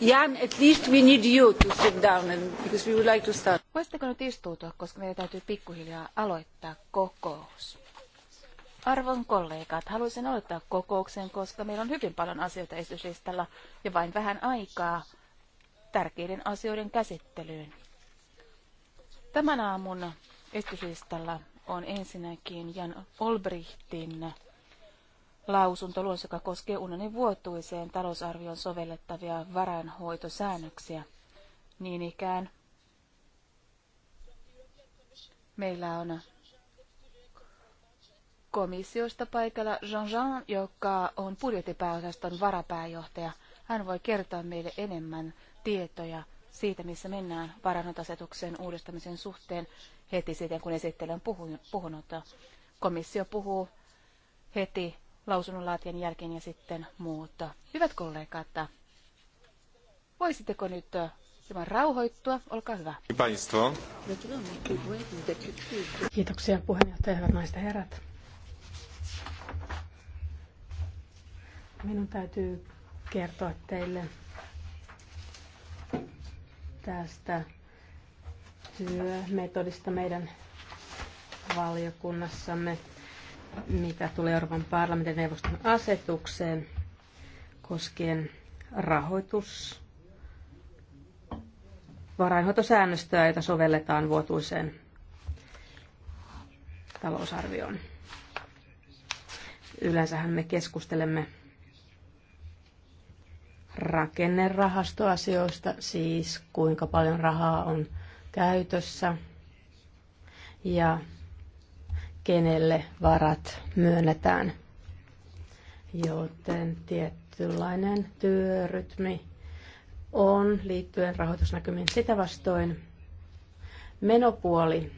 Jan, at least we need you to sit down and, because we would like to start. Voisitteko nyt istuutua, koska meidän täytyy pikkuhiljaa aloittaa kokous. Arvon kollegat, haluaisin aloittaa kokouksen, koska meillä on hyvin paljon asioita esityslistalla ja vain vähän aikaa tärkeiden asioiden käsittelyyn. Tämän aamun esityslistalla on ensinnäkin Jan Olbrichtin lausuntoluonnos, joka koskee unionin vuotuiseen talousarvioon sovellettavia varainhoitosäännöksiä. Niin ikään meillä on komissiosta paikalla Jean-Jean, joka on budjettipääosaston varapääjohtaja. Hän voi kertoa meille enemmän tietoja siitä, missä mennään varannotasetuksen uudistamisen suhteen heti sitten, kun esittelen puhunut. Komissio puhuu heti lausunnonlaatien jälkeen ja sitten muuta. Hyvät kollegat, voisitteko nyt hieman rauhoittua? Olkaa hyvä. Kiitoksia puheenjohtaja, hyvät naiset ja herrat. Minun täytyy kertoa teille tästä työmetodista meidän valiokunnassamme mitä tulee Euroopan parlamentin neuvoston asetukseen koskien rahoitus varainhoitosäännöstöä, jota sovelletaan vuotuiseen talousarvioon. Yleensähän me keskustelemme rakennerahastoasioista, siis kuinka paljon rahaa on käytössä ja kenelle varat myönnetään. Joten tietynlainen työrytmi on liittyen rahoitusnäkymiin sitä vastoin. Menopuoli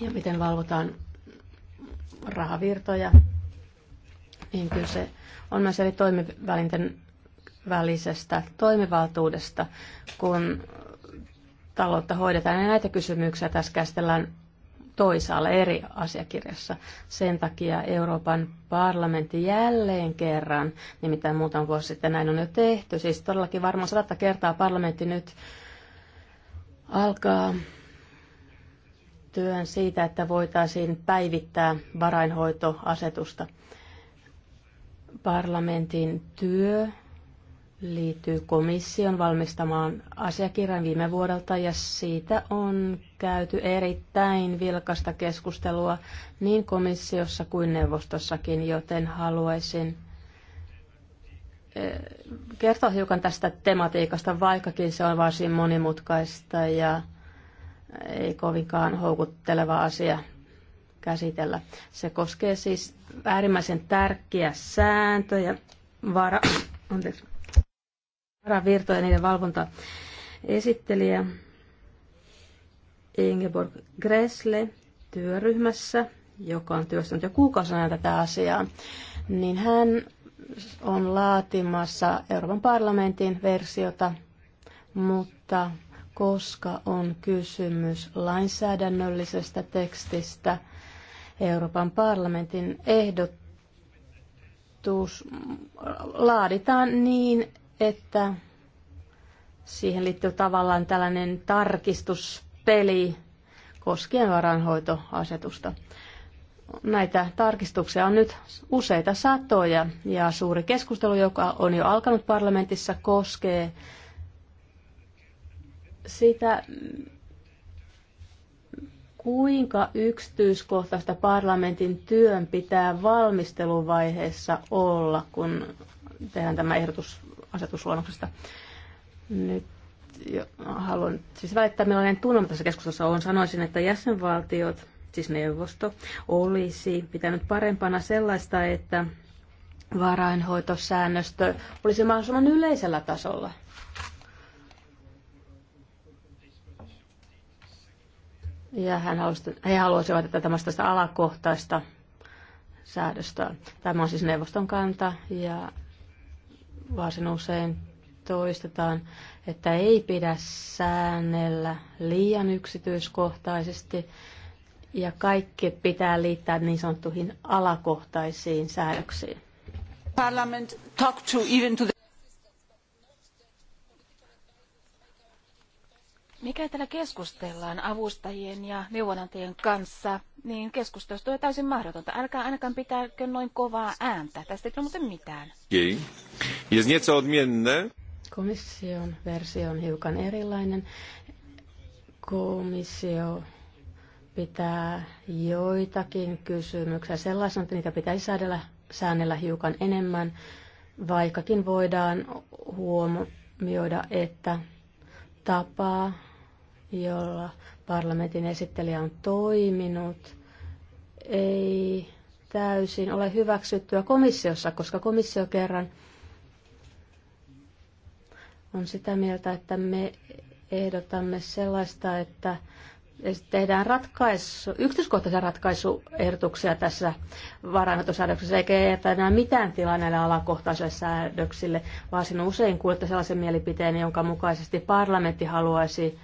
ja miten valvotaan rahavirtoja, niin kyllä se on myös eri toimivälinten välisestä toimivaltuudesta, kun taloutta hoidetaan. Ja näitä kysymyksiä tässä käsitellään toisaalla eri asiakirjassa. Sen takia Euroopan parlamentti jälleen kerran, nimittäin muutama vuosi sitten näin on jo tehty, siis todellakin varmaan sata kertaa parlamentti nyt alkaa työn siitä, että voitaisiin päivittää varainhoitoasetusta. Parlamentin työ liittyy komission valmistamaan asiakirjan viime vuodelta ja siitä on käyty erittäin vilkasta keskustelua niin komissiossa kuin neuvostossakin, joten haluaisin eh, kertoa hiukan tästä tematiikasta, vaikkakin se on varsin monimutkaista ja ei kovinkaan houkutteleva asia käsitellä. Se koskee siis äärimmäisen tärkeä sääntöjä, vara, anteeksi, varavirto ja niiden valvonta. Esittelijä Ingeborg Gressle työryhmässä, joka on työstänyt jo kuukausina tätä asiaa, niin hän on laatimassa Euroopan parlamentin versiota, mutta koska on kysymys lainsäädännöllisestä tekstistä, Euroopan parlamentin ehdotus laaditaan niin, että siihen liittyy tavallaan tällainen tarkistuspeli koskien varainhoitoasetusta. Näitä tarkistuksia on nyt useita satoja ja suuri keskustelu, joka on jo alkanut parlamentissa, koskee sitä, kuinka yksityiskohtaista parlamentin työn pitää valmisteluvaiheessa olla, kun tehdään tämä ehdotus asetusluonnoksesta. Nyt jo, haluan siis välittää, millainen tunnelma tässä keskustelussa on. Sanoisin, että jäsenvaltiot, siis neuvosto, olisi pitänyt parempana sellaista, että varainhoitosäännöstö olisi mahdollisimman yleisellä tasolla. Ja hän halusi, he haluaisivat, että tämmöistä alakohtaista säädöstä. Tämä on siis neuvoston kanta ja varsin usein toistetaan, että ei pidä säännellä liian yksityiskohtaisesti ja kaikki pitää liittää niin sanottuihin alakohtaisiin säädöksiin. Parliament talk to even to the... Mikä täällä keskustellaan avustajien ja neuvonantajien kanssa, niin keskustelusta on täysin mahdotonta. Älkää ainakaan pitääkö noin kovaa ääntä. Tästä ei ole muuten mitään. Komission versio on hiukan erilainen. Komissio pitää joitakin kysymyksiä sellaisena, että niitä pitäisi säädellä, säännellä hiukan enemmän, vaikkakin voidaan huomioida, että tapaa jolla parlamentin esittelijä on toiminut, ei täysin ole hyväksyttyä komissiossa, koska komissio kerran on sitä mieltä, että me ehdotamme sellaista, että tehdään ratkaisu, yksityiskohtaisia ratkaisuehdotuksia tässä varainhoitosäädöksessä, eikä jätetä mitään tilaa näille alakohtaisille säädöksille, vaan sinun usein kuulette sellaisen mielipiteen, jonka mukaisesti parlamentti haluaisi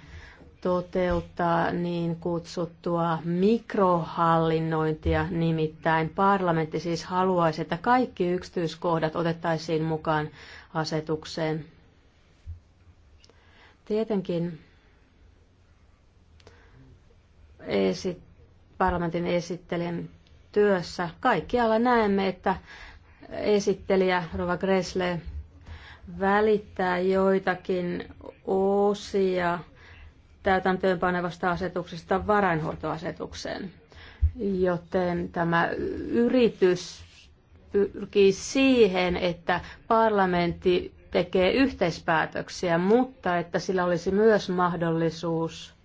toteuttaa niin kutsuttua mikrohallinnointia, nimittäin parlamentti siis haluaisi, että kaikki yksityiskohdat otettaisiin mukaan asetukseen. Tietenkin esit, parlamentin esittelijän työssä kaikkialla näemme, että esittelijä Rova Gressle välittää joitakin osia täytäntöönpanevasta asetuksesta varainhoitoasetukseen. Joten tämä yritys pyrkii siihen, että parlamentti tekee yhteispäätöksiä, mutta että sillä olisi myös mahdollisuus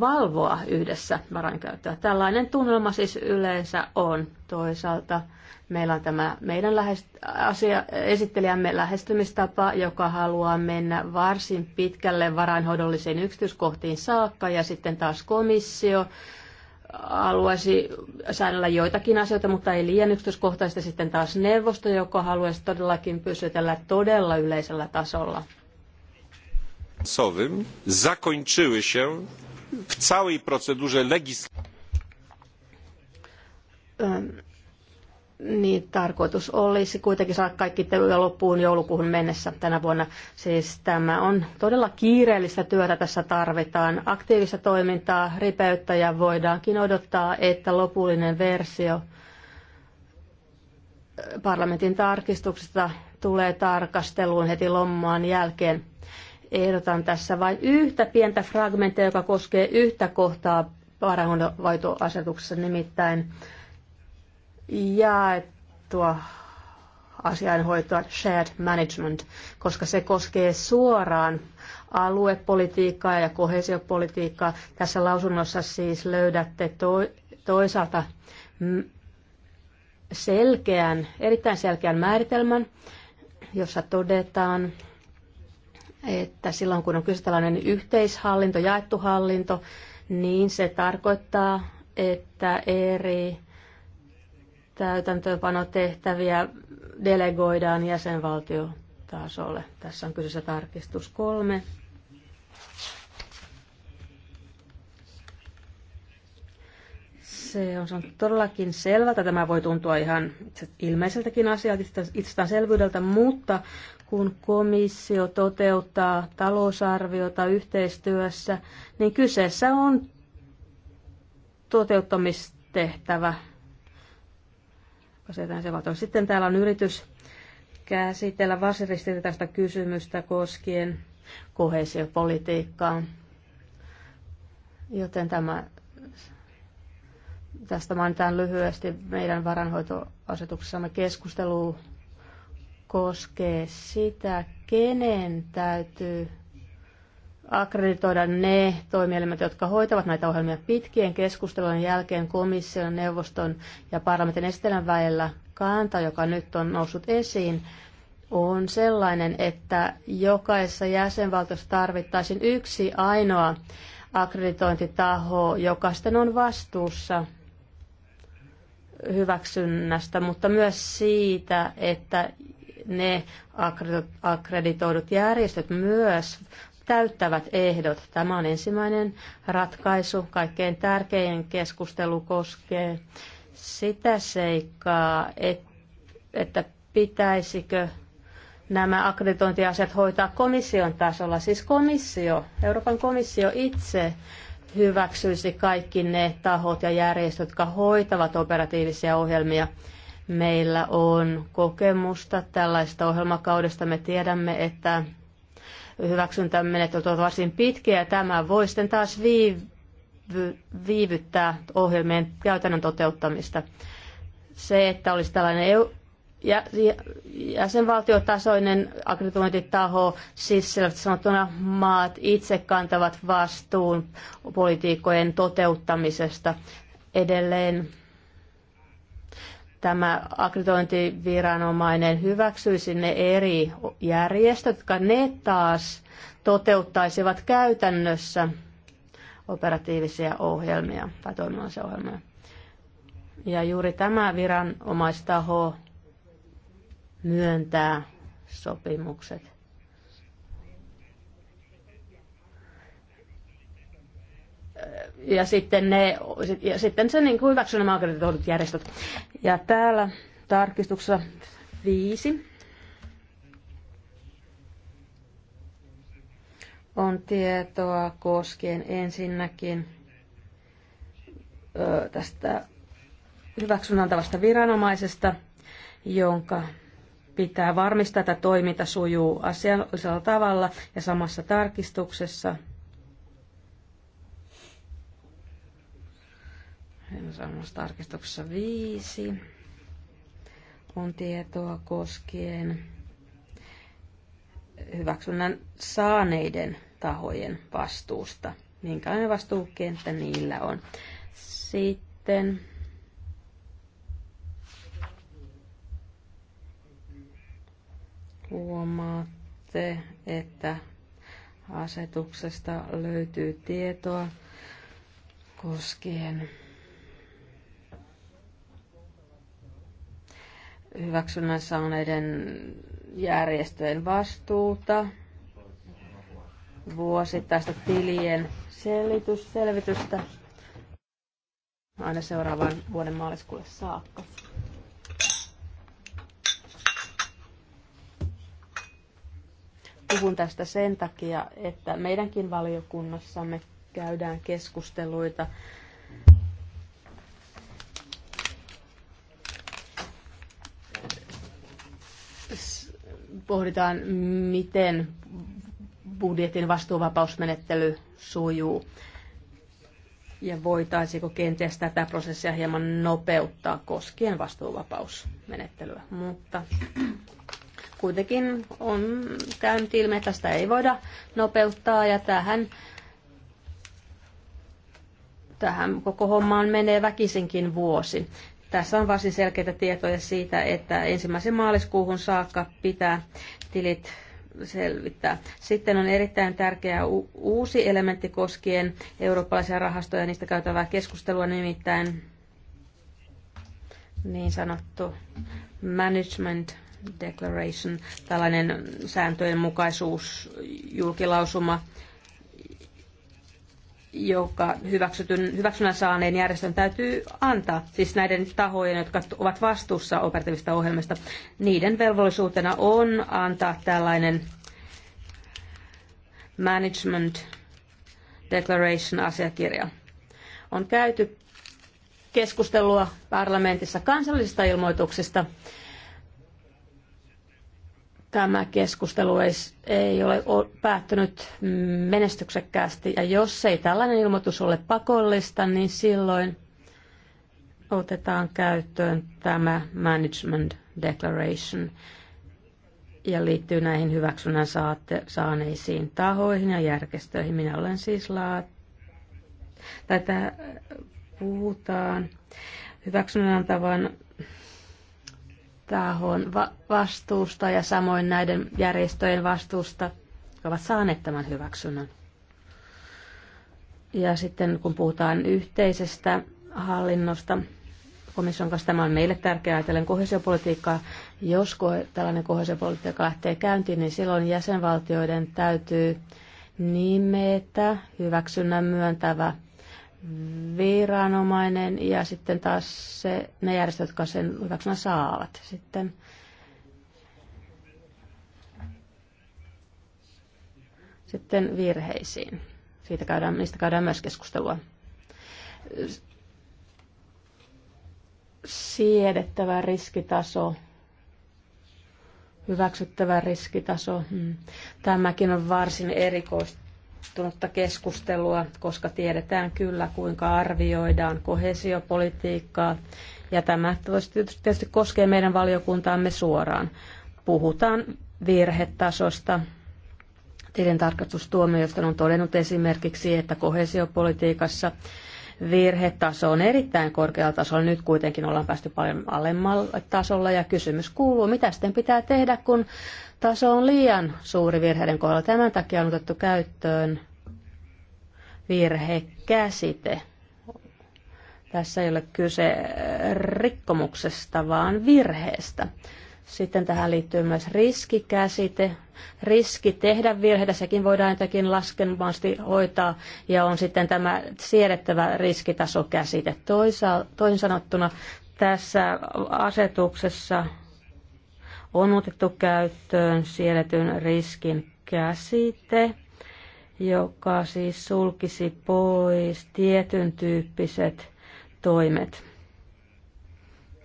valvoa yhdessä varankäyttöä. Tällainen tunnelma siis yleensä on. Toisaalta meillä on tämä meidän lähest- asia, esittelijämme lähestymistapa, joka haluaa mennä varsin pitkälle varainhoidollisiin yksityiskohtiin saakka, ja sitten taas komissio haluaisi säännellä joitakin asioita, mutta ei liian yksityiskohtaisesti sitten taas neuvosto, joka haluaisi todellakin pysytellä todella yleisellä tasolla. Zakończyły się w całej procedurze legislacyjnej. Niin kuitenkin kaikki loppuun joulukuuhun mennessä tänä vuonna. Siis tämä on todella kiireellistä työtä tässä tarvitaan. Aktiivista toimintaa, voidaankin odottaa, että lopullinen versio eh, parlamentin tarkistuksesta tulee tarkasteluun heti lommaan jälkeen. Ehdotan tässä vain yhtä pientä fragmenttia, joka koskee yhtä kohtaa varainhoitoasetuksessa, nimittäin jaettua asianhoitoa, shared management, koska se koskee suoraan aluepolitiikkaa ja kohesiopolitiikkaa. Tässä lausunnossa siis löydätte to- toisaalta selkeän, erittäin selkeän määritelmän, jossa todetaan, että silloin kun on kyse tällainen yhteishallinto, jaettu hallinto, niin se tarkoittaa, että eri täytäntöönpanotehtäviä delegoidaan jäsenvaltiotasolle. Tässä on kyseessä tarkistus kolme. Se on sanottu todellakin selvältä. Tämä voi tuntua ihan ilmeiseltäkin asialta itsestäänselvyydeltä, mutta kun komissio toteuttaa talousarviota yhteistyössä, niin kyseessä on toteuttamistehtävä. Sitten täällä on yritys käsitellä varsin tästä kysymystä koskien kohesiopolitiikkaa. Joten tämä, tästä mainitaan lyhyesti meidän varanhoitoasetuksessamme keskusteluun koskee sitä, kenen täytyy akkreditoida ne toimielimet, jotka hoitavat näitä ohjelmia pitkien keskustelujen jälkeen komission, neuvoston ja parlamentin esittelyn välillä. Kanta, joka nyt on noussut esiin, on sellainen, että jokaisessa jäsenvaltiossa tarvittaisiin yksi ainoa akkreditointitaho, joka sitten on vastuussa hyväksynnästä, mutta myös siitä, että ne akkreditoidut järjestöt myös täyttävät ehdot. Tämä on ensimmäinen ratkaisu. Kaikkein tärkein keskustelu koskee sitä seikkaa, että pitäisikö nämä akkreditointiasiat hoitaa komission tasolla. Siis komissio, Euroopan komissio itse hyväksyisi kaikki ne tahot ja järjestöt, jotka hoitavat operatiivisia ohjelmia Meillä on kokemusta tällaista ohjelmakaudesta. Me tiedämme, että hyväksyntämenettelyt ovat varsin pitkiä ja tämä voi sitten taas viivy, viivyttää ohjelmien käytännön toteuttamista. Se, että olisi tällainen EU, ja, ja, jäsenvaltiotasoinen akkreditointitaho, siis selvästi sanottuna maat itse kantavat vastuun politiikkojen toteuttamisesta edelleen tämä akkreditointiviranomainen hyväksyisi ne eri järjestöt, jotka ne taas toteuttaisivat käytännössä operatiivisia ohjelmia tai toiminnallisia ohjelmia. Ja juuri tämä viranomaistaho myöntää sopimukset. ja sitten, ne, ja sitten se niin hyväksyy nämä akkreditoidut järjestöt. Ja täällä tarkistuksessa viisi on tietoa koskien ensinnäkin ö, tästä hyväksynnantavasta viranomaisesta, jonka pitää varmistaa, että toiminta sujuu asiallisella tavalla ja samassa tarkistuksessa – tarkistuksessa viisi on tietoa koskien hyväksynnän saaneiden tahojen vastuusta. Minkälainen vastuukenttä niillä on. Sitten huomaatte, että asetuksesta löytyy tietoa koskien hyväksynnän saaneiden järjestöjen vastuuta, tästä tilien selitys, selvitystä aina seuraavan vuoden maaliskuulle saakka. Puhun tästä sen takia, että meidänkin valiokunnassamme käydään keskusteluita pohditaan, miten budjetin vastuuvapausmenettely sujuu ja voitaisiinko kenties tätä prosessia hieman nopeuttaa koskien vastuuvapausmenettelyä. Mutta kuitenkin on käynyt ilmi, että sitä ei voida nopeuttaa ja tähän, tähän koko hommaan menee väkisinkin vuosi. Tässä on varsin selkeitä tietoja siitä, että ensimmäisen maaliskuuhun saakka pitää tilit selvittää. Sitten on erittäin tärkeä uusi elementti koskien eurooppalaisia rahastoja ja niistä käytävää keskustelua, nimittäin niin sanottu management declaration, tällainen sääntöjen mukaisuus, julkilausuma, joka hyväksytyn, hyväksynnän saaneen järjestön täytyy antaa, siis näiden tahojen, jotka ovat vastuussa operatiivista ohjelmista, niiden velvollisuutena on antaa tällainen Management Declaration-asiakirja. On käyty keskustelua parlamentissa kansallisista ilmoituksista tämä keskustelu ei, ei ole päättynyt menestyksekkäästi. Ja jos ei tällainen ilmoitus ole pakollista, niin silloin otetaan käyttöön tämä Management Declaration ja liittyy näihin hyväksynnän saatte saaneisiin tahoihin ja järjestöihin. Minä olen siis laat... Tätä puhutaan hyväksynnän antavan tahon va- vastuusta ja samoin näiden järjestöjen vastuusta, jotka ovat saaneet tämän hyväksynnän. Ja sitten kun puhutaan yhteisestä hallinnosta, komission kanssa tämä on meille tärkeää ajatellen kohesiopolitiikkaa. Jos tällainen kohesiopolitiikka lähtee käyntiin, niin silloin jäsenvaltioiden täytyy nimetä hyväksynnän myöntävä viranomainen ja sitten taas se, ne järjestöt, jotka sen hyväksynä saavat. Sitten Sitten virheisiin. Siitä käydään, niistä käydään myös keskustelua. Siedettävä riskitaso, hyväksyttävä riskitaso. Hmm. Tämäkin on varsin erikoista tuntunutta keskustelua, koska tiedetään kyllä, kuinka arvioidaan kohesiopolitiikkaa. Ja tämä tietysti koskee meidän valiokuntaamme suoraan. Puhutaan virhetasosta. Tilintarkastustuomioistuin on todennut esimerkiksi, että kohesiopolitiikassa virhetaso on erittäin korkealla tasolla. Nyt kuitenkin ollaan päästy paljon alemmalle tasolla ja kysymys kuuluu, mitä sitten pitää tehdä, kun taso on liian suuri virheiden kohdalla. Tämän takia on otettu käyttöön virhekäsite. Tässä ei ole kyse rikkomuksesta, vaan virheestä. Sitten tähän liittyy myös riskikäsite. Riski tehdä virheitä, sekin voidaan jotenkin laskelmasti hoitaa. Ja on sitten tämä siedettävä riskitasokäsite. Toisa, toisin sanottuna tässä asetuksessa on otettu käyttöön sielletyn riskin käsite, joka siis sulkisi pois tietyn tyyppiset toimet.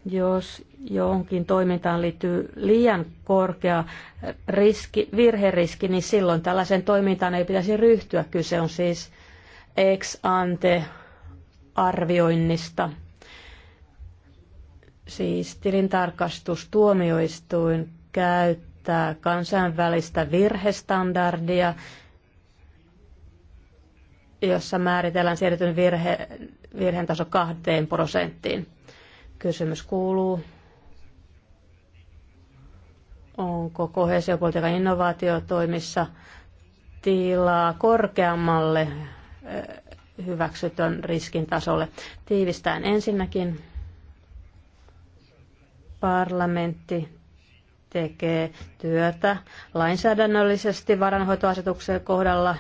Jos johonkin toimintaan liittyy liian korkea riski, virheriski, niin silloin tällaisen toimintaan ei pitäisi ryhtyä. Kyse on siis ex ante arvioinnista. Siis tilintarkastustuomioistuin käyttää kansainvälistä virhestandardia, jossa määritellään siirretyn virhe, virheen taso kahteen prosenttiin. Kysymys kuuluu, onko kohesiopolitiikan innovaatiotoimissa tilaa korkeammalle hyväksytön riskin tasolle. Tiivistään ensinnäkin Parlamentti tekee työtä lainsäädännöllisesti varanhoitoasetuksen kohdalla.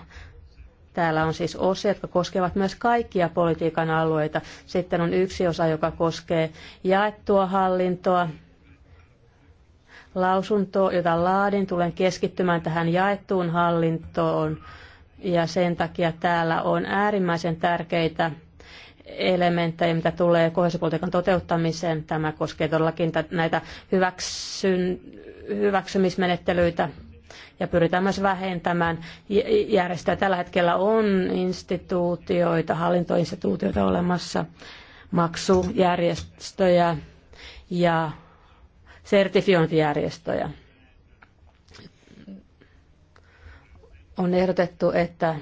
Täällä on siis osia, jotka koskevat myös kaikkia politiikan alueita. Sitten on yksi osa, joka koskee jaettua hallintoa. Lausunto, jota laadin, tulen keskittymään tähän jaettuun hallintoon. Ja sen takia täällä on äärimmäisen tärkeitä elementtejä, mitä tulee kohdallisuuspolitiikan toteuttamiseen. Tämä koskee todellakin näitä hyväksyn, hyväksymismenettelyitä ja pyritään myös vähentämään järjestöjä. Tällä hetkellä on instituutioita, hallintoinstituutioita olemassa, maksujärjestöjä ja sertifiointijärjestöjä. On ehdotettu, että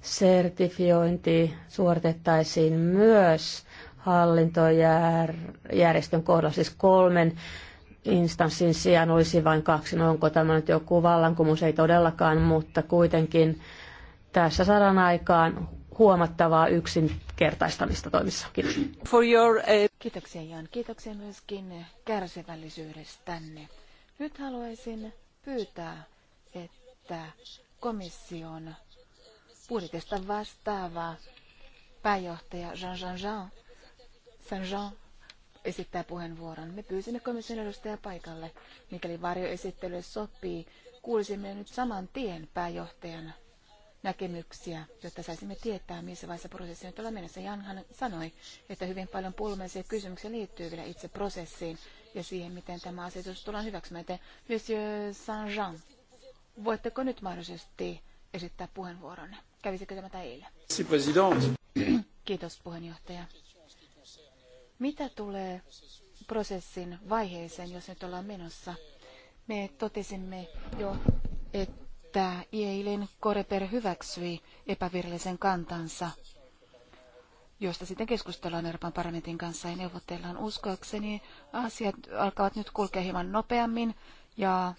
sertifiointi suoritettaisiin myös hallintojärjestön kohdalla, siis kolmen instanssin sijaan olisi vain kaksi. No onko tämä nyt joku vallankumous? Ei todellakaan, mutta kuitenkin tässä saadaan aikaan huomattavaa yksinkertaistamista toimissa. Kiitos. For your, uh... Kiitoksia Jan. Kiitoksia myöskin kärsivällisyydestänne. Nyt haluaisin pyytää, että komission budjetista vastaava pääjohtaja Jean-Jean Jean, Saint Jean esittää puheenvuoron. Me pyysimme komission edustajaa paikalle. Mikäli varjoesittely sopii, kuulisimme nyt saman tien pääjohtajan näkemyksiä, jotta saisimme tietää, missä vaiheessa prosessi nyt ollaan mennessä. Janhan sanoi, että hyvin paljon pulmallisia kysymyksiä liittyy vielä itse prosessiin ja siihen, miten tämä asetus tullaan hyväksymään. Te, Monsieur Saint-Jean, voitteko nyt mahdollisesti esittää puheenvuoronne? Kävisikö tämä Kiitos puheenjohtaja. Mitä tulee prosessin vaiheeseen, jos nyt ollaan menossa? Me totesimme jo, että eilen Koreper hyväksyi epävirallisen kantansa, josta sitten keskustellaan Euroopan parlamentin kanssa ja neuvotellaan. Uskoakseni asiat alkavat nyt kulkea hieman nopeammin ja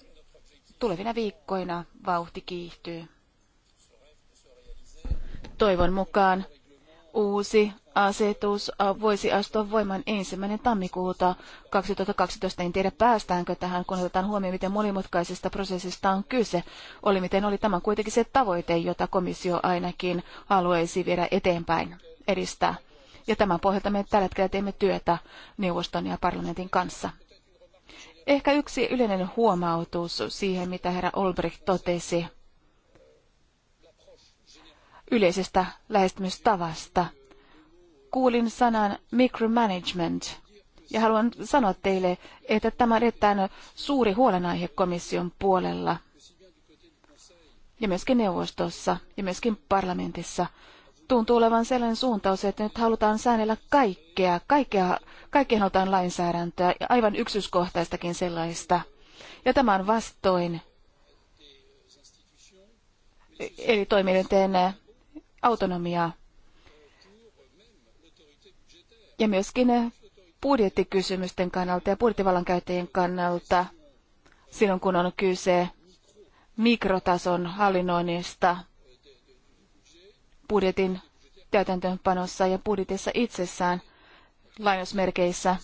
tulevina viikkoina vauhti kiihtyy. Toivon mukaan uusi asetus voisi astua voimaan ensimmäinen tammikuuta 2012. En tiedä päästäänkö tähän, kun otetaan huomioon, miten monimutkaisesta prosessista on kyse. Oli miten oli tämä kuitenkin se tavoite, jota komissio ainakin haluaisi viedä eteenpäin, edistää. Ja tämän pohjalta me tällä hetkellä teemme työtä neuvoston ja parlamentin kanssa. Ehkä yksi yleinen huomautus siihen, mitä herra Olbrich totesi yleisestä lähestymistavasta. Kuulin sanan micromanagement ja haluan sanoa teille, että tämä on erittäin suuri huolenaihe komission puolella ja myöskin neuvostossa ja myöskin parlamentissa. Tuntuu olevan sellainen suuntaus, että nyt halutaan säännellä kaikkea, kaikkea, kaikkea halutaan lainsäädäntöä ja aivan yksityiskohtaistakin sellaista. Ja tämä on vastoin eri toimielinten autonomiaa ja myöskin budjettikysymysten kannalta ja budjettivallan käyttäjien kannalta silloin, kun on kyse mikrotason hallinnoinnista budjetin täytäntöönpanossa ja budjetissa itsessään lainausmerkeissä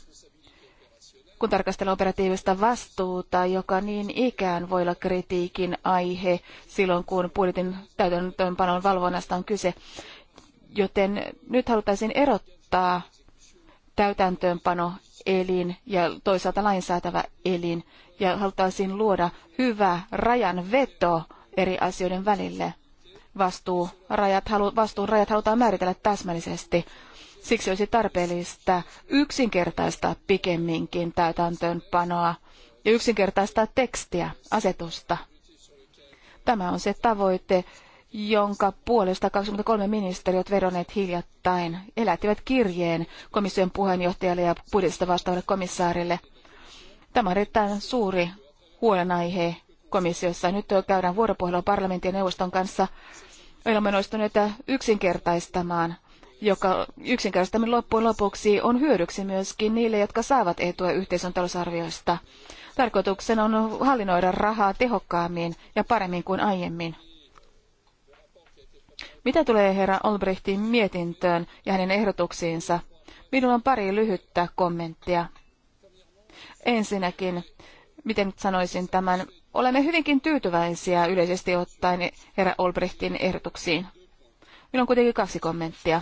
kun tarkastellaan operatiivista vastuuta, joka niin ikään voi olla kritiikin aihe silloin, kun budjetin täytäntöönpanon valvonnasta on kyse. Joten nyt halutaisin erottaa täytäntöönpano elin ja toisaalta lainsäätävä elin ja halutaisin luoda hyvä rajanveto eri asioiden välille. Vastuu, rajat, halu, vastuurajat halutaan määritellä täsmällisesti. Siksi olisi tarpeellista yksinkertaistaa pikemminkin täytäntöönpanoa ja yksinkertaistaa tekstiä, asetusta. Tämä on se tavoite, jonka puolesta 23 ministeriöt vedonneet hiljattain elättivät kirjeen komission puheenjohtajalle ja budjetista vastaavalle komissaarille. Tämä on erittäin suuri huolenaihe komissiossa. Nyt käydään vuoropuhelua parlamentin ja neuvoston kanssa. Olemme onnistuneet yksinkertaistamaan joka yksinkertaisesti loppujen lopuksi on hyödyksi myöskin niille, jotka saavat etua yhteisön talousarvioista. Tarkoituksena on hallinnoida rahaa tehokkaammin ja paremmin kuin aiemmin. Mitä tulee herra Olbrechtin mietintöön ja hänen ehdotuksiinsa? Minulla on pari lyhyttä kommenttia. Ensinnäkin, miten sanoisin tämän, olemme hyvinkin tyytyväisiä yleisesti ottaen herra Olbrechtin ehdotuksiin. Minulla on kuitenkin kaksi kommenttia.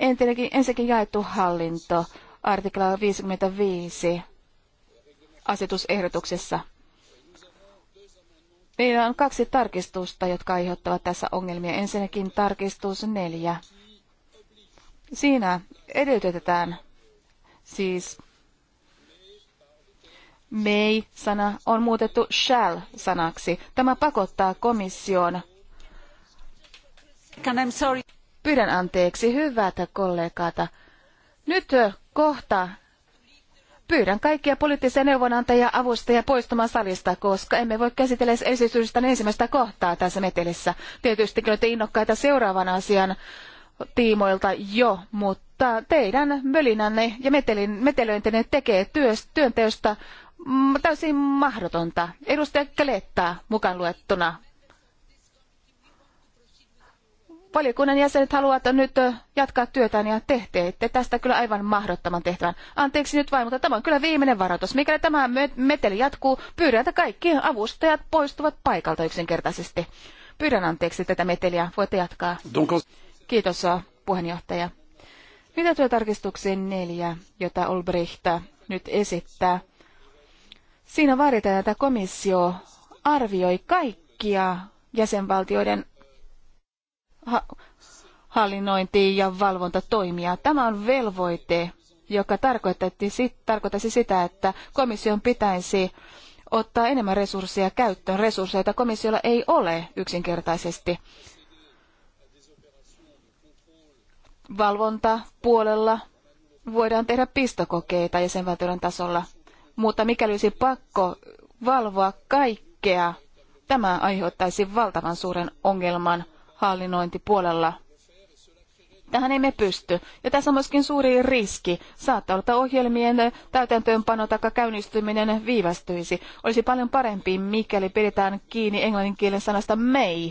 Entinäkin, ensinnäkin jaettu hallinto, artikla 55 asetusehdotuksessa. Meillä on kaksi tarkistusta, jotka aiheuttavat tässä ongelmia. Ensinnäkin tarkistus neljä. Siinä edellytetään siis may-sana on muutettu shall-sanaksi. Tämä pakottaa komission. I'm sorry. Pyydän anteeksi, hyvät kollegat. Nyt kohta pyydän kaikkia poliittisia neuvonantajia ja avustajia poistumaan salista, koska emme voi käsitellä esitystä ensimmäistä kohtaa tässä metelissä. Tietysti olette innokkaita seuraavan asian tiimoilta jo, mutta teidän mölinänne ja metelin, metelöintenne tekee työst, työnteosta täysin mahdotonta. Edustaja Keletta mukaan luettuna valiokunnan jäsenet haluavat nyt jatkaa työtään ja te teette tästä kyllä aivan mahdottoman tehtävän. Anteeksi nyt vain, mutta tämä on kyllä viimeinen varoitus. Mikäli tämä meteli jatkuu, pyydän, että kaikki avustajat poistuvat paikalta yksinkertaisesti. Pyydän anteeksi tätä meteliä. Voitte jatkaa. Kiitos puheenjohtaja. Mitä tarkistuksen neljä, jota Olbricht nyt esittää? Siinä vaaditaan, että komissio arvioi kaikkia jäsenvaltioiden hallinnointi- ja valvontatoimia. Tämä on velvoite, joka tarkoittaisi sitä, että komission pitäisi ottaa enemmän resursseja käyttöön, resursseja, joita komissiolla ei ole yksinkertaisesti. Valvontapuolella voidaan tehdä pistokokeita jäsenvaltioiden tasolla, mutta mikäli olisi pakko valvoa kaikkea, tämä aiheuttaisi valtavan suuren ongelman – hallinnointipuolella. Tähän emme pysty. Ja tässä on myöskin suuri riski. Saattaa olla, että ohjelmien täytäntöönpano tai käynnistyminen viivästyisi. Olisi paljon parempi, mikäli pidetään kiinni englannin kielen sanasta may.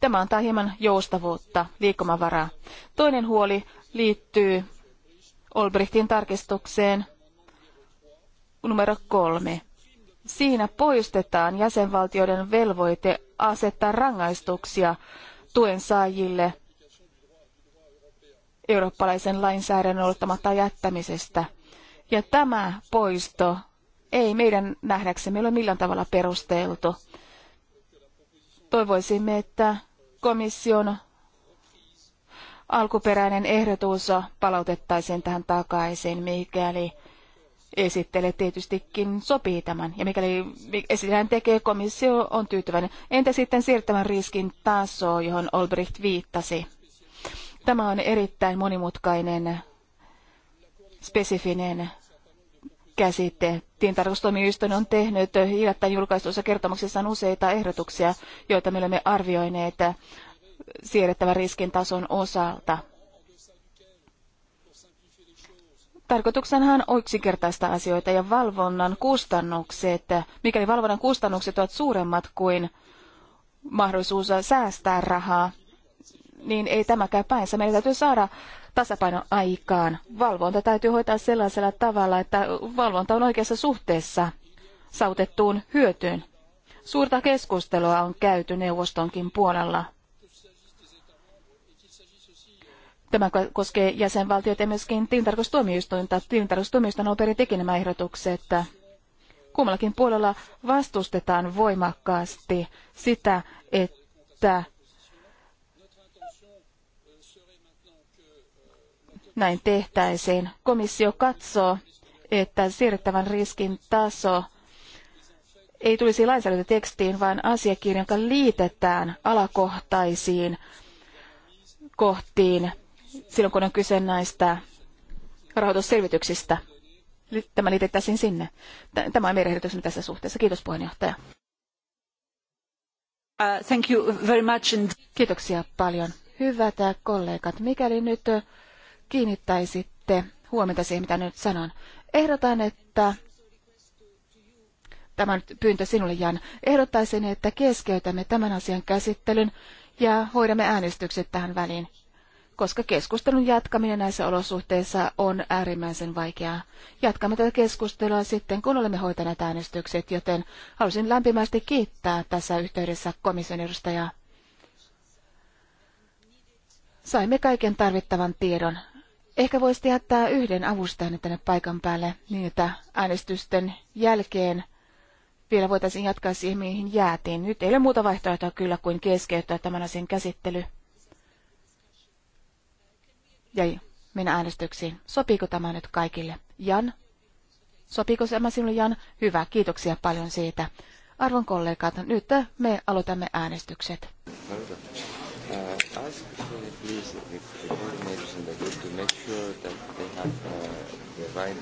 Tämä antaa hieman joustavuutta, liikkumavaraa. Toinen huoli liittyy Olbrichtin tarkistukseen numero kolme. Siinä poistetaan jäsenvaltioiden velvoite asettaa rangaistuksia tuen saajille eurooppalaisen lainsäädännön ottamatta jättämisestä. Ja tämä poisto ei meidän nähdäksemme ole millään tavalla perusteltu. Toivoisimme, että komission alkuperäinen ehdotus palautettaisiin tähän takaisin, mikäli esittele tietystikin sopii tämän. Ja mikäli esitään tekee, komissio on tyytyväinen. Entä sitten siirtävän riskin taso, johon Olbricht viittasi? Tämä on erittäin monimutkainen, spesifinen käsite. Tiintarkastustoimijoistoin on tehnyt hiljattain julkaistussa kertomuksessaan useita ehdotuksia, joita me olemme arvioineet siirrettävän riskin tason osalta. Tarkoituksenhan on yksinkertaista asioita ja valvonnan kustannukset, mikäli valvonnan kustannukset ovat suuremmat kuin mahdollisuus säästää rahaa, niin ei tämä käy päinsä. Meidän täytyy saada tasapaino aikaan. Valvonta täytyy hoitaa sellaisella tavalla, että valvonta on oikeassa suhteessa saavutettuun hyötyyn. Suurta keskustelua on käyty neuvostonkin puolella Tämä koskee jäsenvaltioita ja myöskin tilintarkastustuomioistuinta. Tilintarkastustuomioistuin on perin teki nämä ehdotukset. Kummallakin puolella vastustetaan voimakkaasti sitä, että näin tehtäisiin. Komissio katsoo, että siirrettävän riskin taso ei tulisi lainsäädäntötekstiin, vaan asiakirjan, joka liitetään alakohtaisiin kohtiin silloin, kun on kyse näistä rahoitusselvityksistä. Tämä liitettäisiin sinne. Tämä on meidän ehdotus tässä suhteessa. Kiitos puheenjohtaja. Uh, thank you very much and... Kiitoksia paljon. Hyvät kollegat, mikäli nyt kiinnittäisitte huomiota siihen, mitä nyt sanon. Ehdotan, että tämä nyt pyyntö sinulle, Jan. Ehdottaisin, että keskeytämme tämän asian käsittelyn ja hoidamme äänestykset tähän väliin koska keskustelun jatkaminen näissä olosuhteissa on äärimmäisen vaikeaa. Jatkamme tätä keskustelua sitten, kun olemme hoitaneet äänestykset, joten halusin lämpimästi kiittää tässä yhteydessä komission edustajaa. Saimme kaiken tarvittavan tiedon. Ehkä voisi jättää yhden avustajan tänne paikan päälle, niin että äänestysten jälkeen vielä voitaisiin jatkaa siihen, mihin jäätiin. Nyt ei ole muuta vaihtoehtoa kyllä kuin keskeyttää tämän asian käsittely. Ja mennä äänestyksiin. Sopiiko tämä nyt kaikille? Jan? Sopiiko tämä sinulle, Jan? Hyvä, kiitoksia paljon siitä. Arvon kollegat, nyt me aloitamme äänestykset. Uh,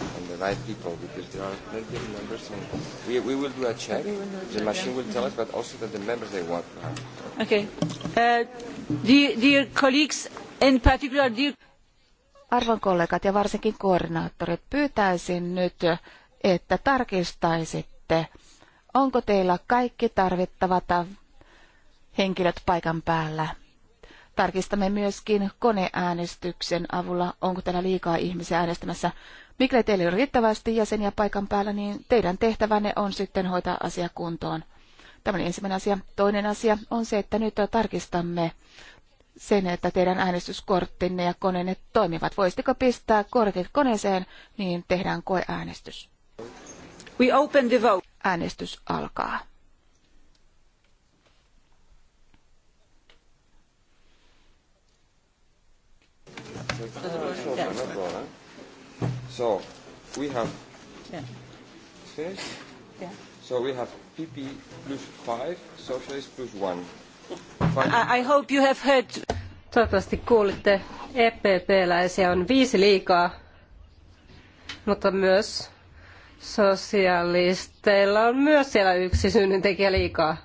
and the right people because there are plenty of members and we, we will do a check. do a check the machine yeah. will tell us, but also that the members they want to have. Okay. Uh, dear, dear colleagues, in particular dear... Arvon kollegat ja varsinkin koordinaattorit, pyytäisin nyt, että tarkistaisitte, onko teillä kaikki tarvittavat henkilöt paikan päällä. Tarkistamme myöskin koneäänestyksen avulla, onko täällä liikaa ihmisiä äänestämässä. Mikäli teillä on riittävästi jäseniä paikan päällä, niin teidän tehtävänne on sitten hoitaa asia kuntoon. Tämä on ensimmäinen asia. Toinen asia on se, että nyt tarkistamme sen, että teidän äänestyskorttinne ja koneenne toimivat. Voisitteko pistää kortit koneeseen, niin tehdään koeäänestys. We open the vote. Äänestys alkaa. Uh, So we have yeah. finished. Yeah. So we have PP plus five, socialist plus one. I, I hope you have heard. Toivottavasti kuulitte, EPP-läisiä on viisi liikaa, mutta myös sosialisteilla on myös siellä yksi synnyntekijä liikaa.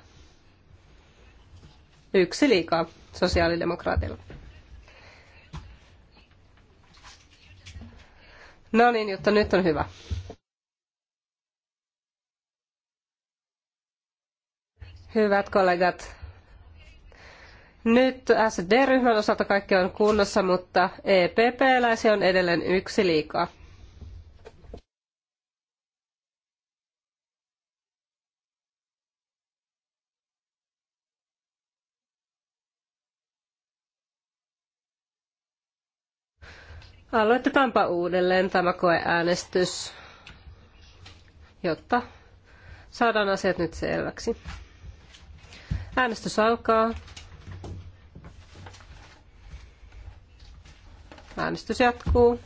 Yksi liikaa sosiaalidemokraatilla. No niin, jotta nyt on hyvä. Hyvät kollegat, nyt SD-ryhmän osalta kaikki on kunnossa, mutta EPP-läisiä on edelleen yksi liikaa. Aloitetaanpa uudelleen tämä koeäänestys, jotta saadaan asiat nyt selväksi. Äänestys alkaa. Äänestys jatkuu.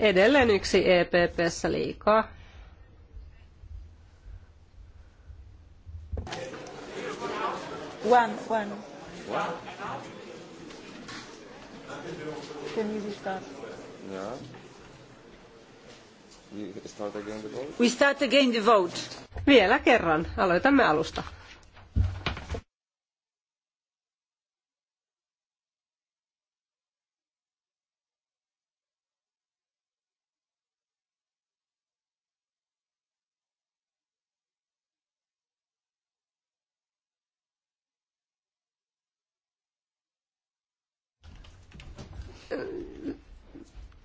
Edelleen yksi EPPssä liikaa. One, one. Can you restart? Yeah. We start again the vote. We start again the vote. Vielä kerran. Aloitamme alusta.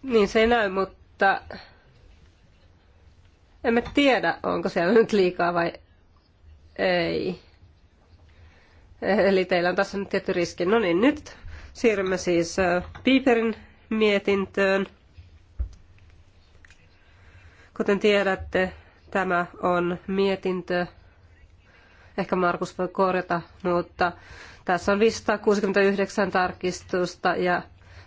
Niin se ei näy, mutta emme tiedä, onko siellä nyt liikaa vai ei. Eli teillä on tässä nyt tietty riski. No niin, nyt siirrymme siis Piiperin mietintöön. Kuten tiedätte, tämä on mietintö. Ehkä Markus voi korjata, mutta tässä on 569 tarkistusta ja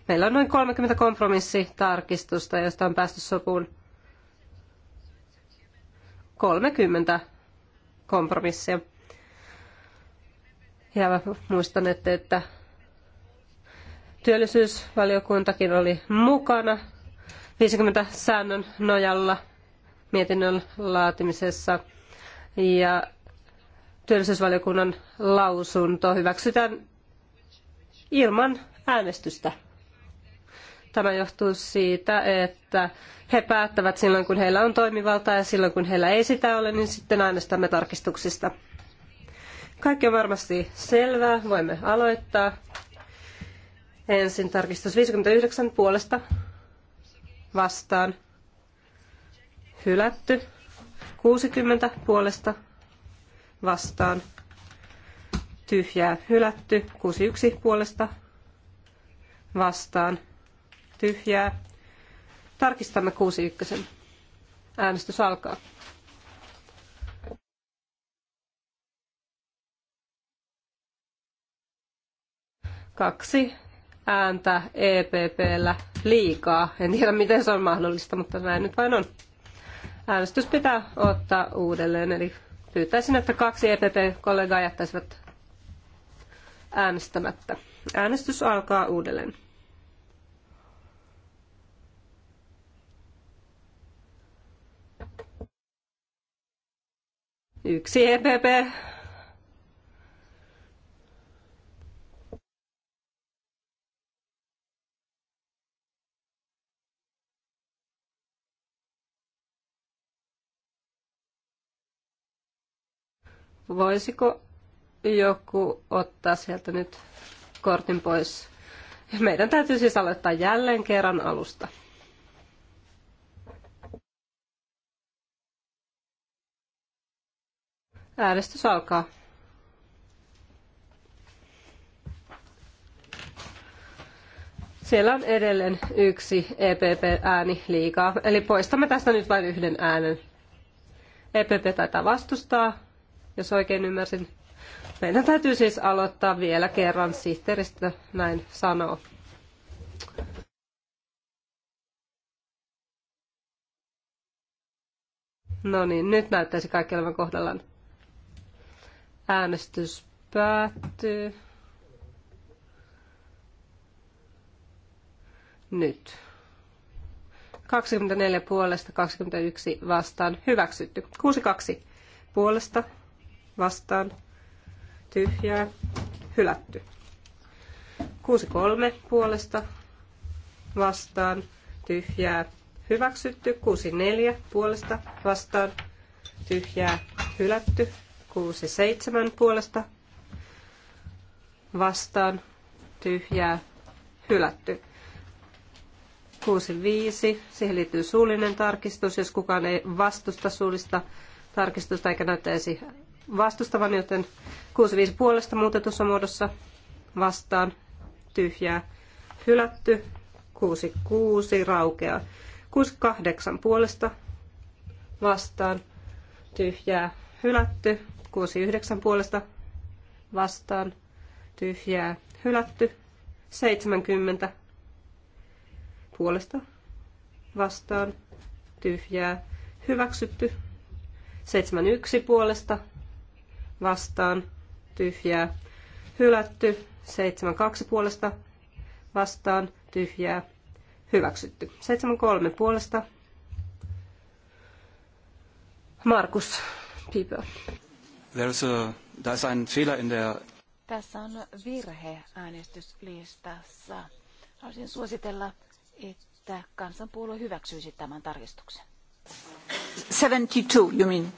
Meillä on noin 30 kompromissitarkistusta, joista on päästy sopuun 30 kompromissia. Ja muistan, että, että työllisyysvaliokuntakin oli mukana 50 säännön nojalla mietinnön laatimisessa. Ja työllisyysvaliokunnan lausunto hyväksytään ilman äänestystä. Tämä johtuu siitä, että he päättävät silloin, kun heillä on toimivalta ja silloin, kun heillä ei sitä ole, niin sitten äänestämme tarkistuksista. Kaikki on varmasti selvää. Voimme aloittaa. Ensin tarkistus 59 puolesta vastaan. Hylätty. 60 puolesta vastaan. Tyhjää hylätty. 61 puolesta vastaan tyhjää. Tarkistamme 61. Äänestys alkaa. Kaksi ääntä EPPllä liikaa. En tiedä miten se on mahdollista, mutta näin nyt vain on. Äänestys pitää ottaa uudelleen, eli pyytäisin, että kaksi EPP-kollegaa jättäisivät äänestämättä. Äänestys alkaa uudelleen. Yksi EPP. Voisiko joku ottaa sieltä nyt kortin pois? Meidän täytyy siis aloittaa jälleen kerran alusta. Äänestys alkaa. Siellä on edelleen yksi EPP-ääni liikaa. Eli poistamme tästä nyt vain yhden äänen. EPP taitaa vastustaa, jos oikein ymmärsin. Meidän täytyy siis aloittaa vielä kerran, sihteeristä näin sanoo. No niin, nyt näyttäisi kaikki olevan kohdallaan. Äänestys päättyy. Nyt. 24 puolesta, 21 vastaan. Hyväksytty. 62 puolesta, vastaan. Tyhjää. Hylätty. 63 puolesta, vastaan. Tyhjää. Hyväksytty. 64 puolesta, vastaan. Tyhjää. Hylätty kuusi seitsemän puolesta vastaan tyhjää hylätty. 6, siihen liittyy suullinen tarkistus, jos kukaan ei vastusta suullista tarkistusta eikä näyttäisi vastustavan, joten 65 puolesta muutetussa muodossa vastaan tyhjää hylätty, 66 raukeaa, 68 puolesta vastaan tyhjää hylätty, 69 puolesta vastaan tyhjää hylätty. 70 puolesta vastaan tyhjää hyväksytty. 71 puolesta vastaan tyhjää hylätty. 72 puolesta vastaan tyhjää hyväksytty. 73 puolesta Markus Piper. A, tässä on Fehler in der... Tässä on virhe äänestyslistassa. Haluaisin suositella, että kansanpuolue hyväksyisi tämän tarkistuksen. 72, you mean?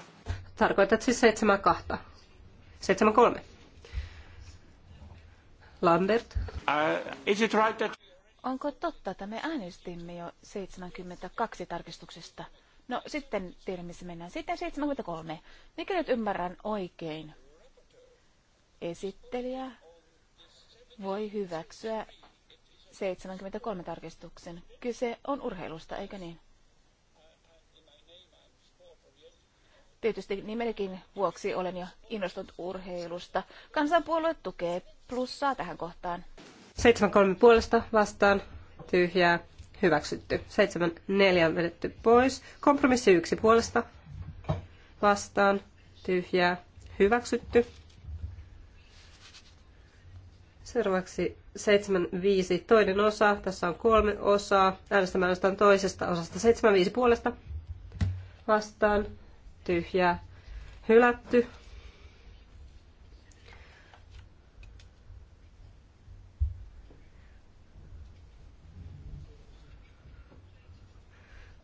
Tarkoitat siis 72. 73. Lambert. Uh, is it right that... Onko totta, että me äänestimme jo 72 tarkistuksesta? No sitten tiedän, missä mennään. Sitten 73. Mikä nyt ymmärrän oikein? Esittelijä voi hyväksyä 73 tarkistuksen. Kyse on urheilusta, eikö niin? Tietysti nimellekin vuoksi olen jo innostunut urheilusta. Kansanpuolue tukee plussaa tähän kohtaan. 73 puolesta vastaan tyhjää hyväksytty. 7.4 on vedetty pois. Kompromissi 1 puolesta vastaan tyhjää hyväksytty. Seuraavaksi viisi toinen osa. Tässä on kolme osaa. Äänestämään ostan toisesta osasta viisi puolesta vastaan tyhjää hylätty.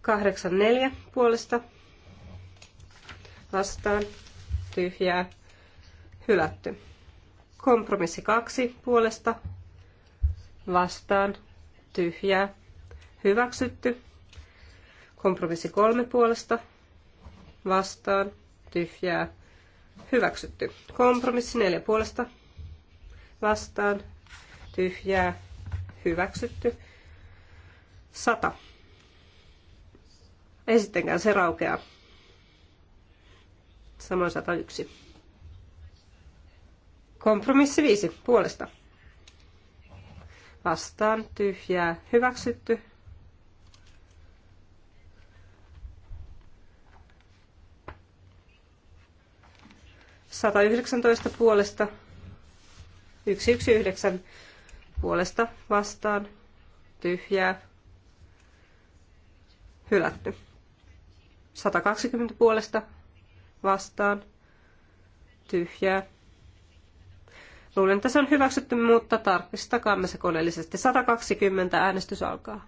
84 puolesta vastaan tyhjää hylätty. Kompromissi 2 puolesta vastaan tyhjää hyväksytty. Kompromissi 3 puolesta vastaan tyhjää hyväksytty. Kompromissi 4 puolesta vastaan tyhjää hyväksytty. 100 ei sittenkään se raukea. Samoin 101. Kompromissi 5. Puolesta. Vastaan. Tyhjää. Hyväksytty. Sata yhdeksäntoista puolesta. Yksi yksi yhdeksän puolesta vastaan. Tyhjää. Hylätty. 120 puolesta vastaan. Tyhjää. Luulen, että se on hyväksytty, mutta tarkistakaamme se koneellisesti. 120 äänestys alkaa.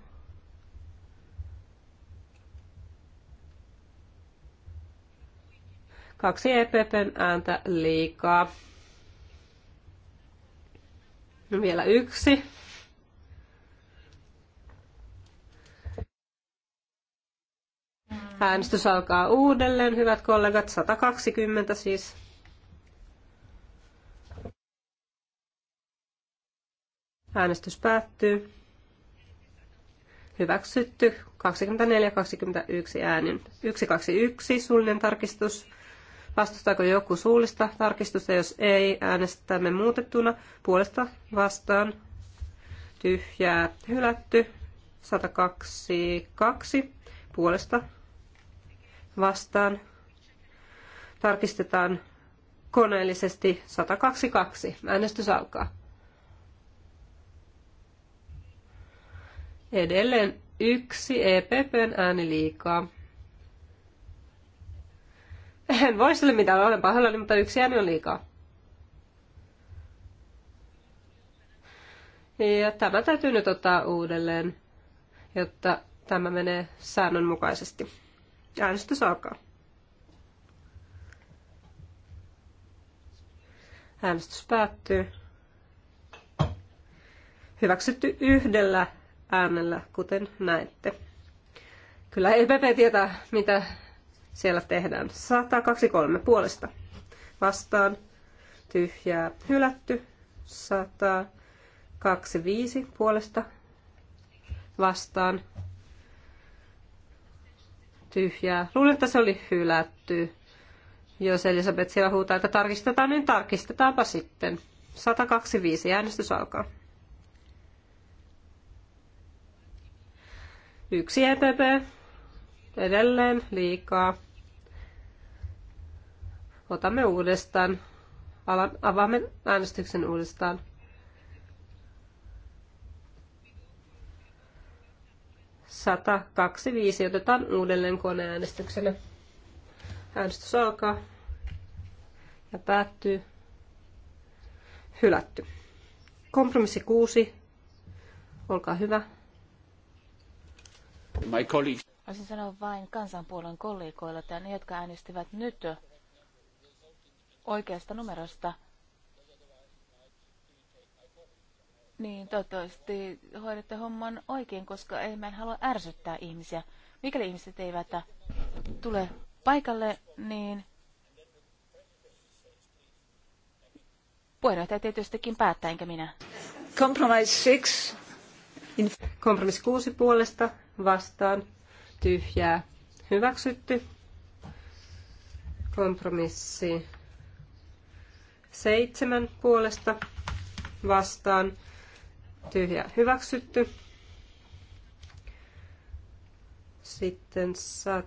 Kaksi EPPn ääntä liikaa. No vielä yksi. Äänestys alkaa uudelleen, hyvät kollegat, 120 siis. Äänestys päättyy. Hyväksytty 24-21 äänin. 121 suullinen tarkistus. Vastustaako joku suullista tarkistusta? Jos ei, äänestämme muutettuna puolesta vastaan. Tyhjää hylätty. 122 puolesta vastaan. Tarkistetaan koneellisesti 122. Äänestys alkaa. Edelleen yksi EPPn ääni liikaa. En voi sille mitään, olen pahoillani, mutta yksi ääni on liikaa. Ja tämä täytyy nyt ottaa uudelleen, jotta tämä menee säännönmukaisesti. Äänestys alkaa. Äänestys päättyy. Hyväksytty yhdellä äänellä, kuten näette. Kyllä EPP tietää, mitä siellä tehdään. 123 puolesta. Vastaan. Tyhjää. Hylätty. 125 puolesta. Vastaan tyhjää. Luulen, että se oli hylätty. Jos Elisabeth siellä huutaa, että tarkistetaan, niin tarkistetaanpa sitten. 125 äänestys alkaa. Yksi EPP. Edelleen liikaa. Otamme uudestaan. Avaamme äänestyksen uudestaan. 125 otetaan uudelleen koneäänestyksenä. Äänestys alkaa ja päättyy. Hylätty. Kompromissi 6. Olkaa hyvä. My colleagues. Olisin sanoa vain kansanpuolen kollegoille, että ne, jotka äänestivät nyt oikeasta numerosta, Niin, toivottavasti hoidatte homman oikein, koska emme halua ärsyttää ihmisiä. Mikäli ihmiset eivät tule paikalle, niin puheenjohtaja tietystikin päättää, enkä minä. Compromise 6. Kompromissi 6 puolesta vastaan. Tyhjää. Hyväksytty. Kompromissi 7 puolesta vastaan tyhjä hyväksytty. Sitten 100.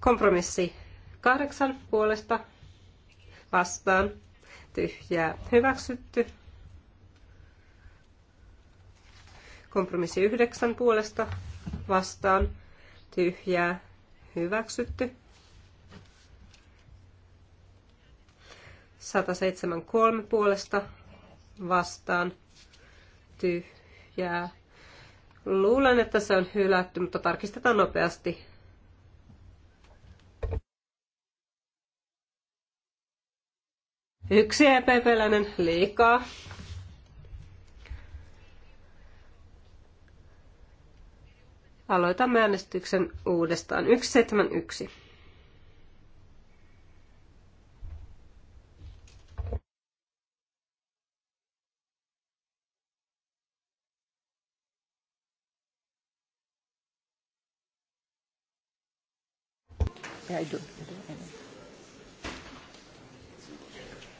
Kompromissi kahdeksan puolesta vastaan tyhjää hyväksytty. Kompromissi yhdeksän puolesta vastaan tyhjää hyväksytty. 173 puolesta vastaan tyhjää. Luulen, että se on hylätty, mutta tarkistetaan nopeasti. Yksi epäpeläinen liikaa. Aloitamme äänestyksen uudestaan. 171.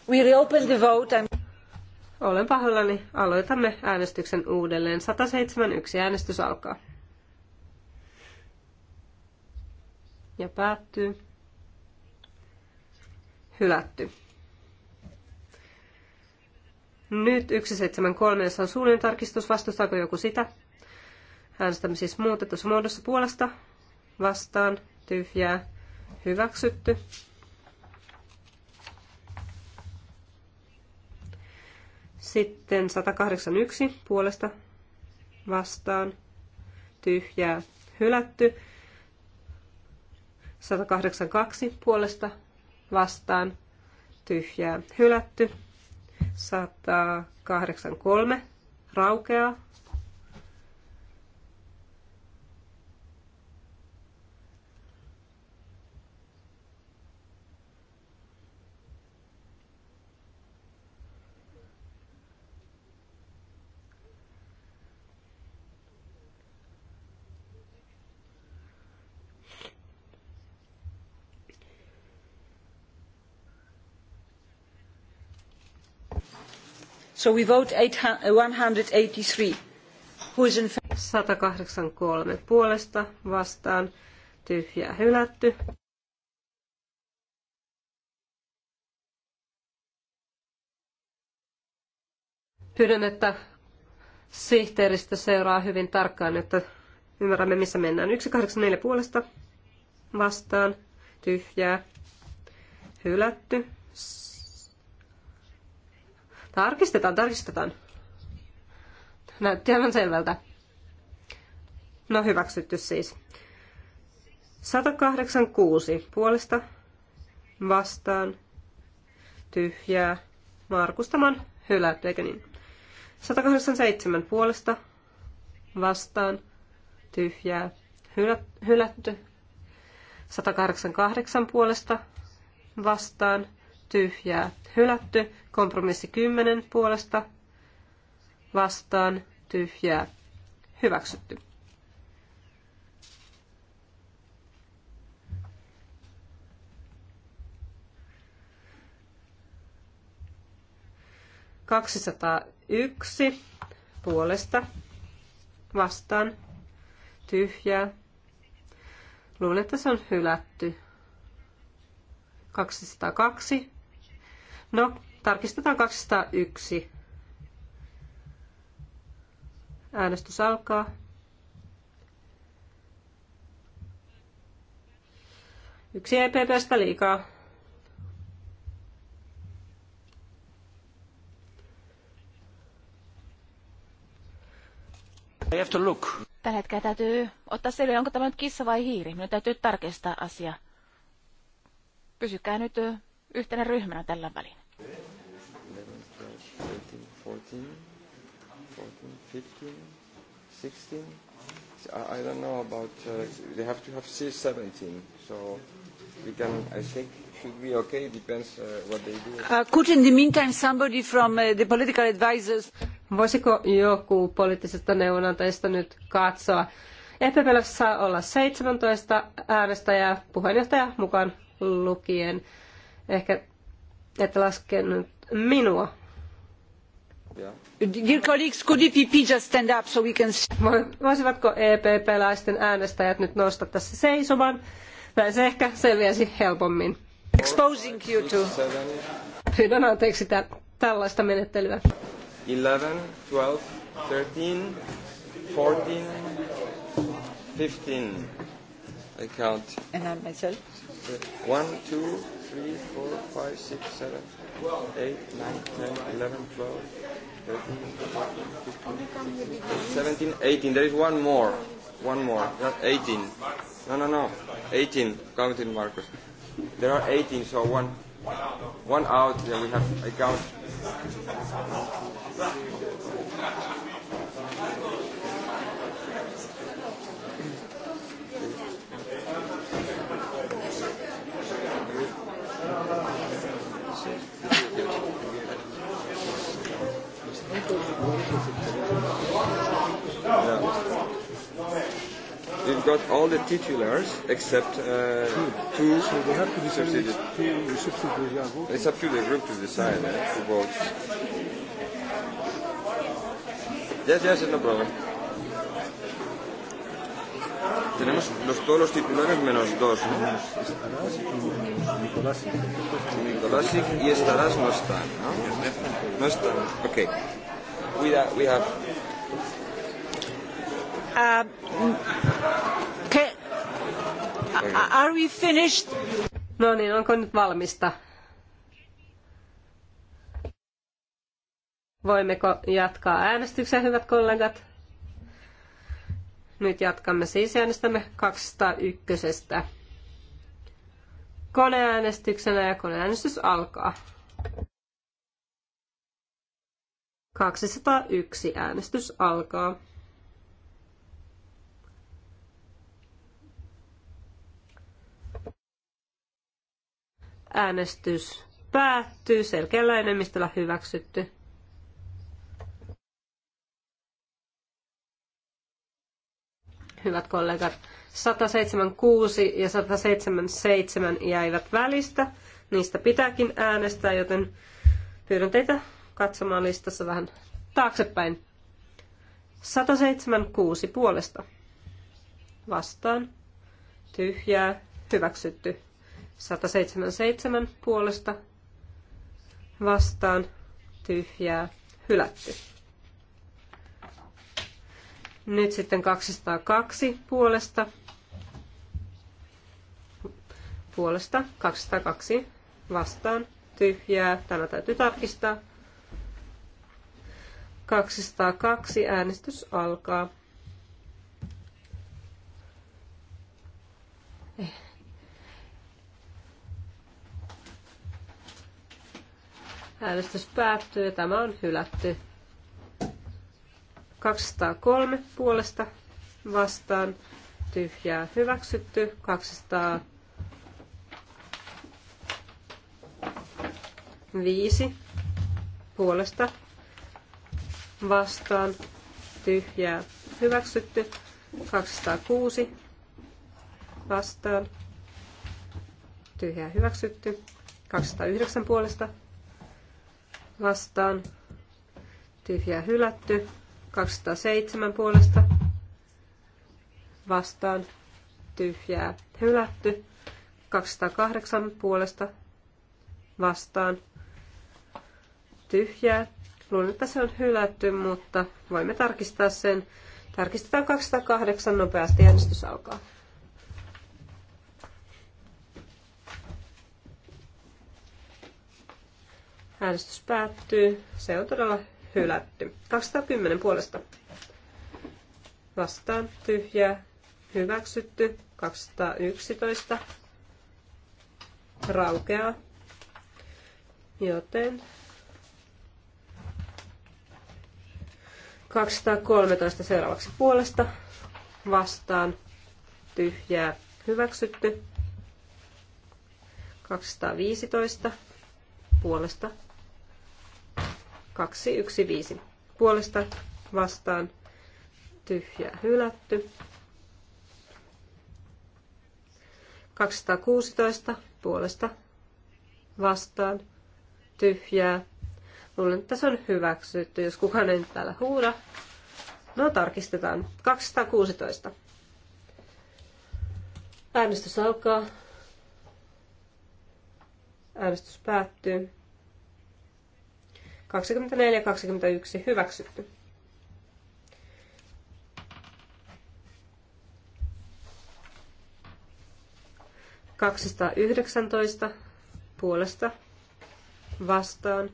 We reopen the vote and... Olen pahoillani. Aloitamme äänestyksen uudelleen. 171 äänestys alkaa. Ja päättyy. Hylätty. Nyt 173, jossa on suullinen tarkistus. Vastustaako joku sitä? Äänestämme siis muutetussa muodossa puolesta. Vastaan. Tyhjää hyväksytty. Sitten 181 puolesta vastaan tyhjää hylätty. 182 puolesta vastaan tyhjää hylätty. 183 raukeaa. So we vote 183. Uh, Who is in 183 puolesta vastaan tyhjää hylätty. Pyydän, että sihteeristö seuraa hyvin tarkkaan, että ymmärrämme missä mennään. 184 puolesta vastaan tyhjää hylätty. Tarkistetaan, tarkistetaan. Näytti aivan selvältä. No hyväksytty siis. 186 puolesta vastaan tyhjää. Markustaman hylätty, eikö niin? 187 puolesta vastaan tyhjää. Hylä, hylätty. 188 puolesta vastaan tyhjää hylätty. Kompromissi 10 puolesta vastaan tyhjää hyväksytty. yksi puolesta vastaan tyhjää. Luulen, että se on hylätty. 202 No, tarkistetaan 201. Äänestys alkaa. Yksi EPPstä liikaa. I have to look. Tällä hetkellä täytyy ottaa selville, onko tämä nyt kissa vai hiiri. Minun täytyy tarkistaa asia. Pysykää nyt yhtenä ryhmänä tällä välin. 16. I don't know about, uh, they have to have C17, so we can, I think, should be okay, depends uh, what they do. Uh, could in the meantime somebody from uh, the political advisors... Voisiko joku poliittisesta neuvonantajista nyt katsoa? EPPllä saa olla 17 äänestäjää, puheenjohtaja mukaan lukien. Ehkä et laskenut minua. Dear colleagues, could EPP just stand up so we can... Voisivatko EPP-läisten äänestäjät nyt nostaa tässä seisovan? Näin se ehkä selviäisi helpommin. Exposing you to. Pyydän anteeksi tä- tällaista menettelyä. 11, 12, 13, 14, 15. I count. And I myself. One, two, 3, 4, 5, 6, 7, 8, 9, 10, 11, 12, 13, 14, 15, 16, 17, 18. There is one more. One more. Not 18. No, no, no. 18. Counting Marcus. There are 18, so one, one out. Yeah, we have. I count. Yeah. We've got all the titulars except uh, two. two. So they have to decide which It's up to the group to decide eh, who votes. Yes, yes, no problem. Tenemos los, todos los titulares menos dos, ¿no? Nicolás y Estarás no están, ¿no? No están, ok we, uh, we have. Uh, okay. Are we finished? No niin, onko nyt valmista? Voimmeko jatkaa äänestyksen, hyvät kollegat? Nyt jatkamme siis äänestämme 201. Koneäänestyksenä ja koneäänestys alkaa. 201 äänestys alkaa. Äänestys päättyy selkeällä enemmistöllä hyväksytty. Hyvät kollegat, 176 ja 177 jäivät välistä. Niistä pitääkin äänestää, joten pyydän teitä katsomaan listassa vähän taaksepäin. 176 puolesta. Vastaan. Tyhjää. Hyväksytty. 177 puolesta. Vastaan. Tyhjää. Hylätty. Nyt sitten 202 puolesta. Puolesta 202 vastaan tyhjää. Tämä täytyy tarkistaa. 202 äänestys alkaa. Äänestys päättyy ja tämä on hylätty. 203 puolesta vastaan tyhjää hyväksytty. 205 puolesta vastaan tyhjää hyväksytty. 206 vastaan tyhjää hyväksytty. 209 puolesta vastaan tyhjää hylätty. 207 puolesta vastaan tyhjää hylätty. 208 puolesta vastaan tyhjää Luulen, että se on hylätty, mutta voimme tarkistaa sen. Tarkistetaan 208 nopeasti. Äänestys alkaa. Äänestys päättyy. Se on todella hylätty. 210 puolesta. Vastaan tyhjä Hyväksytty. 211. Raukeaa. Joten 213 seuraavaksi puolesta vastaan tyhjää hyväksytty. 215 puolesta 215 puolesta vastaan tyhjää hylätty. 216 puolesta vastaan tyhjää Luulen, että se on hyväksytty, jos kukaan ei täällä huuda. No tarkistetaan. 216. Äänestys alkaa. Äänestys päättyy. 24-21 hyväksytty. Kaksisataayhdeksäntoista puolesta vastaan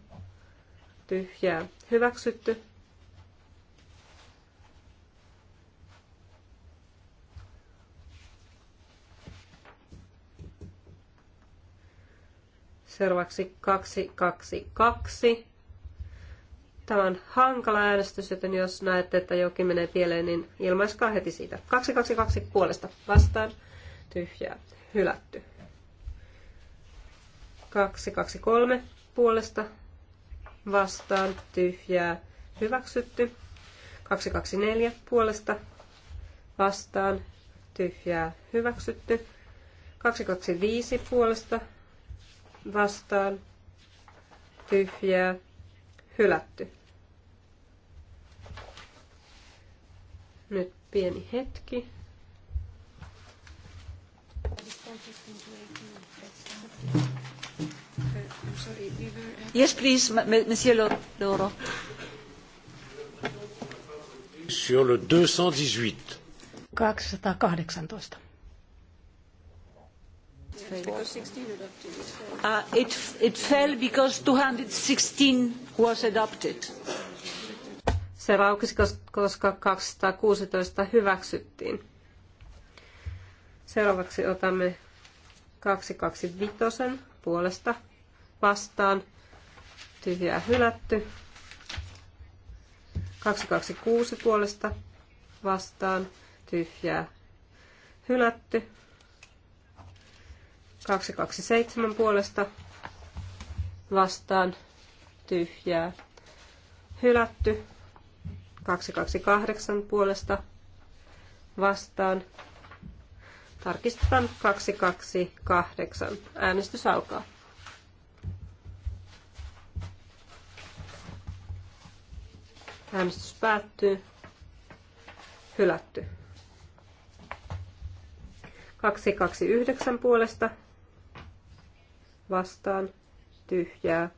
tyhjää hyväksytty. Seuraavaksi 222. Tämä on hankala äänestys, joten jos näette, että jokin menee pieleen, niin ilmaiskaa heti siitä. 222 puolesta vastaan tyhjää, hylätty. 223 puolesta vastaan tyhjää hyväksytty. 224 puolesta vastaan tyhjää hyväksytty. 225 puolesta vastaan tyhjää hylätty. Nyt pieni hetki. Yes, please, Monsieur Laurent. Sur le 218. 218. Uh, it, it fell because 216 was adopted. Se raukesi, koska 216 hyväksyttiin. Seuraavaksi otamme 225 puolesta vastaan. Tyhjää hylätty. 226 puolesta vastaan. Tyhjää hylätty. 227 puolesta vastaan. Tyhjää hylätty. 228 puolesta vastaan. Tarkistetaan 228. Äänestys alkaa. Äänestys päättyy. Hylätty. 229 puolesta vastaan tyhjää.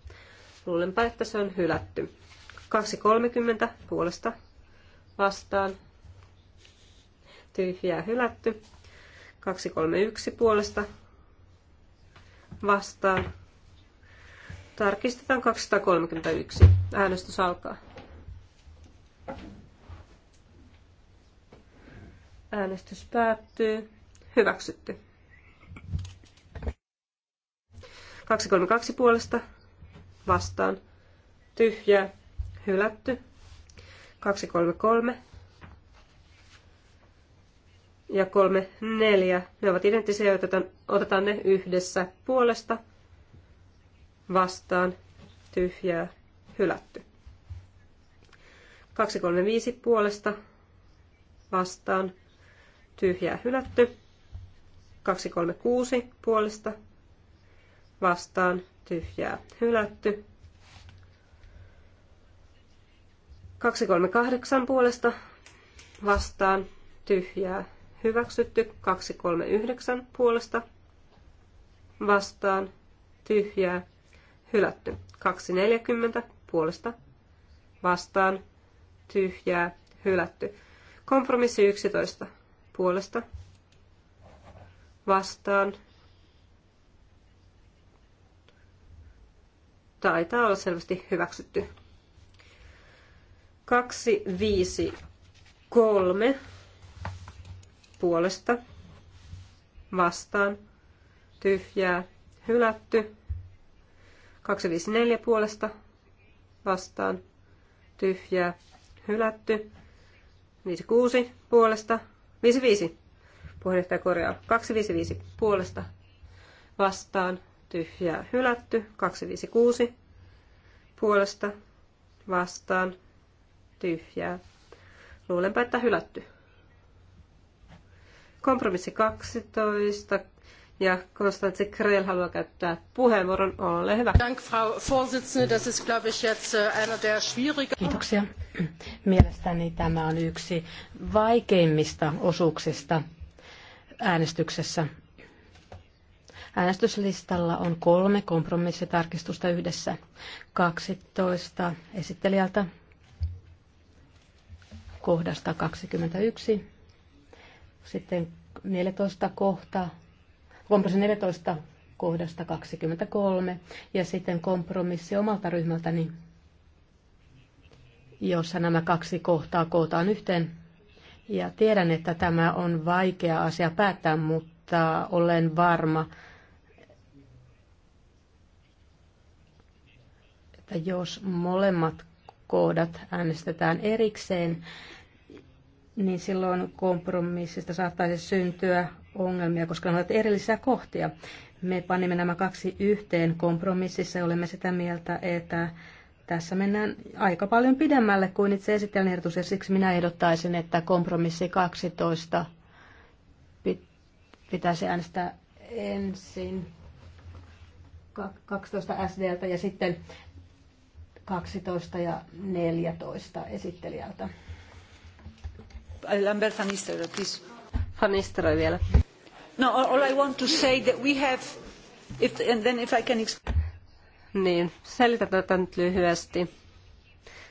Luulenpa, että se on hylätty. 230 puolesta vastaan tyhjää hylätty. 231 puolesta vastaan. Tarkistetaan 231. Äänestys alkaa. Äänestys päättyy. Hyväksytty. 232 puolesta vastaan. Tyhjää. Hylätty. 233 ja 34. Ne ovat identtisiä, joten otetaan ne yhdessä puolesta vastaan. Tyhjää. Hylätty. 235 puolesta vastaan tyhjää hylätty. 236 puolesta vastaan tyhjää hylätty. 238 puolesta vastaan tyhjää hyväksytty. 239 puolesta vastaan tyhjää hylätty. 240 puolesta vastaan tyhjää, hylätty. Kompromissi 11 puolesta vastaan. Taitaa olla selvästi hyväksytty. 2, 5, 3 puolesta vastaan. Tyhjää, hylätty. 254 puolesta vastaan. Tyhjää, hylätty. 56 puolesta. 55 puheenjohtaja korjaa. 255 puolesta vastaan tyhjää hylätty. 256 puolesta vastaan tyhjää. Luulenpä, että hylätty. Kompromissi 12 ja Konstantse Krell haluaa käyttää puheenvuoron. Ole hyvä. Dank, Frau Vorsitzende. Das ist, glaube ich, jetzt äh, einer der schwierigen... Kiitoksia. Mielestäni tämä on yksi vaikeimmista osuuksista äänestyksessä. Äänestyslistalla on kolme kompromissitarkistusta yhdessä. 12 esittelijältä kohdasta 21, sitten 14 kohtaa kompromissi 14 kohdasta 23 ja sitten kompromissi omalta ryhmältäni, jossa nämä kaksi kohtaa kootaan yhteen. Ja tiedän, että tämä on vaikea asia päättää, mutta olen varma, että jos molemmat kohdat äänestetään erikseen, niin silloin kompromissista saattaisi syntyä ongelmia, koska ne ovat erillisiä kohtia. Me panimme nämä kaksi yhteen kompromississa ja olemme sitä mieltä, että tässä mennään aika paljon pidemmälle kuin itse esittelen ehdotus, ja siksi minä ehdottaisin, että kompromissi 12 pitäisi äänestää ensin 12 SDltä ja sitten 12 ja 14 esittelijältä. Lambert Fanisteroi vielä. No, all I want to say that we have, if, and then if I can Niin, selitän tätä nyt lyhyesti.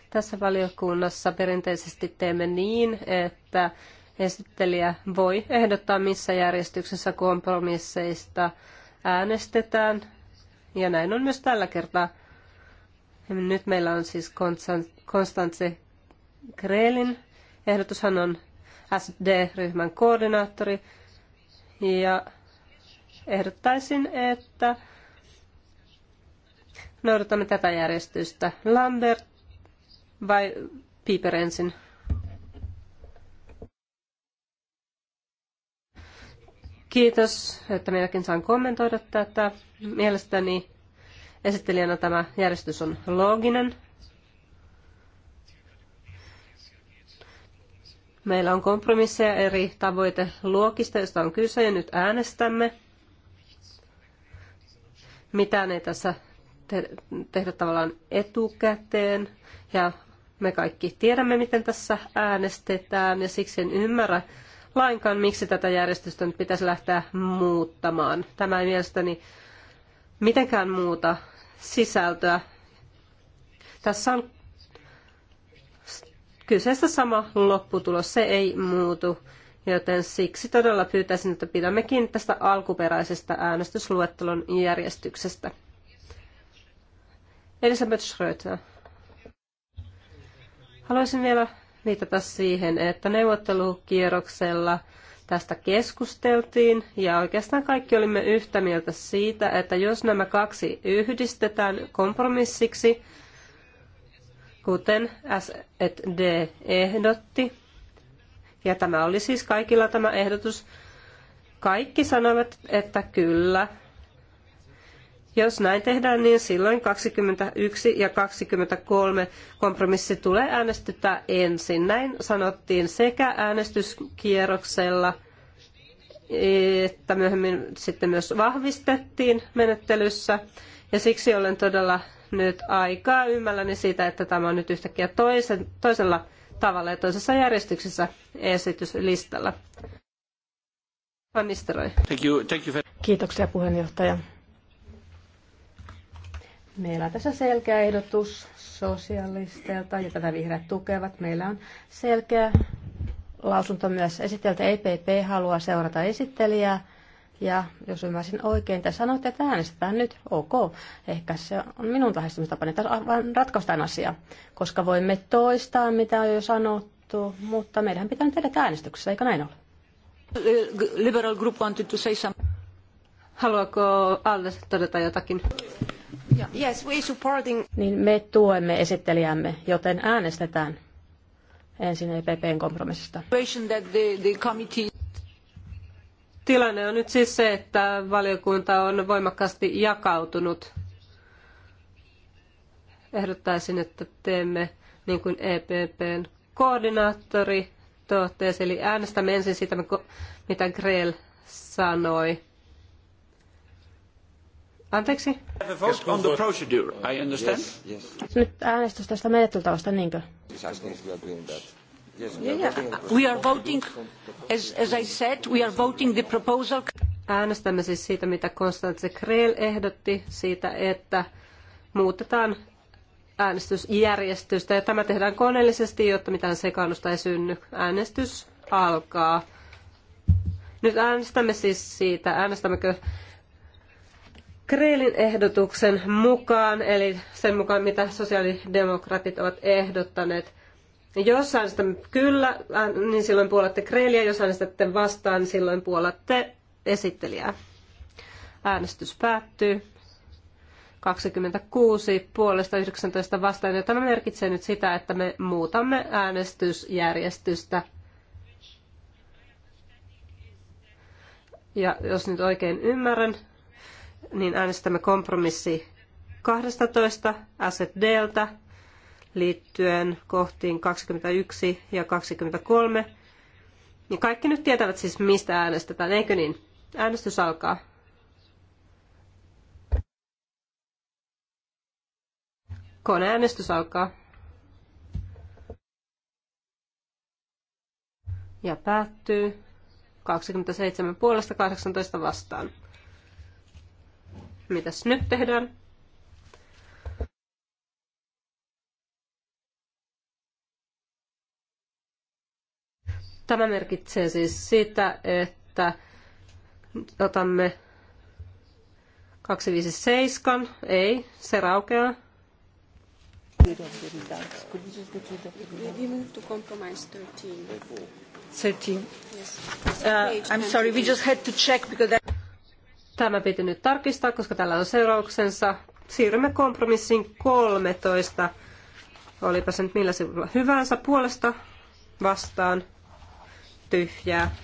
Tässä valiokunnassa perinteisesti teemme niin, että esittelijä voi ehdottaa, missä järjestyksessä kompromisseista äänestetään. Ja näin on myös tällä kertaa. Nyt meillä on siis Konstantse Kreelin. Ehdotushan on SD-ryhmän koordinaattori. Ja ehdottaisin, että noudatamme tätä järjestystä. Lambert vai Piper ensin? Kiitos, että minäkin saan kommentoida tätä. Mielestäni esittelijänä tämä järjestys on looginen. Meillä on kompromisseja eri tavoiteluokista, joista on kyse ja nyt äänestämme. Mitään ei tässä tehdä tavallaan etukäteen ja me kaikki tiedämme, miten tässä äänestetään ja siksi en ymmärrä lainkaan, miksi tätä järjestystä nyt pitäisi lähteä muuttamaan. Tämä ei mielestäni mitenkään muuta sisältöä. Tässä on kyseessä sama lopputulos, se ei muutu. Joten siksi todella pyytäisin, että pidämme kiinni tästä alkuperäisestä äänestysluettelon järjestyksestä. Elisabeth Schröter. Haluaisin vielä viitata siihen, että neuvottelukierroksella tästä keskusteltiin ja oikeastaan kaikki olimme yhtä mieltä siitä, että jos nämä kaksi yhdistetään kompromissiksi, kuten SD ehdotti. Ja tämä oli siis kaikilla tämä ehdotus. Kaikki sanoivat, että kyllä. Jos näin tehdään, niin silloin 21 ja 23 kompromissi tulee äänestyttää ensin. Näin sanottiin sekä äänestyskierroksella että myöhemmin sitten myös vahvistettiin menettelyssä. Ja siksi olen todella nyt aikaa ymmälläni siitä, että tämä on nyt yhtäkkiä toisen, toisella tavalla ja toisessa järjestyksessä esityslistalla. Thank you, thank you. Kiitoksia puheenjohtaja. Meillä on tässä selkeä ehdotus sosialisteilta, ja tätä vihreät tukevat. Meillä on selkeä lausunto myös esittäjältä. EPP haluaa seurata esittelijää ja jos ymmärsin oikein, te sanoitte, että äänestetään nyt, ok. Ehkä se on minun lähestymistapani, että vain ratkaistaan asia, koska voimme toistaa, mitä on jo sanottu, mutta meidän pitää nyt edetä äänestyksessä, eikö näin ole? Liberal group wanted to say something. Haluaako Alde todeta jotakin? Yes, we supporting. Niin me tuemme esittelijämme, joten äänestetään ensin EPPn kompromissista. That the, the committee... Tilanne on nyt siis se, että valiokunta on voimakkaasti jakautunut. Ehdottaisin, että teemme niin kuin EPPn koordinaattori totesi, eli äänestämme ensin sitä, mitä Grell sanoi. Anteeksi? On procedure, I understand. Nyt äänestys tästä menettelytavasta, niinkö? Äänestämme siis siitä, mitä Konstantin Krell ehdotti, siitä, että muutetaan äänestysjärjestystä. Ja tämä tehdään koneellisesti, jotta mitään sekaannusta ei synny. Äänestys alkaa. Nyt äänestämme siis siitä, äänestämmekö Kreilin ehdotuksen mukaan, eli sen mukaan mitä sosiaalidemokraatit ovat ehdottaneet. Jos äänestämme kyllä, niin silloin puolatte Kreeliä. Jos äänestätte vastaan, niin silloin puolatte esittelijää. Äänestys päättyy. 26 puolesta 19 vastaan, ja tämä merkitsee nyt sitä, että me muutamme äänestysjärjestystä. Ja jos nyt oikein ymmärrän, niin äänestämme kompromissi 12 SDltä liittyen kohtiin 21 ja 23. Ja kaikki nyt tietävät siis, mistä äänestetään, eikö niin? Äänestys alkaa. Koneäänestys alkaa. Ja päättyy 27 puolesta 18 vastaan. Mitäs nyt tehdään? Tämä merkitsee siis sitä, että otamme 257, ei, se raukeaa. Uh, Tämä piti nyt tarkistaa, koska tällä on seurauksensa. Siirrymme kompromissiin 13. Olipa se nyt millä sivulla hyvänsä puolesta vastaan tyhjää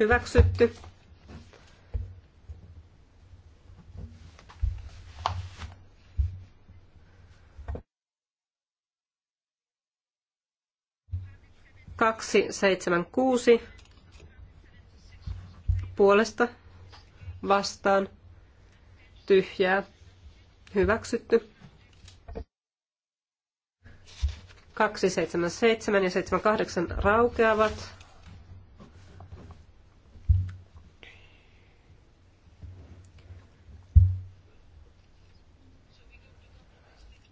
hyväksytty. Kaksi, seitsemän, kuusi puolesta vastaan tyhjää hyväksytty. 277 ja 78 raukeavat.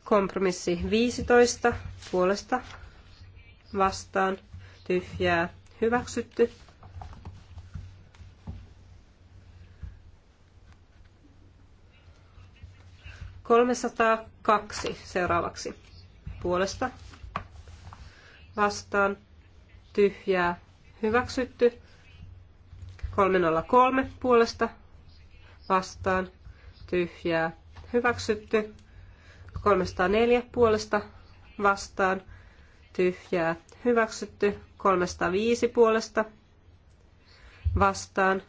Kompromissi 15 puolesta vastaan tyhjää hyväksytty. kaksi seuraavaksi puolesta vastaan tyhjää hyväksytty. 303 puolesta vastaan tyhjää hyväksytty. 304 puolesta vastaan tyhjää hyväksytty. 305 puolesta vastaan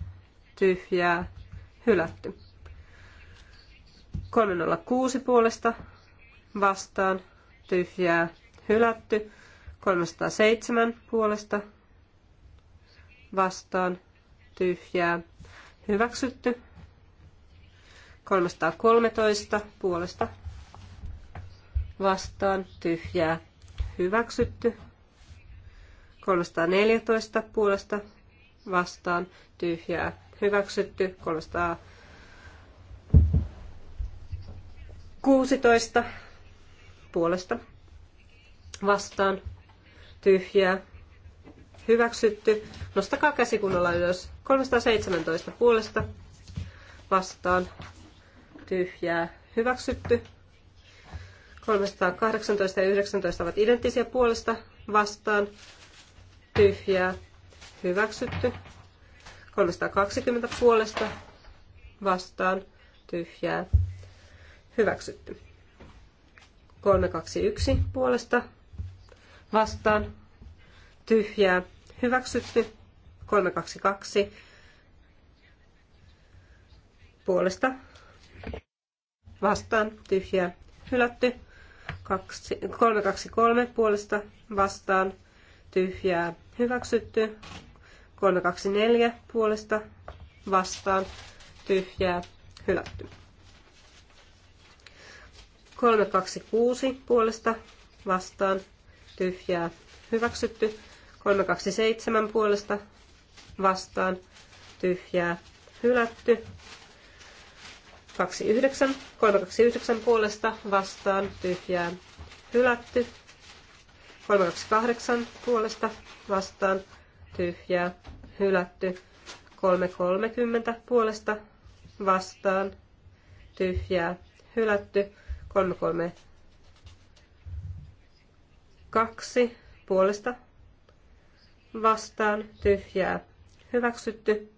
tyhjää hylätty. 306 puolesta vastaan tyhjää hylätty. 307 puolesta vastaan tyhjää hyväksytty. 313 puolesta vastaan tyhjää hyväksytty. 314 puolesta vastaan tyhjää hyväksytty. 316 puolesta vastaan tyhjää hyväksytty. Nostakaa käsi kunnolla ylös. 317 puolesta vastaan tyhjää hyväksytty. 318 ja 19 ovat identtisiä puolesta vastaan. Tyhjää. Hyväksytty. 320 puolesta vastaan. Tyhjää. Hyväksytty. 321 puolesta vastaan. Tyhjää. Hyväksytty. 322 puolesta vastaan. Tyhjää. Hylätty. 323 puolesta vastaan tyhjää hyväksytty. 324 puolesta vastaan tyhjää hylätty. 326 puolesta vastaan tyhjää hyväksytty. 327 puolesta vastaan tyhjää hylätty. 29, 329 puolesta vastaan tyhjää hylätty. 328 puolesta vastaan tyhjää hylätty. 330 puolesta vastaan tyhjää hylätty. 332 puolesta vastaan tyhjää hyväksytty.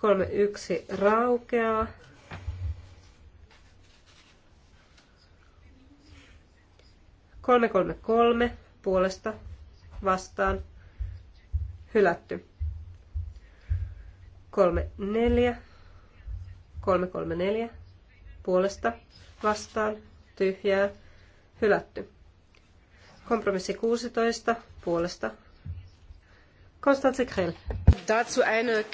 Kolme yksi raukeaa. Kolme kolme kolme puolesta vastaan hylätty. Kolme neljä. Kolme kolme neljä puolesta vastaan tyhjää hylätty. Kompromissi 16 puolesta. Konstanze Krell. Dazu eine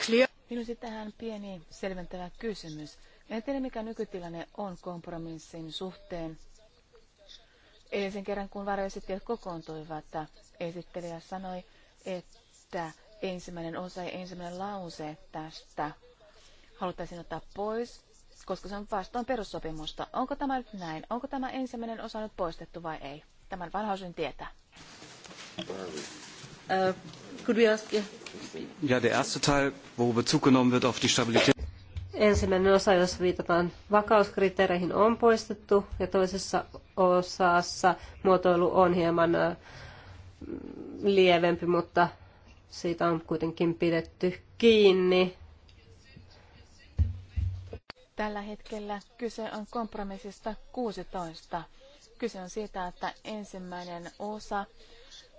sitten tähän pieni selventävä kysymys. En tiedä, mikä nykytilanne on kompromissin suhteen. Eilisen kerran, kun varjoesittäjät kokoontuivat, esittelijä sanoi, että ensimmäinen osa ja ensimmäinen lause tästä haluttaisiin ottaa pois, koska se on vastoin perussopimusta. Onko tämä nyt näin? Onko tämä ensimmäinen osa nyt poistettu vai ei? Tämän vaan tietää. Äh, ja, der erste Teil, wo Bezug genommen wird auf die Stabilität. Ensimmäinen osa, jos viitataan vakauskriteereihin, on poistettu ja toisessa osassa muotoilu on hieman äh, lievempi, mutta siitä on kuitenkin pidetty kiinni. Tällä hetkellä kyse on kompromissista 16. Kyse on siitä, että ensimmäinen osa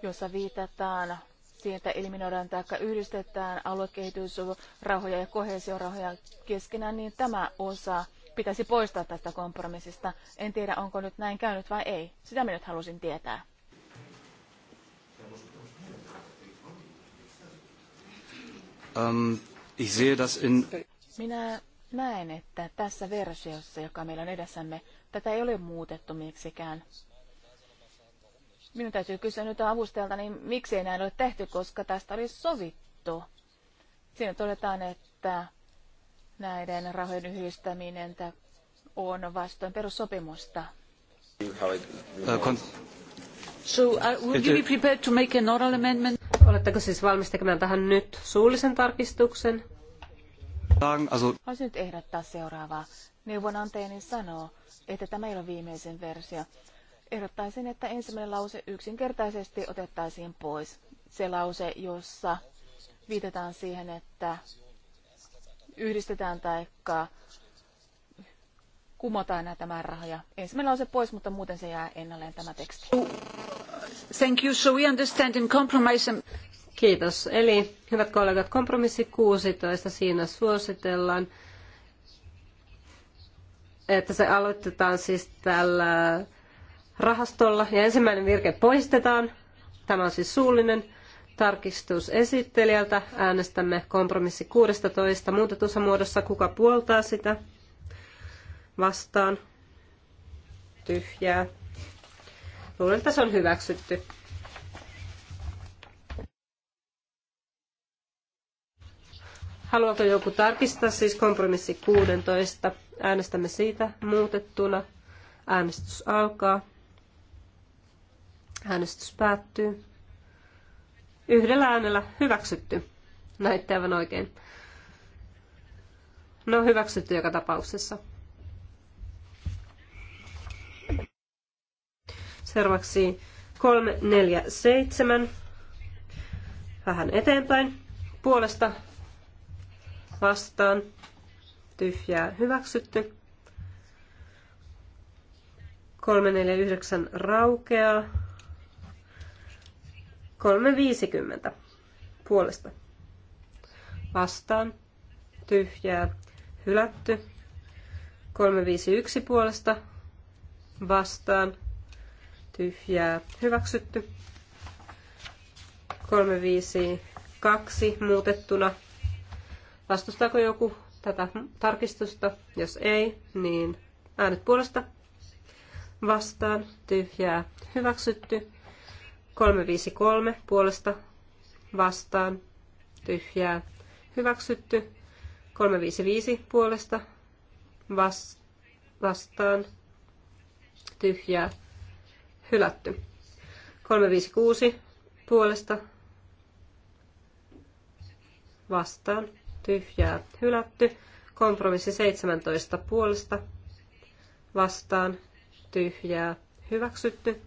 jossa viitataan että eliminoidaan tai yhdistetään aluekehitysrahoja ja kohesiorahoja keskenään, niin tämä osa pitäisi poistaa tästä kompromissista. En tiedä, onko nyt näin käynyt vai ei. Sitä minä nyt halusin tietää. Um, ich sehe das in... Minä näen, että tässä versiossa, joka meillä on edessämme, tätä ei ole muutettu miksikään. Minun täytyy kysyä nyt avustajalta, niin ei näin ole tehty, koska tästä oli sovittu. Siinä todetaan, että näiden rahojen yhdistäminen on vastoin perussopimusta. Äh, so, uh, would you be prepared to make an oral amendment? Oletteko siis valmis tekemään tähän nyt suullisen tarkistuksen? Haluaisin nyt ehdottaa seuraavaa. Neuvonantajani sanoo, että tämä ei ole viimeisin versio. Ehdottaisin, että ensimmäinen lause yksinkertaisesti otettaisiin pois. Se lause, jossa viitataan siihen, että yhdistetään tai kumotaan näitä määrärahoja. Ensimmäinen lause pois, mutta muuten se jää ennalleen tämä teksti. Thank you. So we understand in compromise. Kiitos. Eli hyvät kollegat, kompromissi 16 siinä suositellaan, että se aloitetaan siis tällä rahastolla. Ja ensimmäinen virke poistetaan. Tämä on siis suullinen tarkistus esittelijältä. Äänestämme kompromissi 16 muutetussa muodossa. Kuka puoltaa sitä? Vastaan. Tyhjää. Luulen, että se on hyväksytty. Haluaako joku tarkistaa siis kompromissi 16? Äänestämme siitä muutettuna. Äänestys alkaa. Äänestys päättyy. Yhdellä äänellä hyväksytty. Näitte aivan oikein. No hyväksytty joka tapauksessa. Seuraavaksi 7. Vähän eteenpäin. Puolesta vastaan. Tyhjää hyväksytty. 349 raukeaa. 350 puolesta. Vastaan. Tyhjää. Hylätty. 351 puolesta. Vastaan. Tyhjää. Hyväksytty. 352 muutettuna. Vastustaako joku tätä tarkistusta? Jos ei, niin äänet puolesta. Vastaan. Tyhjää. Hyväksytty. 353 puolesta vastaan tyhjää hyväksytty. 355 puolesta vas- vastaan tyhjää hylätty. 356 puolesta vastaan tyhjää hylätty. Kompromissi 17 puolesta vastaan tyhjää hyväksytty.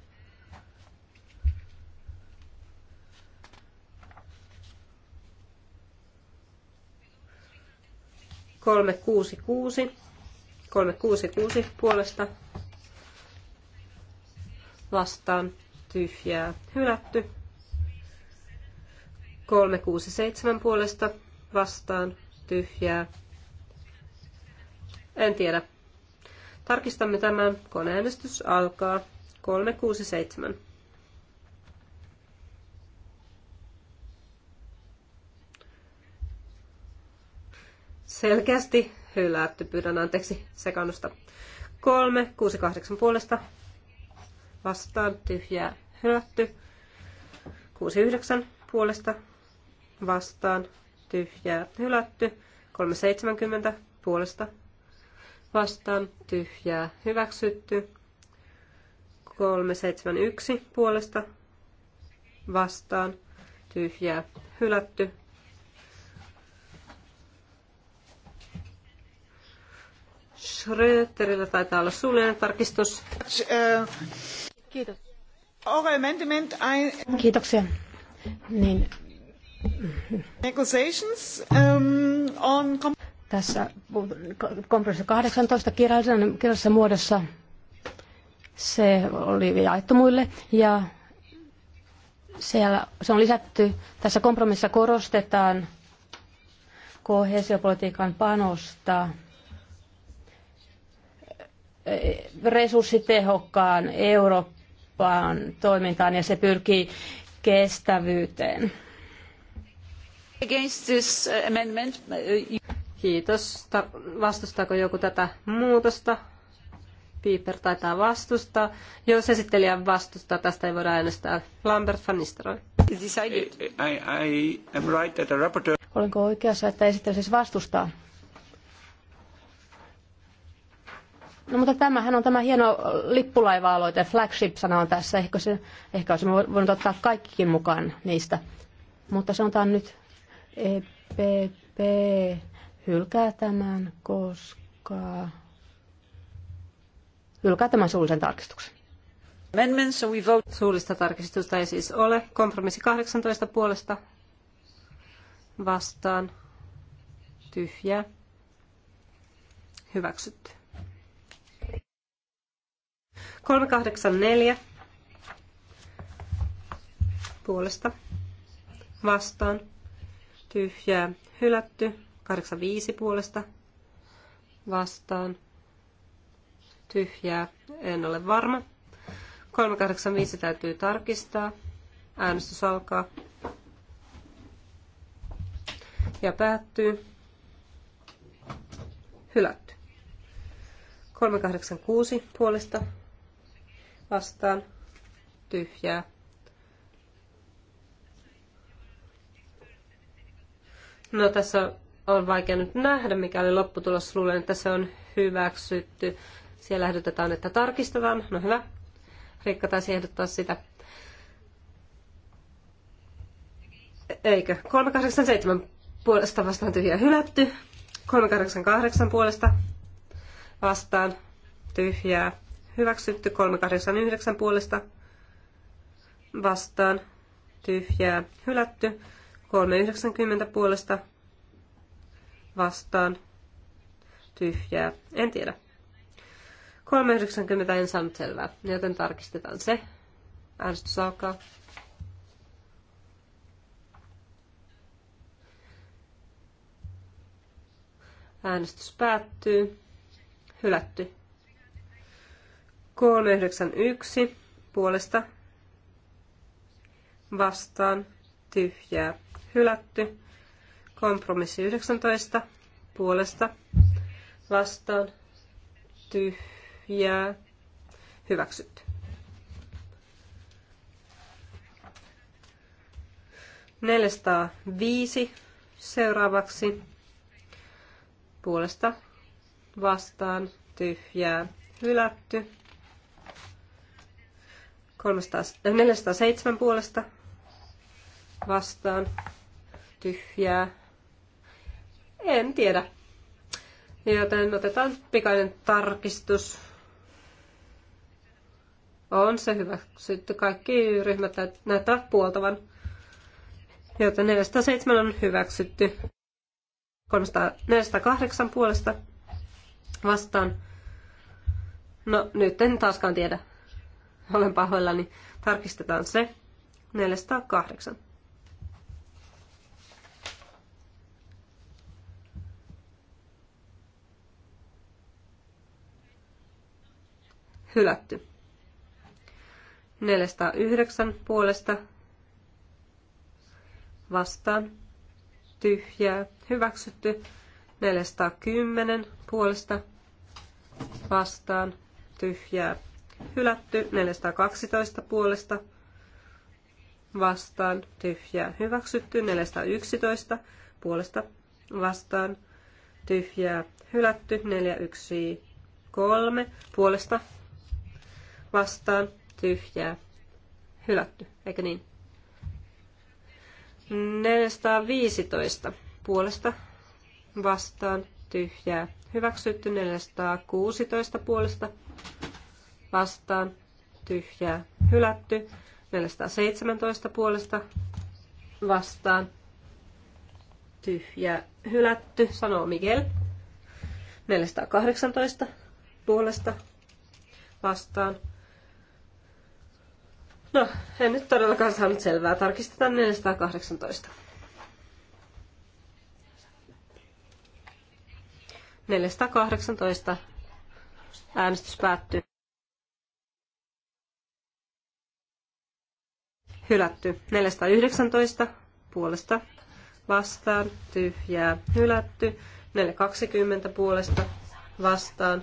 366, 366 puolesta vastaan tyhjää hylätty. 367 puolesta vastaan tyhjää. En tiedä. Tarkistamme tämän. Koneäänestys alkaa. 367. selkeästi hylätty. Pyydän anteeksi sekannusta. 3, 6, 8 puolesta vastaan tyhjää hylätty. 6, 9 puolesta vastaan tyhjää hylätty. 3, 70 puolesta vastaan tyhjää hyväksytty. 3, 7, 1 puolesta vastaan tyhjää hylätty. Schröterillä taitaa olla suullinen tarkistus. Kiitos. Kiitoksia. Niin. Negotiations um, on... kom. Tässä kompromissi 18 kirjallisessa muodossa se oli jaettu muille ja siellä se on lisätty, tässä kompromississa korostetaan kohesiopolitiikan panosta resurssitehokkaan Eurooppaan toimintaan ja se pyrkii kestävyyteen. Uh, Kiitos. Vastustaako joku tätä muutosta? Piper taitaa vastustaa. Jos esittelijä vastustaa, tästä ei voida äänestää. Lambert van Nistelrooy. Olenko oikeassa, että esittelijä siis vastustaa? No mutta tämähän on tämä hieno lippulaiva-aloite, flagship-sana on tässä, ehkä, se, ehkä olisi voinut ottaa kaikkikin mukaan niistä. Mutta sanotaan nyt, EPP hylkää tämän, koska hylkää tämän suullisen tarkistuksen. Amendment, so we vote. Suullista tarkistusta ei siis ole. Kompromissi 18 puolesta vastaan. Tyhjä. Hyväksytty. 384 puolesta vastaan tyhjää hylätty 85 puolesta vastaan tyhjää en ole varma 385 täytyy tarkistaa äänestys alkaa ja päättyy hylätty 386 puolesta vastaan tyhjää. No tässä on vaikea nyt nähdä, mikä oli lopputulos. Luulen, että se on hyväksytty. Siellä ehdotetaan, että tarkistetaan. No hyvä. Riikka taisi ehdottaa sitä. Eikö? 387 puolesta vastaan tyhjää hylätty. 388 puolesta vastaan tyhjää hyväksytty 389 puolesta vastaan tyhjää hylätty 390 puolesta vastaan tyhjää. En tiedä. 390 en saanut selvää, joten tarkistetaan se. Äänestys alkaa. Äänestys päättyy. Hylätty. 391 puolesta vastaan tyhjää hylätty. Kompromissi 19 puolesta vastaan tyhjää hyväksytty. Neljäsataa viisi seuraavaksi puolesta vastaan tyhjää hylätty. 300, 407 puolesta vastaan. Tyhjää. En tiedä. Joten otetaan pikainen tarkistus. On se hyvä Sitten Kaikki ryhmät näyttävät puoltavan. Joten 407 on hyväksytty. 300, 408 puolesta vastaan. No nyt en taaskaan tiedä. Olen pahoillani. Tarkistetaan se. 408. Hylätty. 409 puolesta vastaan tyhjää hyväksytty. 410 puolesta vastaan tyhjää hylätty, 412 puolesta vastaan, tyhjää hyväksytty, 411 puolesta vastaan, tyhjää hylätty, 413 puolesta vastaan, tyhjää hylätty, eikö niin? 415 puolesta vastaan, tyhjää hyväksytty, 416 puolesta vastaan, tyhjää, hylätty. 417 puolesta vastaan, tyhjää, hylätty, sanoo Miguel. 418 puolesta vastaan. No, en nyt todellakaan saanut selvää. Tarkistetaan 418. 418. Äänestys päättyy. hylätty. 419 puolesta vastaan, tyhjää, hylätty. 420 puolesta vastaan,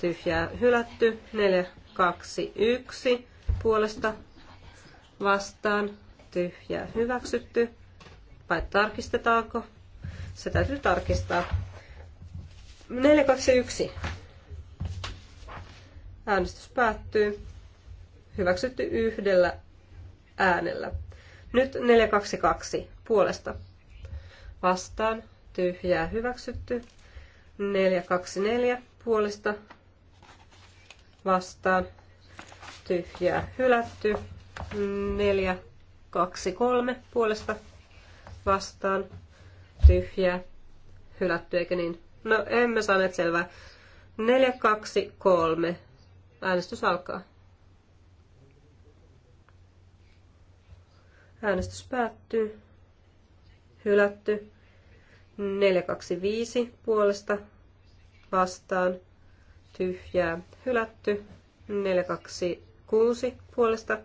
tyhjää, hylätty. 421 puolesta vastaan, tyhjää, hyväksytty. Vai tarkistetaanko? Se täytyy tarkistaa. 421. Äänestys päättyy. Hyväksytty yhdellä äänellä. Nyt 422 puolesta. Vastaan tyhjää hyväksytty. 424 puolesta. Vastaan tyhjää hylätty. 423 puolesta. Vastaan tyhjää hylätty, eikö niin? No emme saaneet selvää. 423 äänestys alkaa. Äänestys päättyy. Hylätty. 425 puolesta vastaan. Tyhjää. Hylätty. 426 puolesta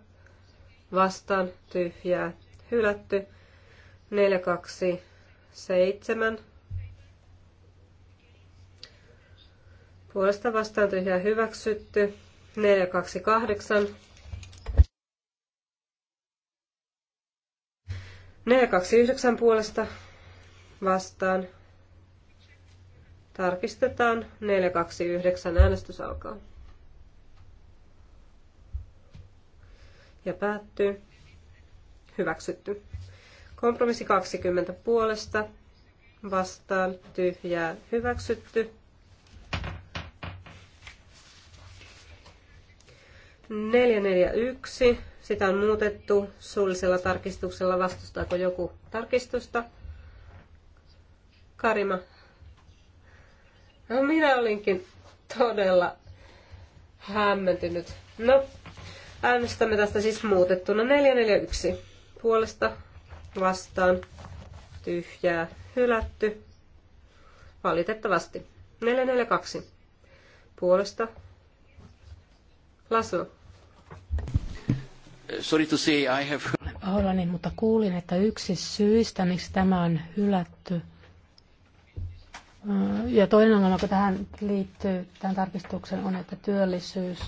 vastaan. Tyhjää. Hylätty. 427 puolesta vastaan tyhjää hyväksytty. 428 429 puolesta vastaan. Tarkistetaan. 429 äänestys alkaa. Ja päättyy. Hyväksytty. Kompromissi 20 puolesta vastaan tyhjää hyväksytty. Neljä, neljä, yksi sitä on muutettu suullisella tarkistuksella. Vastustaako joku tarkistusta? Karima. No minä olinkin todella hämmentynyt. No, äänestämme tästä siis muutettuna 441. Puolesta vastaan tyhjää hylätty. Valitettavasti. 442. Puolesta. Lasu sorry to say, I have... Pahoillani, mutta kuulin, että yksi syistä, miksi tämä on hylätty, ja toinen ongelma, joka tähän liittyy, tähän tarkistukseen, on, että työllisyys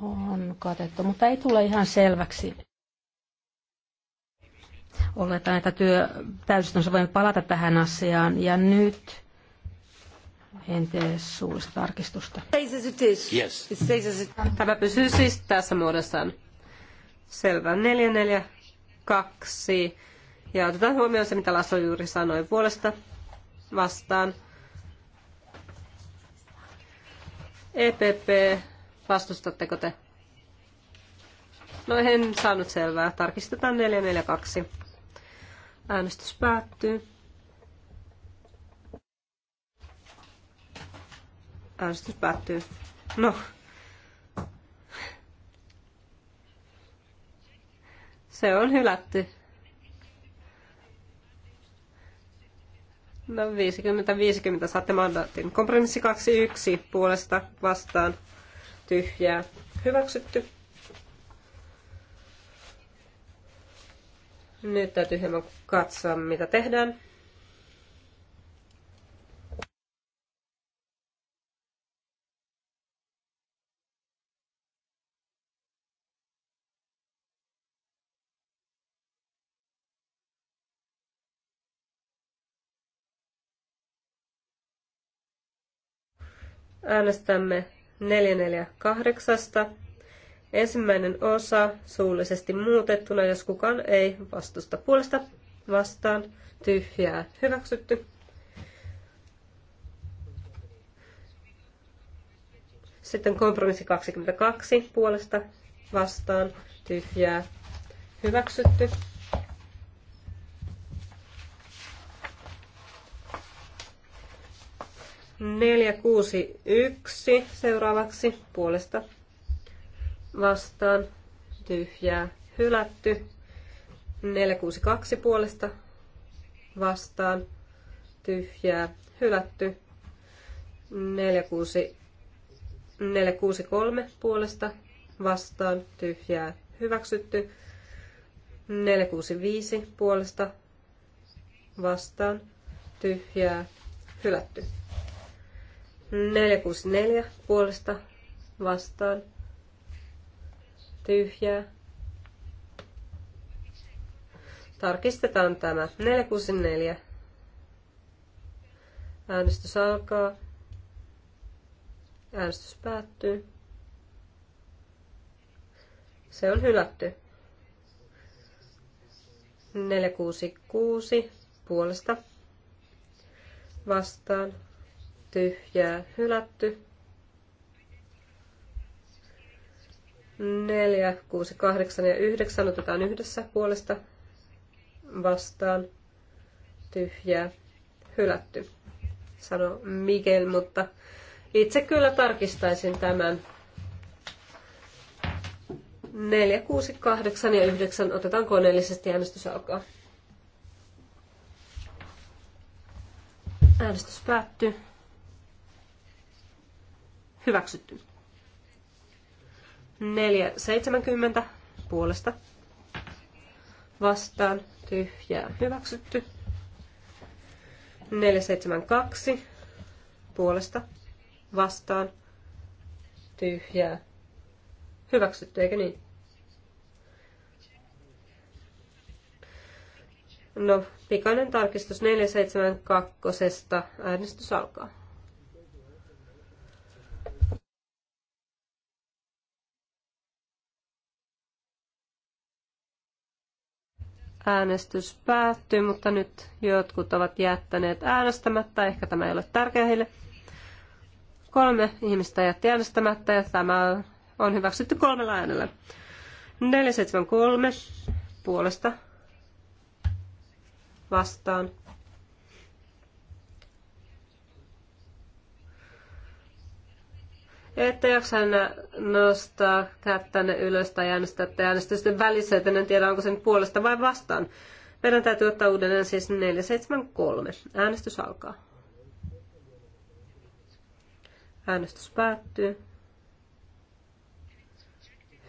on katettu, mutta ei tule ihan selväksi. Oletan, että työ, täysistunnossa voimme palata tähän asiaan, ja nyt en tee suullista tarkistusta. Yes. Tämä pysyy siis tässä muodossaan. Selvä. 4, 4, 2. Ja otetaan huomioon se, mitä Laso juuri sanoi puolesta vastaan. EPP, vastustatteko te? No en saanut selvää. Tarkistetaan 442. Äänestys päättyy. Äänestys päättyy. No, Se on hylätty. No 50-50 saatte mandaatin. Kompromissi 21 puolesta vastaan tyhjää. Hyväksytty. Nyt täytyy hieman katsoa, mitä tehdään. Äänestämme 448. Ensimmäinen osa suullisesti muutettuna, jos kukaan ei vastusta puolesta vastaan. Tyhjää. Hyväksytty. Sitten kompromissi 22 puolesta vastaan. Tyhjää. Hyväksytty. 461 seuraavaksi puolesta vastaan tyhjää hylätty. 462 puolesta vastaan tyhjää hylätty. 46, 463 puolesta vastaan tyhjää hyväksytty. 465 puolesta vastaan tyhjää hylätty. 464 puolesta vastaan. Tyhjää. Tarkistetaan tämä. 464. Äänestys alkaa. Äänestys päättyy. Se on hylätty. 466 puolesta vastaan tyhjää hylätty. 4, 6, 8 ja 9 otetaan yhdessä puolesta vastaan tyhjää hylätty, sanoi Miguel, mutta itse kyllä tarkistaisin tämän. 4, 6, 8 ja 9 otetaan koneellisesti äänestys alkaa. Äänestys päättyy. Hyväksytty. 470 puolesta vastaan tyhjää hyväksytty. 472 puolesta vastaan tyhjää hyväksytty, eikö niin? No, pikainen tarkistus 472. Äänestys alkaa. Äänestys päättyy, mutta nyt jotkut ovat jättäneet äänestämättä. Ehkä tämä ei ole tärkeä heille. Kolme ihmistä jätti äänestämättä ja tämä on hyväksytty kolmella äänellä. 473 puolesta vastaan Ette jaksaina nostaa kättänne ylös tai äänestää äänestysten välissä, että en tiedä onko sen puolesta vai vastaan. Meidän täytyy ottaa uudelleen siis 473. Äänestys alkaa. Äänestys päättyy.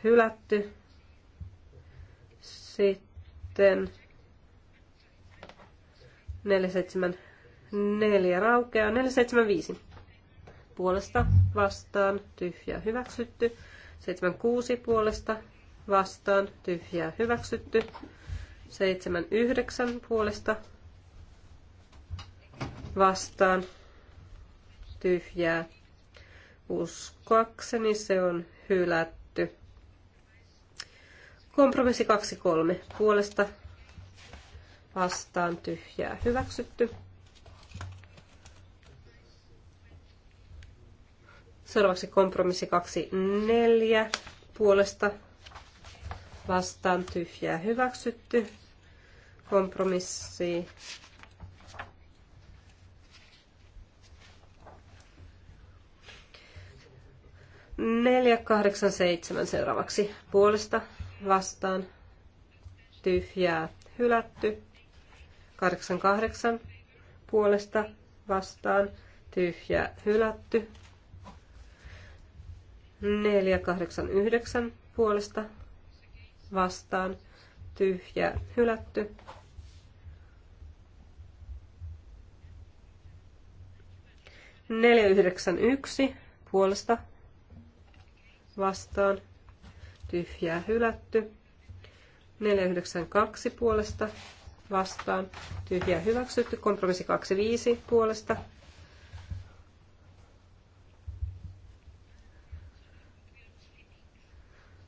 Hylätty. Sitten 474 raukeaa. 475 puolesta vastaan tyhjää hyväksytty. 76 puolesta vastaan tyhjää hyväksytty. 79 puolesta vastaan tyhjää. Uskoakseni se on hylätty. Kompromissi 23 puolesta vastaan tyhjää hyväksytty. Seuraavaksi kompromissi 24 puolesta vastaan tyhjää hyväksytty. Kompromissi neljä kahdeksan seitsemän seuraavaksi puolesta vastaan tyhjää hylätty. 88 puolesta vastaan tyhjää hylätty. 489 puolesta vastaan tyhjä hylätty. Neljä yhdeksän yksi puolesta vastaan tyhjää hylätty. kaksi puolesta vastaan, tyhjää hyväksytty, kompromissi viisi puolesta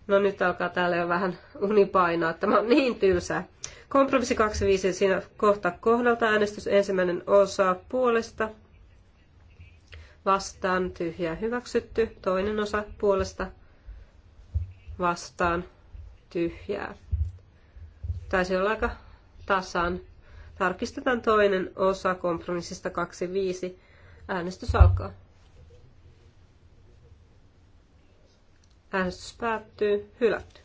No nyt alkaa täällä jo vähän unipainaa. Tämä on niin tylsää. Kompromissi 25 siinä kohta kohdalta äänestys ensimmäinen osa puolesta. Vastaan tyhjää hyväksytty. Toinen osa puolesta. Vastaan tyhjää. Taisi olla aika tasan. Tarkistetaan toinen osa kompromissista 25. Äänestys alkaa. Äänestys päättyy. Hylätty.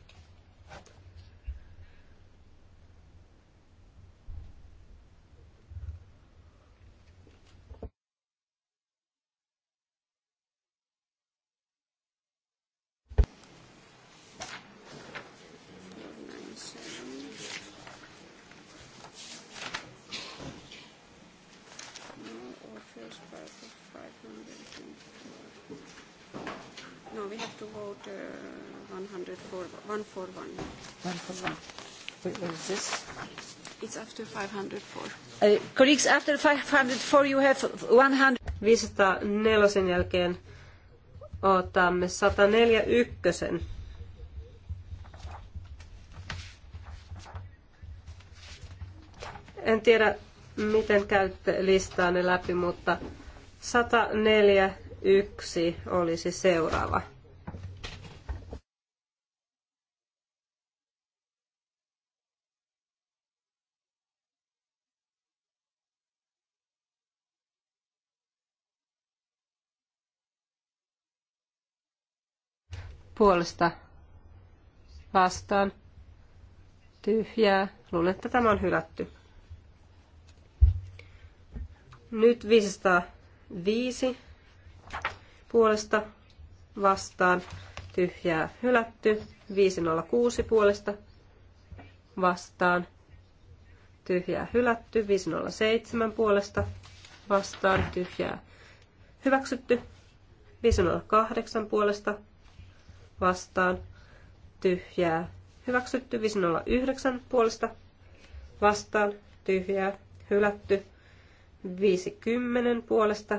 Wait, this? It's after 504. Uh, colleagues, after 504 you have 100... 504 jälkeen otamme 141. En tiedä, miten käytte listaanne läpi, mutta 141 olisi seuraava. puolesta vastaan tyhjää. Luulen, että tämä on hylätty. Nyt 505 puolesta vastaan tyhjää hylätty. 506 puolesta vastaan tyhjää hylätty. 507 puolesta vastaan tyhjää hyväksytty. 508 puolesta vastaan tyhjää. Hyväksytty 509 puolesta vastaan tyhjää. Hylätty 50 puolesta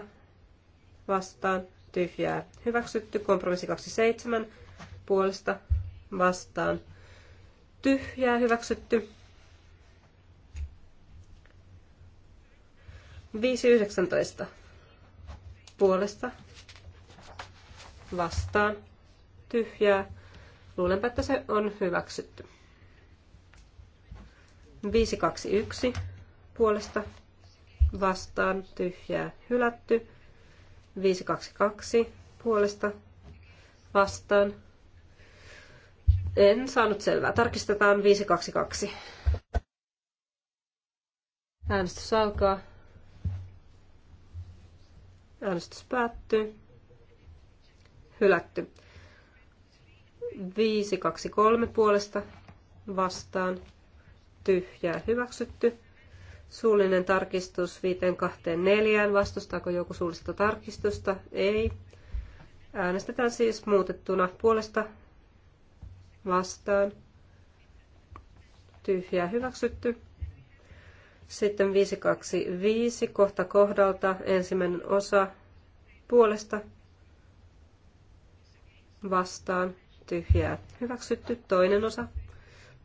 vastaan tyhjää. Hyväksytty kompromissi 27 puolesta vastaan tyhjää. Hyväksytty 519 puolesta vastaan tyhjää. Luulenpa, että se on hyväksytty. 521 puolesta vastaan tyhjää hylätty. 522 puolesta vastaan. En saanut selvää. Tarkistetaan 522. Äänestys alkaa. Äänestys päättyy. Hylätty. 523 puolesta vastaan tyhjää hyväksytty. Suullinen tarkistus 524. Vastustaako joku suullista tarkistusta? Ei. Äänestetään siis muutettuna puolesta vastaan. Tyhjää hyväksytty. Sitten 525 kohta kohdalta ensimmäinen osa puolesta vastaan tyhjää. Hyväksytty toinen osa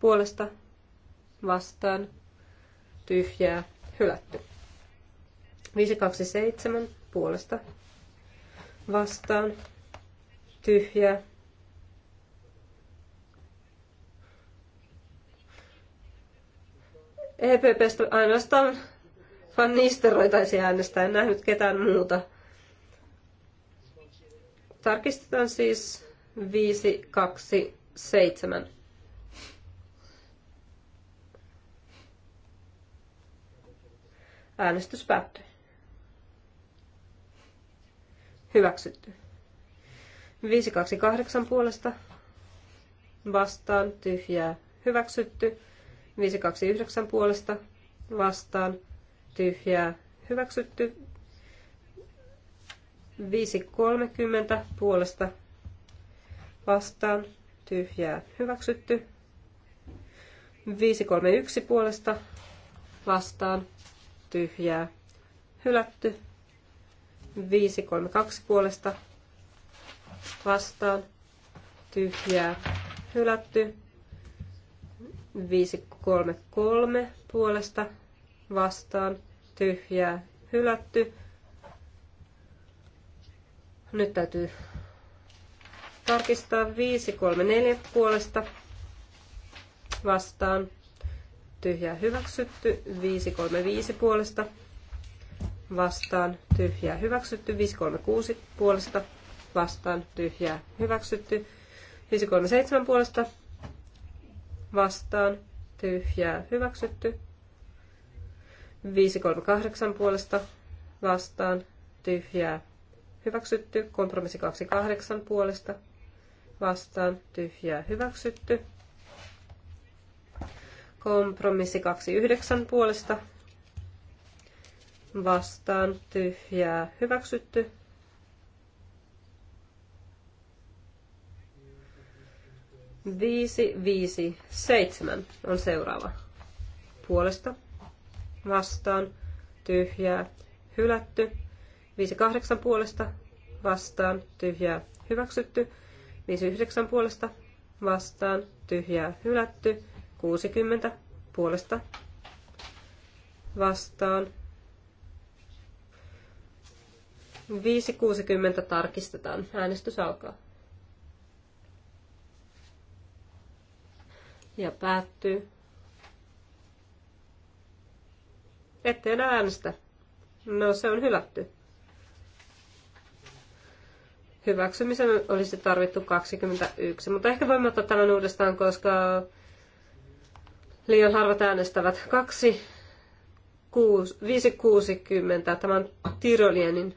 puolesta vastaan tyhjää. Hylätty. 527 puolesta vastaan tyhjää. EPPstä ainoastaan Van Nistelrooy taisi äänestää, en nähnyt ketään muuta. Tarkistetaan siis 5, 2, 7. Äänestys päättyi. Hyväksytty. 528 puolesta vastaan tyhjää. Hyväksytty. 529 puolesta vastaan tyhjää. Hyväksytty. 530 puolesta vastaan tyhjää hyväksytty. 531 puolesta vastaan tyhjää hylätty. 532 puolesta vastaan tyhjää hylätty. 533 puolesta vastaan tyhjää hylätty. Nyt täytyy tarkistaa 534 puolesta vastaan. Tyhjää hyväksytty 535 puolesta vastaan. Tyhjää hyväksytty 536 puolesta vastaan. Tyhjää hyväksytty 537 puolesta vastaan. Tyhjää hyväksytty 538 puolesta vastaan. Tyhjää hyväksytty kompromissi 28 puolesta vastaan tyhjää hyväksytty. Kompromissi 29 puolesta vastaan tyhjää hyväksytty. Viisi, viisi, seitsemän on seuraava. Puolesta, vastaan, tyhjää, hylätty. Viisi, kahdeksan puolesta, vastaan, tyhjää, hyväksytty. 59 puolesta vastaan tyhjää hylätty. 60 puolesta vastaan. 5.60 tarkistetaan. Äänestys alkaa. Ja päättyy. Ette enää äänestä. No se on hylätty hyväksymisen olisi tarvittu 21. Mutta ehkä voimme ottaa tämän uudestaan, koska liian harvat äänestävät. 2, 6, 5, 60. Tämä on Tirolienin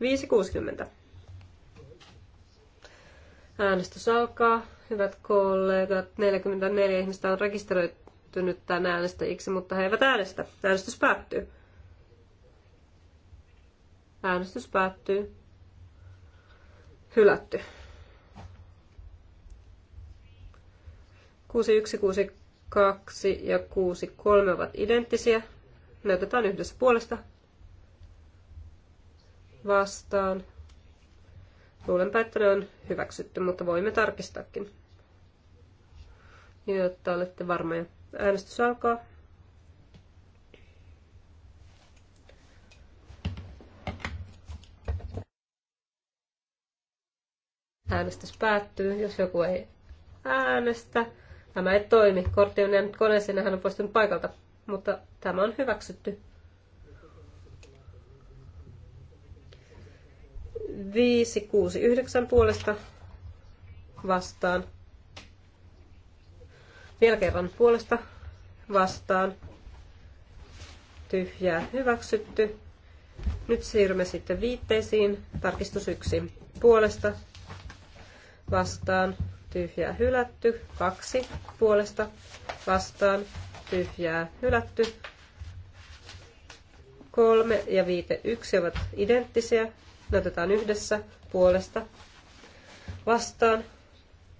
5, 60. Äänestys alkaa. Hyvät kollegat, 44 ihmistä on rekisteröitynyt tämän äänestäjiksi, mutta he eivät äänestä. Äänestys päättyy. Äänestys päättyy hylätty. 62 ja 63 ovat identtisiä. Ne otetaan yhdessä puolesta vastaan. Luulenpä, että ne on hyväksytty, mutta voimme tarkistaakin, jotta olette varmoja. Äänestys alkaa. Äänestys päättyy, jos joku ei äänestä. Tämä ei toimi. Kortti on jäänyt koneeseen ja hän on poistunut paikalta. Mutta tämä on hyväksytty. Viisi, kuusi, yhdeksän puolesta vastaan. Vielä kerran puolesta vastaan. Tyhjää hyväksytty. Nyt siirrymme sitten viitteisiin. Tarkistus yksi puolesta vastaan, tyhjää hylätty. Kaksi puolesta vastaan, tyhjää hylätty. Kolme ja viite yksi ovat identtisiä. Ne otetaan yhdessä puolesta vastaan,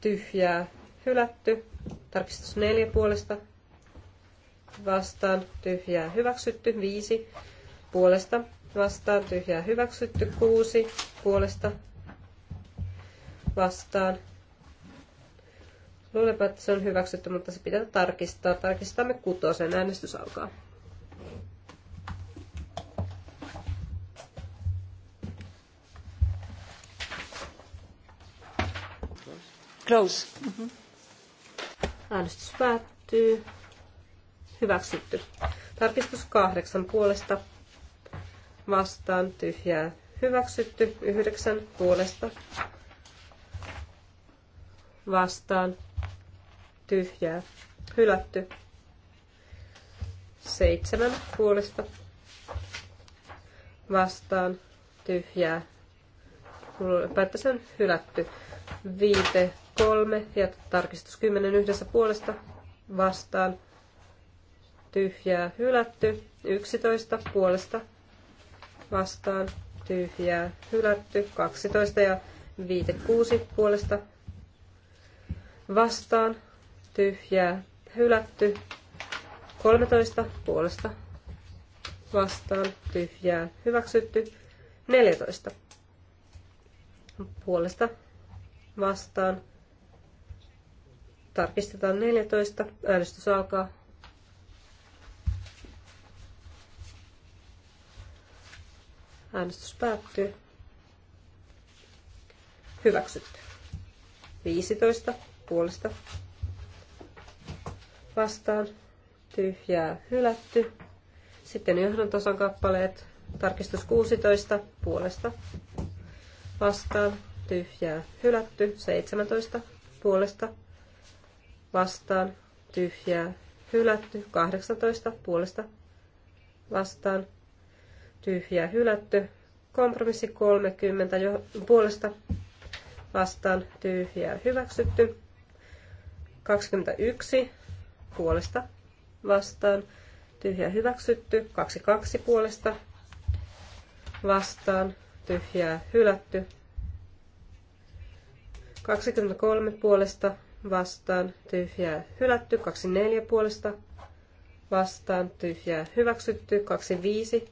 tyhjää hylätty. Tarkistus neljä puolesta vastaan, tyhjää hyväksytty. Viisi puolesta vastaan, tyhjää hyväksytty. Kuusi puolesta vastaan. Luulenpa, että se on hyväksytty, mutta se pitää tarkistaa. Tarkistamme kutosen. Äänestys alkaa. Close. Mm-hmm. Äänestys päättyy. Hyväksytty. Tarkistus kahdeksan puolesta vastaan tyhjää. Hyväksytty. Yhdeksän puolesta vastaan tyhjää hylätty. Seitsemän puolesta vastaan tyhjää. Päättä sen hylätty. Viite kolme ja tarkistus kymmenen yhdessä puolesta vastaan tyhjää hylätty. Yksitoista puolesta vastaan tyhjää hylätty. Kaksitoista ja viite kuusi puolesta vastaan, tyhjää, hylätty. 13 puolesta vastaan, tyhjää, hyväksytty. 14 puolesta vastaan. Tarkistetaan 14. Äänestys alkaa. Äänestys päättyy. Hyväksytty. 15 puolesta vastaan tyhjää hylätty. Sitten johdantosan kappaleet. Tarkistus 16 puolesta vastaan tyhjää hylätty. 17 puolesta vastaan tyhjää hylätty. 18 puolesta vastaan tyhjää hylätty. Kompromissi 30 puolesta vastaan tyhjää hyväksytty. 21 puolesta vastaan, tyhjä hyväksytty. 22 puolesta vastaan, tyhjää hylätty. 23 puolesta vastaan, tyhjää hylätty. 24 puolesta vastaan, tyhjää hyväksytty. 25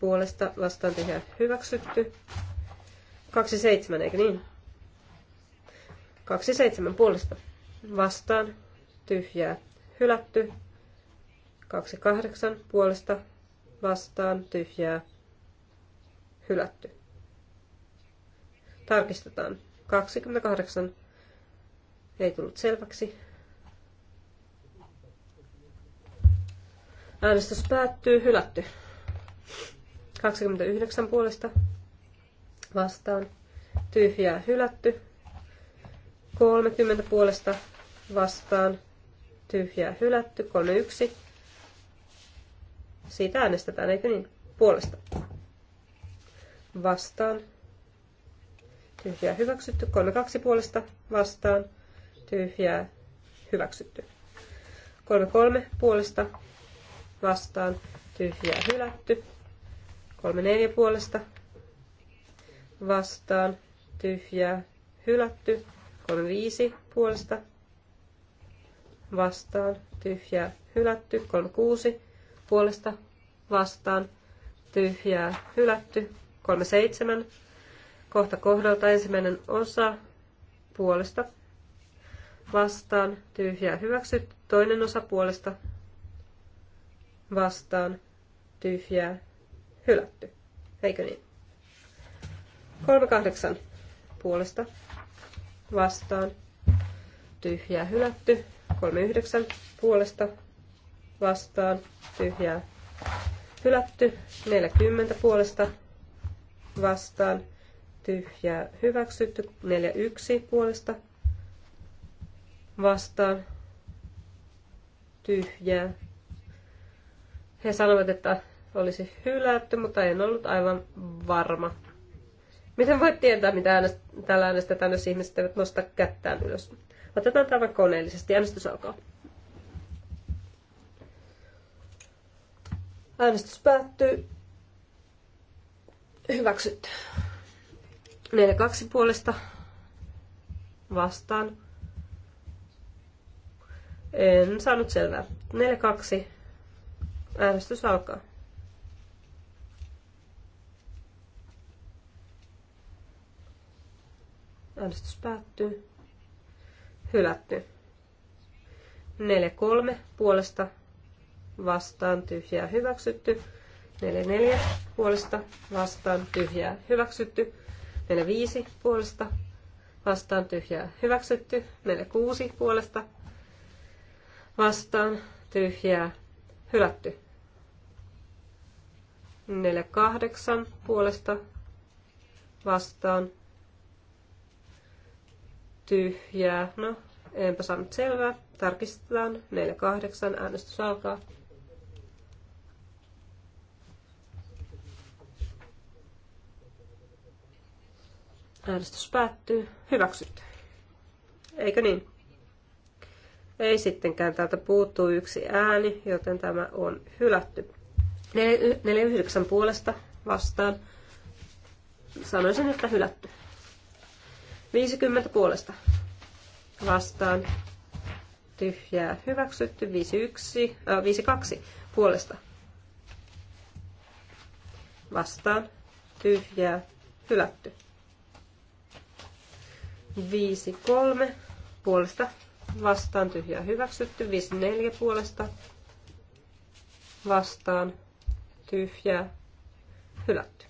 puolesta vastaan, tyhjää hyväksytty. 27, eikö niin? 27 puolesta vastaan tyhjää hylätty. 28 puolesta vastaan tyhjää hylätty. Tarkistetaan. 28 ei tullut selväksi. Äänestys päättyy hylätty. 29 puolesta vastaan tyhjää hylätty. 30 puolesta vastaan tyhjää hylätty. 31. Siitä äänestetään, eikö niin? Puolesta. Vastaan. Tyhjää hyväksytty. 32 puolesta vastaan. Tyhjää hyväksytty. 33 puolesta vastaan. Tyhjää hylätty. 34 puolesta vastaan. Tyhjää hylätty. 35 puolesta vastaan, tyhjää, hylätty. 36 puolesta vastaan, tyhjää, hylätty. 37 kohta kohdalta ensimmäinen osa puolesta vastaan, tyhjää, hyväksytty. Toinen osa puolesta vastaan, tyhjää, hylätty. Eikö niin? 38 puolesta vastaan, tyhjää, hylätty. 39 puolesta vastaan tyhjää hylätty. 40 puolesta vastaan tyhjää hyväksytty. 41 puolesta vastaan tyhjää. He sanovat, että olisi hylätty, mutta en ollut aivan varma. Miten voit tietää, mitä äänestä, täällä äänestetään, jos ihmiset eivät nosta kättään ylös? Otetaan tämä koneellisesti. Äänestys alkaa. Äänestys päättyy. Hyväksytty. 4-2 puolesta vastaan. En saanut selvää. 4-2. Äänestys alkaa. Äänestys päättyy hylätty. 4-3 puolesta vastaan tyhjää hyväksytty. 4-4 puolesta vastaan tyhjää hyväksytty. 4-5 puolesta vastaan tyhjää hyväksytty. 4-6 puolesta vastaan tyhjää hylätty. 4-8 puolesta vastaan tyhjää. No, enpä saanut selvää. Tarkistetaan. 4.8. Äänestys alkaa. Äänestys päättyy. Hyväksytty. Eikö niin? Ei sittenkään. Täältä puuttuu yksi ääni, joten tämä on hylätty. 49 puolesta vastaan. Sanoisin, että hylätty. 50 puolesta vastaan tyhjää hyväksytty. 51, äh, 52 puolesta vastaan tyhjää hylätty. 53 puolesta vastaan tyhjää hyväksytty. 54 puolesta vastaan tyhjää hylätty.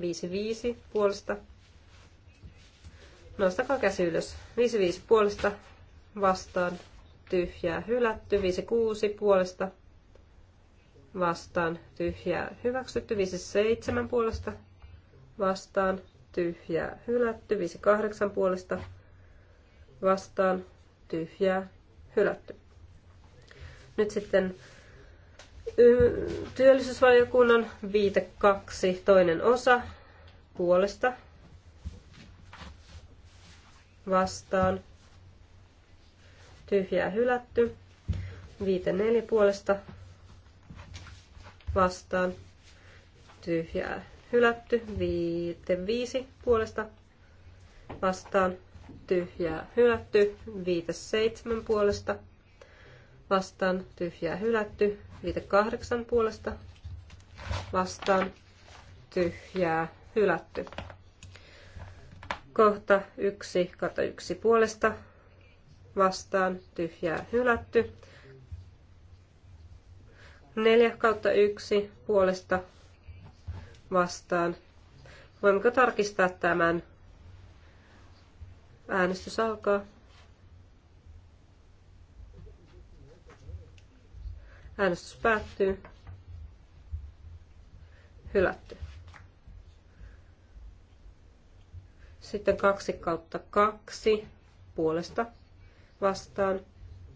55 puolesta vastaan, Nostakaa käsi ylös. 55 puolesta vastaan tyhjää hylätty. 56 puolesta vastaan tyhjää hyväksytty. 57 puolesta vastaan tyhjää hylätty. 58 puolesta vastaan tyhjää hylätty. Nyt sitten työllisyysvaliokunnan viite kaksi, toinen osa puolesta vastaan. Tyhjää hylätty. 5-4 puolesta vastaan. Tyhjää hylätty. 5-5 puolesta vastaan. Tyhjää hylätty. 5-7 puolesta vastaan. Tyhjää hylätty. 5-8 puolesta vastaan. Tyhjää hylätty. Kohta 1 kata 1 puolesta vastaan tyhjää hylätty. 4 kautta 1 puolesta vastaan. Voimmeko tarkistaa tämän? Äänestys alkaa. Äänestys päättyy. Hylätty. Sitten 2 kautta 2 puolesta vastaan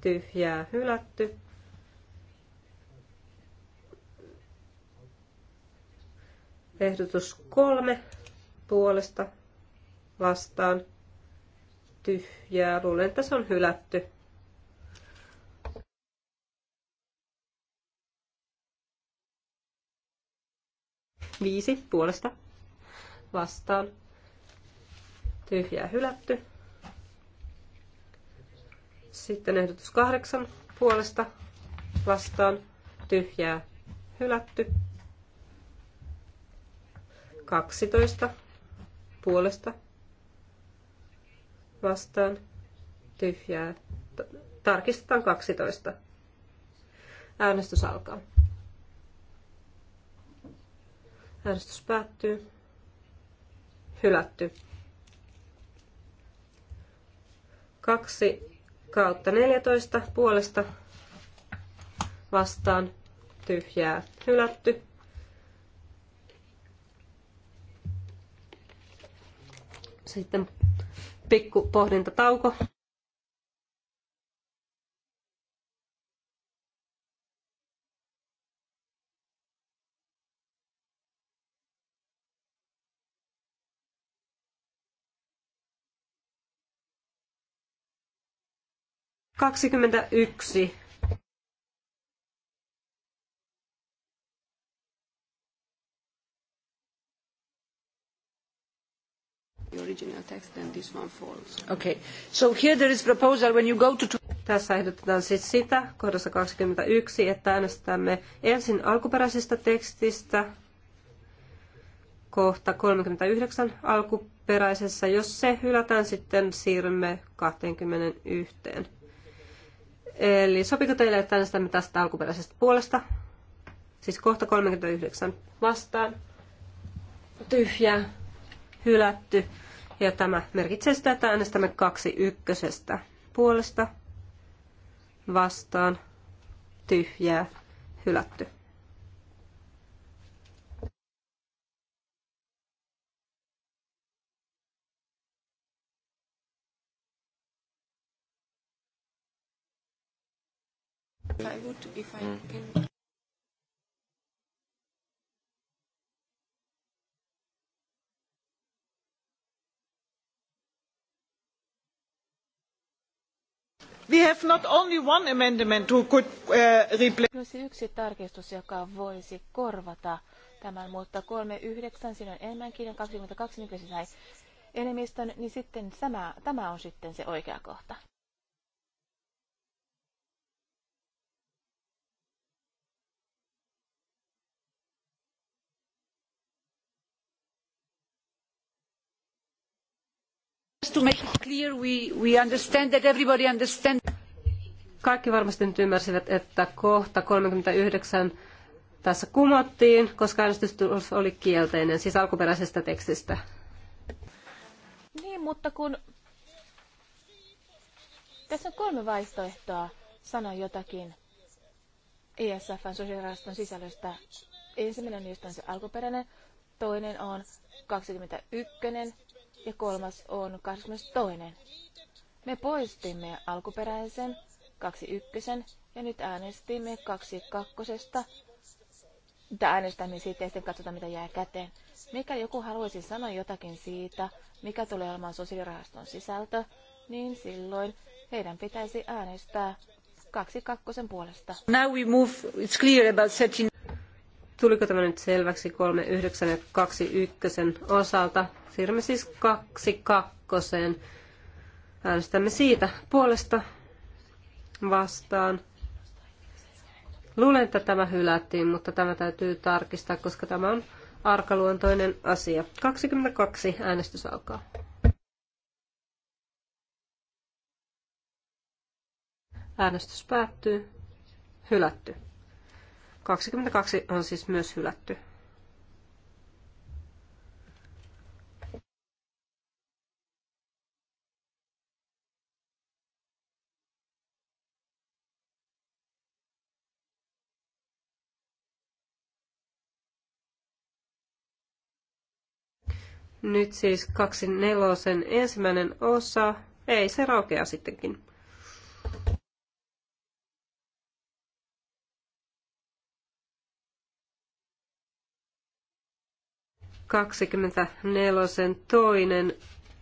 tyhjää hylätty. Ehdotus 3 puolesta vastaan tyhjää. Luulen, että se on hylätty. Viisi puolesta vastaan tyhjää hylätty. Sitten ehdotus kahdeksan puolesta vastaan tyhjää hylätty. 12 puolesta vastaan tyhjää. Tarkistetaan 12. Äänestys alkaa. Äänestys päättyy. Hylätty. 2 kautta 14 puolesta vastaan tyhjää hylätty. Sitten pikku pohdintatauko. 21. original text, then this one falls. Okay. So here there is proposal when you go to... Tässä ehdotetaan siis sitä, kohdassa 21, että äänestämme ensin alkuperäisestä tekstistä, kohta 39 alkuperäisessä. Jos se hylätään, sitten siirrymme 21. Eli sopiko teille, että äänestämme tästä alkuperäisestä puolesta? Siis kohta 39 vastaan. Tyhjä, hylätty. Ja tämä merkitsee sitä, että äänestämme kaksi ykkösestä puolesta vastaan. Tyhjää, hylätty. I mm. We have not only one amendment who could uh, replace... Olisi yksi tarkistus, joka voisi korvata tämän, mutta 39 siinä on enemmänkin ja 22 niin se sai enemmistön, niin sitten tämä, tämä on sitten se oikea kohta. Kaikki varmasti nyt ymmärsivät, että kohta 39 tässä kumottiin, koska äänestystulos oli kielteinen, siis alkuperäisestä tekstistä. Niin, mutta kun tässä on kolme vaihtoehtoa sanoa jotakin ESFn sosiaaliraston sisällöstä. Ensimmäinen niistä on se alkuperäinen, toinen on 21, ja kolmas on 22. Me poistimme alkuperäisen 21 ja nyt äänestimme 22. Mitä äänestämme siitä ja sitten katsotaan, mitä jää käteen. Mikä joku haluaisi sanoa jotakin siitä, mikä tulee olemaan sosiaalirahaston sisältö, niin silloin heidän pitäisi äänestää kaksi kakkosen puolesta. Now we move, it's clear about setting... Tuliko tämä nyt selväksi 3, ja 2, osalta? Siirrymme siis 22. Äänestämme siitä puolesta vastaan. Luulen, että tämä hylättiin, mutta tämä täytyy tarkistaa, koska tämä on arkaluontoinen asia. 22 äänestys alkaa. Äänestys päättyy. Hylätty. 22 on siis myös hylätty. Nyt siis kaksi nelosen ensimmäinen osa. Ei, se raukeaa sittenkin. 24 toinen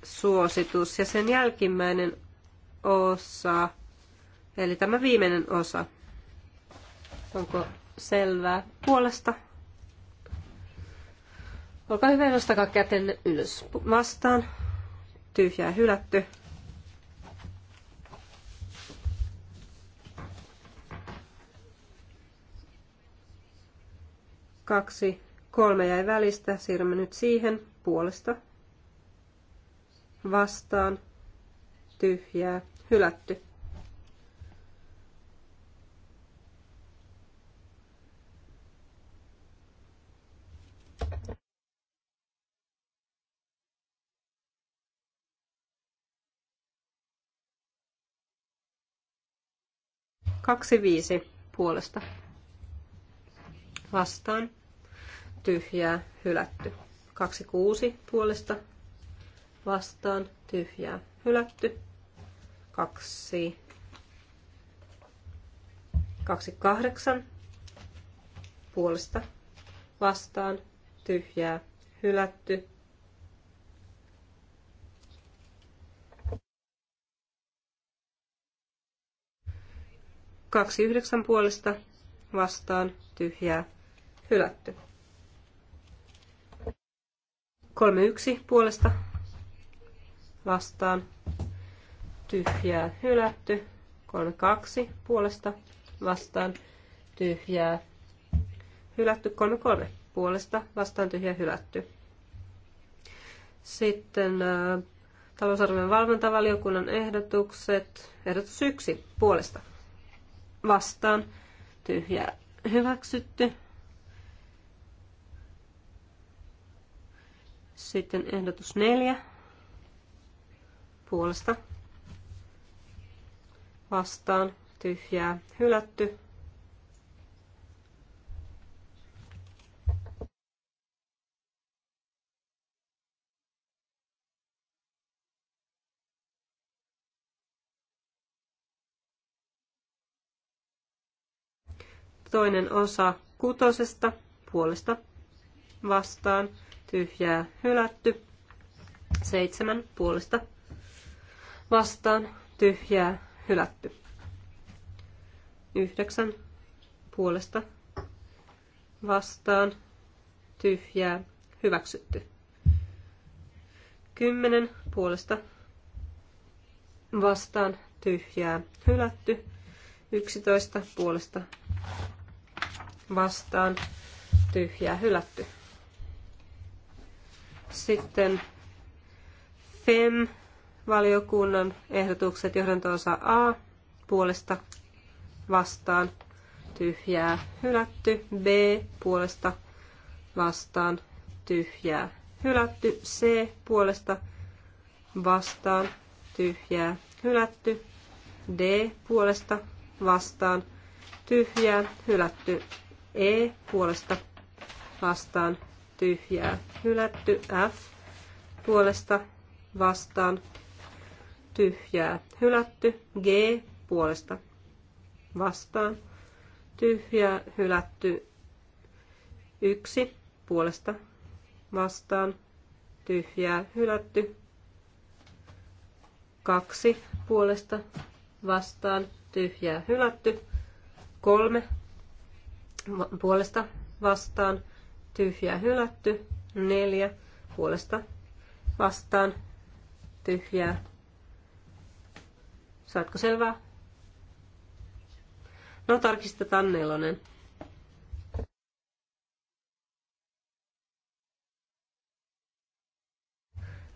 suositus ja sen jälkimmäinen osa, eli tämä viimeinen osa. Onko selvää puolesta? Olkaa hyvä, nostakaa kätenne ylös. Vastaan. Tyhjää hylätty. Kaksi Kolme jäi välistä, siirrymme nyt siihen puolesta. Vastaan, tyhjää, hylätty. Kaksi viisi puolesta. Vastaan tyhjää, hylätty. 26 puolesta vastaan, tyhjää, hylätty. 2 28 puolesta vastaan, tyhjää, hylätty. Kaksi yhdeksän puolesta vastaan, tyhjää, hylätty. 31 puolesta vastaan tyhjää hylätty. 32 puolesta vastaan tyhjää hylätty. 33 puolesta vastaan tyhjää hylätty. Sitten ä, äh, talousarvion valvontavaliokunnan ehdotukset. Ehdotus 1 puolesta vastaan tyhjää hyväksytty. Sitten ehdotus neljä puolesta vastaan tyhjää hylätty. Toinen osa kutosesta puolesta vastaan tyhjää hylätty. Seitsemän puolesta vastaan tyhjää hylätty. Yhdeksän puolesta vastaan tyhjää hyväksytty. Kymmenen puolesta vastaan tyhjää hylätty. Yksitoista puolesta vastaan tyhjää hylätty. Sitten FEM-valiokunnan ehdotukset johdanto-osa A puolesta vastaan tyhjää hylätty, B puolesta vastaan tyhjää hylätty, C puolesta vastaan tyhjää hylätty, D puolesta vastaan tyhjää hylätty, E puolesta vastaan tyhjää. Hylätty F puolesta vastaan tyhjää. Hylätty G puolesta vastaan tyhjää. Hylätty 1 puolesta vastaan tyhjää. Hylätty 2 puolesta vastaan tyhjää. Hylätty 3 puolesta vastaan tyhjää hylätty. Neljä puolesta vastaan tyhjää. Saatko selvää? No tarkistetaan nelonen.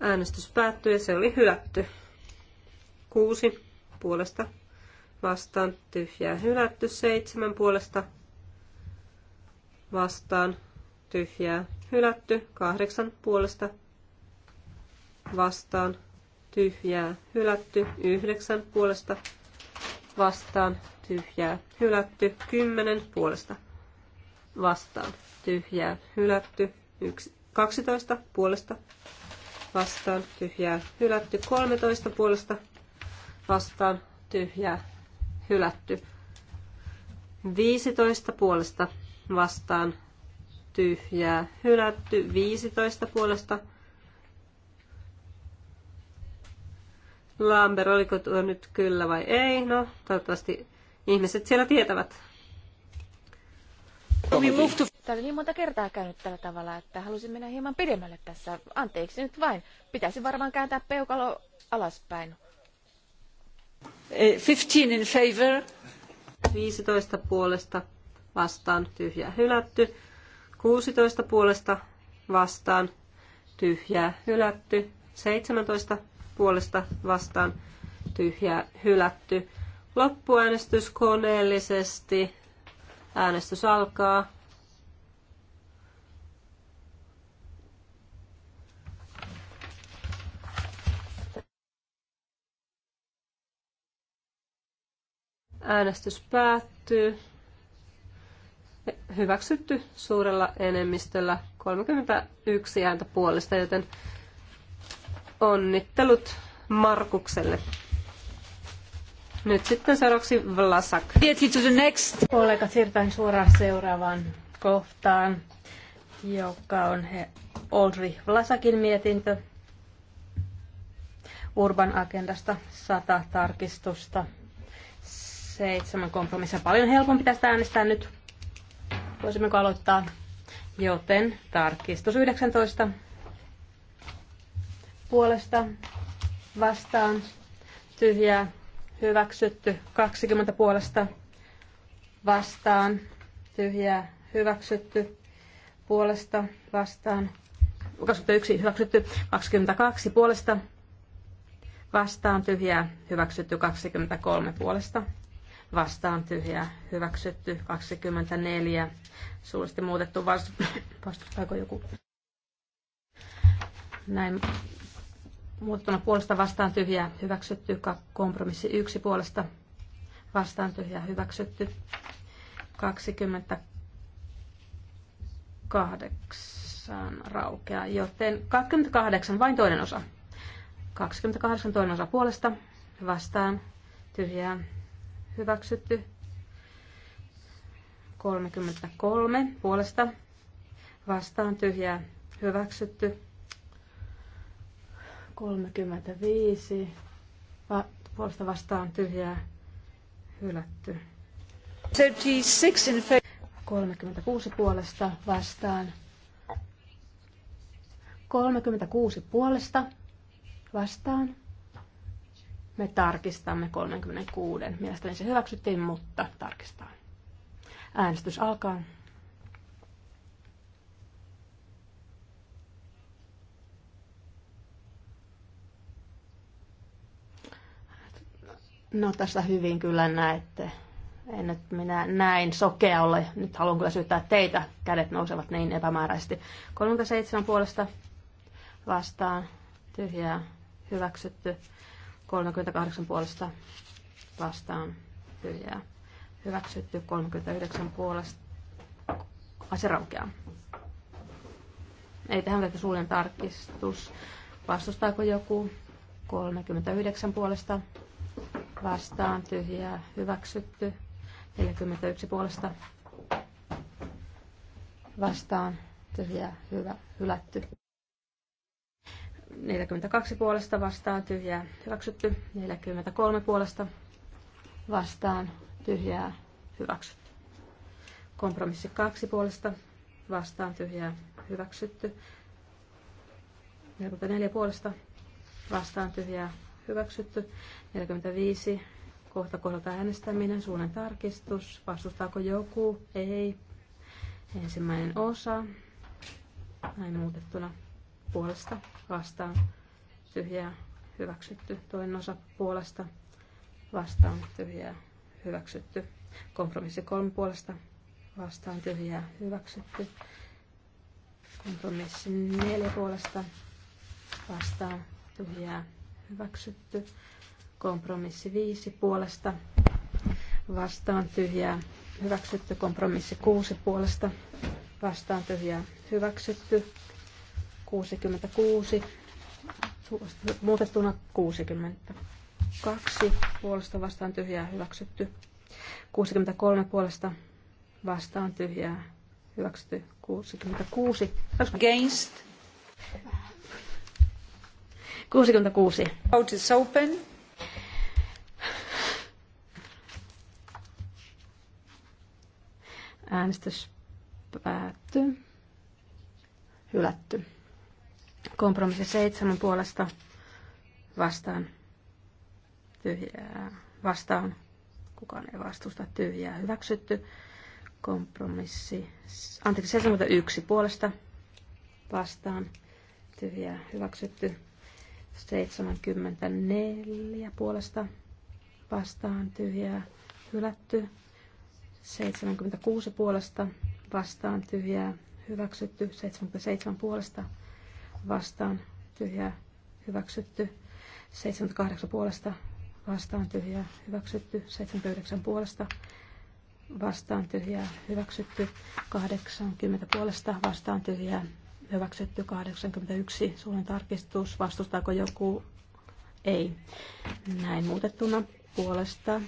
Äänestys päättyi ja se oli hylätty. Kuusi puolesta vastaan tyhjää hylätty. Seitsemän puolesta vastaan tyhjää, hylätty. Kahdeksan puolesta vastaan, tyhjää, hylätty. Yhdeksän puolesta vastaan, tyhjää, hylätty. Kymmenen puolesta vastaan, tyhjää, hylätty. Yksi, 12 puolesta vastaan, tyhjää, hylätty. kolmetoista puolesta vastaan, tyhjää, hylätty. viisitoista puolesta vastaan, tyhjää, hylätty 15 puolesta. Lamber, oliko tuo nyt kyllä vai ei? No, toivottavasti ihmiset siellä tietävät. Tämä oli niin monta kertaa käynyt tällä tavalla, että halusin mennä hieman pidemmälle tässä. Anteeksi nyt vain. Pitäisi varmaan kääntää peukalo alaspäin. 15 eh, in favor. 15 puolesta vastaan tyhjä hylätty. 16 puolesta vastaan tyhjää hylätty. 17 puolesta vastaan tyhjää hylätty. Loppuäänestys koneellisesti. Äänestys alkaa. Äänestys päättyy hyväksytty suurella enemmistöllä 31 ääntä puolesta, joten onnittelut Markukselle. Nyt sitten seuraavaksi Vlasak. To the next. Kollegat, siirrytään suoraan seuraavaan kohtaan, joka on he Olri Vlasakin mietintö. Urban Agendasta 100 tarkistusta. Seitsemän kompromissia. Paljon helpompi tästä äänestää nyt. Voisimmeko aloittaa? Joten tarkistus 19 puolesta vastaan tyhjää hyväksytty 20 puolesta vastaan tyhjää hyväksytty puolesta vastaan 21 hyväksytty 22 puolesta vastaan tyhjää hyväksytty 23 puolesta vastaan tyhjää hyväksytty 24. suuresti muutettu vastustaako joku? Näin muutettuna puolesta vastaan tyhjää hyväksytty kompromissi yksi puolesta vastaan tyhjää hyväksytty 28 raukea, joten 28 vain toinen osa. 28 toinen osa puolesta vastaan tyhjää hyväksytty. 33 puolesta vastaan tyhjää hyväksytty. 35 va- puolesta vastaan tyhjää hylätty. 36 puolesta vastaan. 36 puolesta vastaan me tarkistamme 36. Mielestäni se hyväksyttiin, mutta tarkistaan. Äänestys alkaa. No tässä hyvin kyllä näette. En nyt minä näin sokea ole. Nyt haluan kyllä syyttää teitä. Kädet nousevat niin epämääräisesti. 37 puolesta vastaan. Tyhjää. Hyväksytty. 38 puolesta vastaan tyhjää. Hyväksytty 39 puolesta. Asia raukeaa. Ei tähän ole suullinen tarkistus. Vastustaako joku? 39 puolesta vastaan tyhjää hyväksytty. 41 puolesta vastaan tyhjää hyvä, hylätty. 42 puolesta vastaan tyhjää hyväksytty. 43 puolesta vastaan tyhjää hyväksytty. Kompromissi 2 puolesta vastaan tyhjää hyväksytty. 44 puolesta vastaan tyhjää hyväksytty. 45 kohta kohdalta äänestäminen, suunnan tarkistus. Vastustaako joku? Ei. Ensimmäinen osa. Näin muutettuna puolesta vastaan tyhjää hyväksytty. Toinen osa puolesta vastaan tyhjää hyväksytty. Kompromissi kolme puolesta vastaan tyhjää hyväksytty. Kompromissi neljä puolesta vastaan tyhjää hyväksytty. Kompromissi viisi puolesta vastaan tyhjää hyväksytty. Kompromissi kuusi puolesta vastaan tyhjää hyväksytty. 66 muutettuna 60. 2 puolesta vastaan tyhjää hyväksytty. 63 puolesta vastaan tyhjää hyväksytty. 66. Against. 66. Vote is open. Äänestys päättyy. Hylätty. Kompromissi seitsemän puolesta vastaan tyhjää vastaan. Kukaan ei vastusta tyhjää hyväksytty. Kompromissi, anteeksi, 71 puolesta vastaan tyhjää hyväksytty. 74 puolesta vastaan tyhjää hylätty. 76 puolesta vastaan tyhjää hyväksytty. 77 puolesta vastaan tyhjää hyväksytty. 78 puolesta vastaan tyhjää hyväksytty. 79 puolesta vastaan tyhjää hyväksytty. 80 puolesta vastaan tyhjää hyväksytty. 81 suunnan tarkistus. Vastustaako joku? Ei. Näin muutettuna puolesta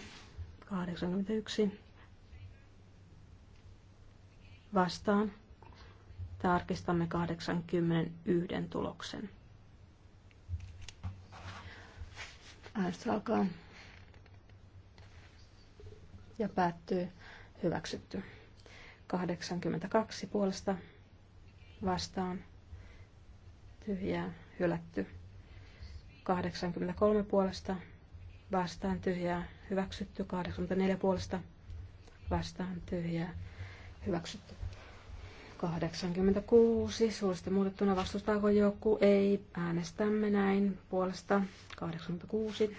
81 vastaan Tarkistamme 81 tuloksen. Äänestys alkaa ja päättyy hyväksytty. 82 puolesta vastaan tyhjää hylätty. 83 puolesta vastaan tyhjää hyväksytty. 84 puolesta vastaan tyhjää hyväksytty. 86 suosta muutettuna vastustaako joku? Ei. Äänestämme näin puolesta. 86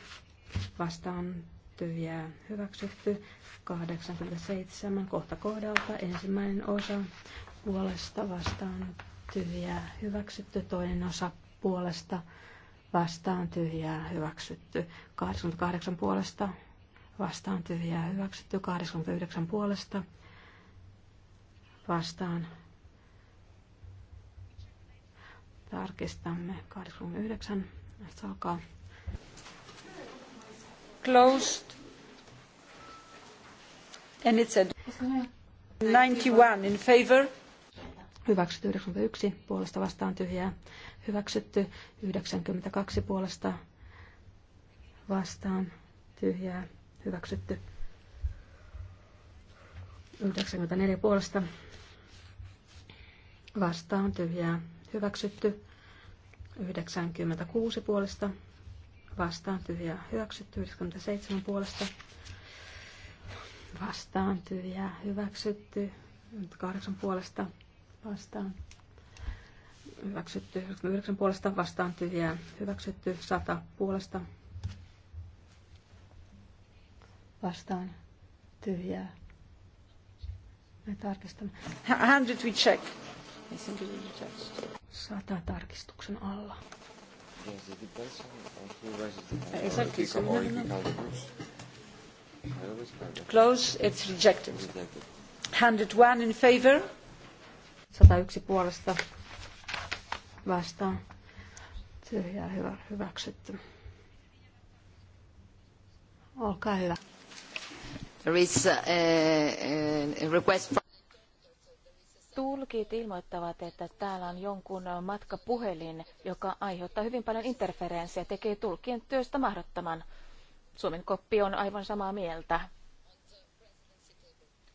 vastaan tyhjää hyväksytty. 87 kohta kohdalta ensimmäinen osa puolesta vastaan tyhjää hyväksytty. Toinen osa puolesta vastaan tyhjää hyväksytty. 88 puolesta vastaan tyhjää hyväksytty. 89 puolesta vastaan Tarkistamme 29. Äänestys alkaa. Closed. And it said 91 in favor. Hyväksytty 91, puolesta vastaan tyhjää. Hyväksytty 92, puolesta vastaan tyhjää. Hyväksytty 94 puolesta vastaan tyhjää hyväksytty. 96 puolesta vastaan tyhjää hyväksytty. 97 puolesta vastaan tyhjää hyväksytty. 98 puolesta vastaan hyväksytty. 99 puolesta vastaan tyhjää hyväksytty. 100 puolesta vastaan tyhjää. Me tarkistamme. 100 we check sata tarkistuksen alla. No, no, no. Close, it's rejected. 101 in favor. 101 puolesta vastaan. Se Tyhjää hyvä, hyväksytty. Olkaa hyvä. There is a, uh, uh, a request for Tulkit ilmoittavat, että täällä on jonkun matkapuhelin, joka aiheuttaa hyvin paljon interferenssiä ja tekee tulkien työstä mahdottoman. Suomen koppi on aivan samaa mieltä.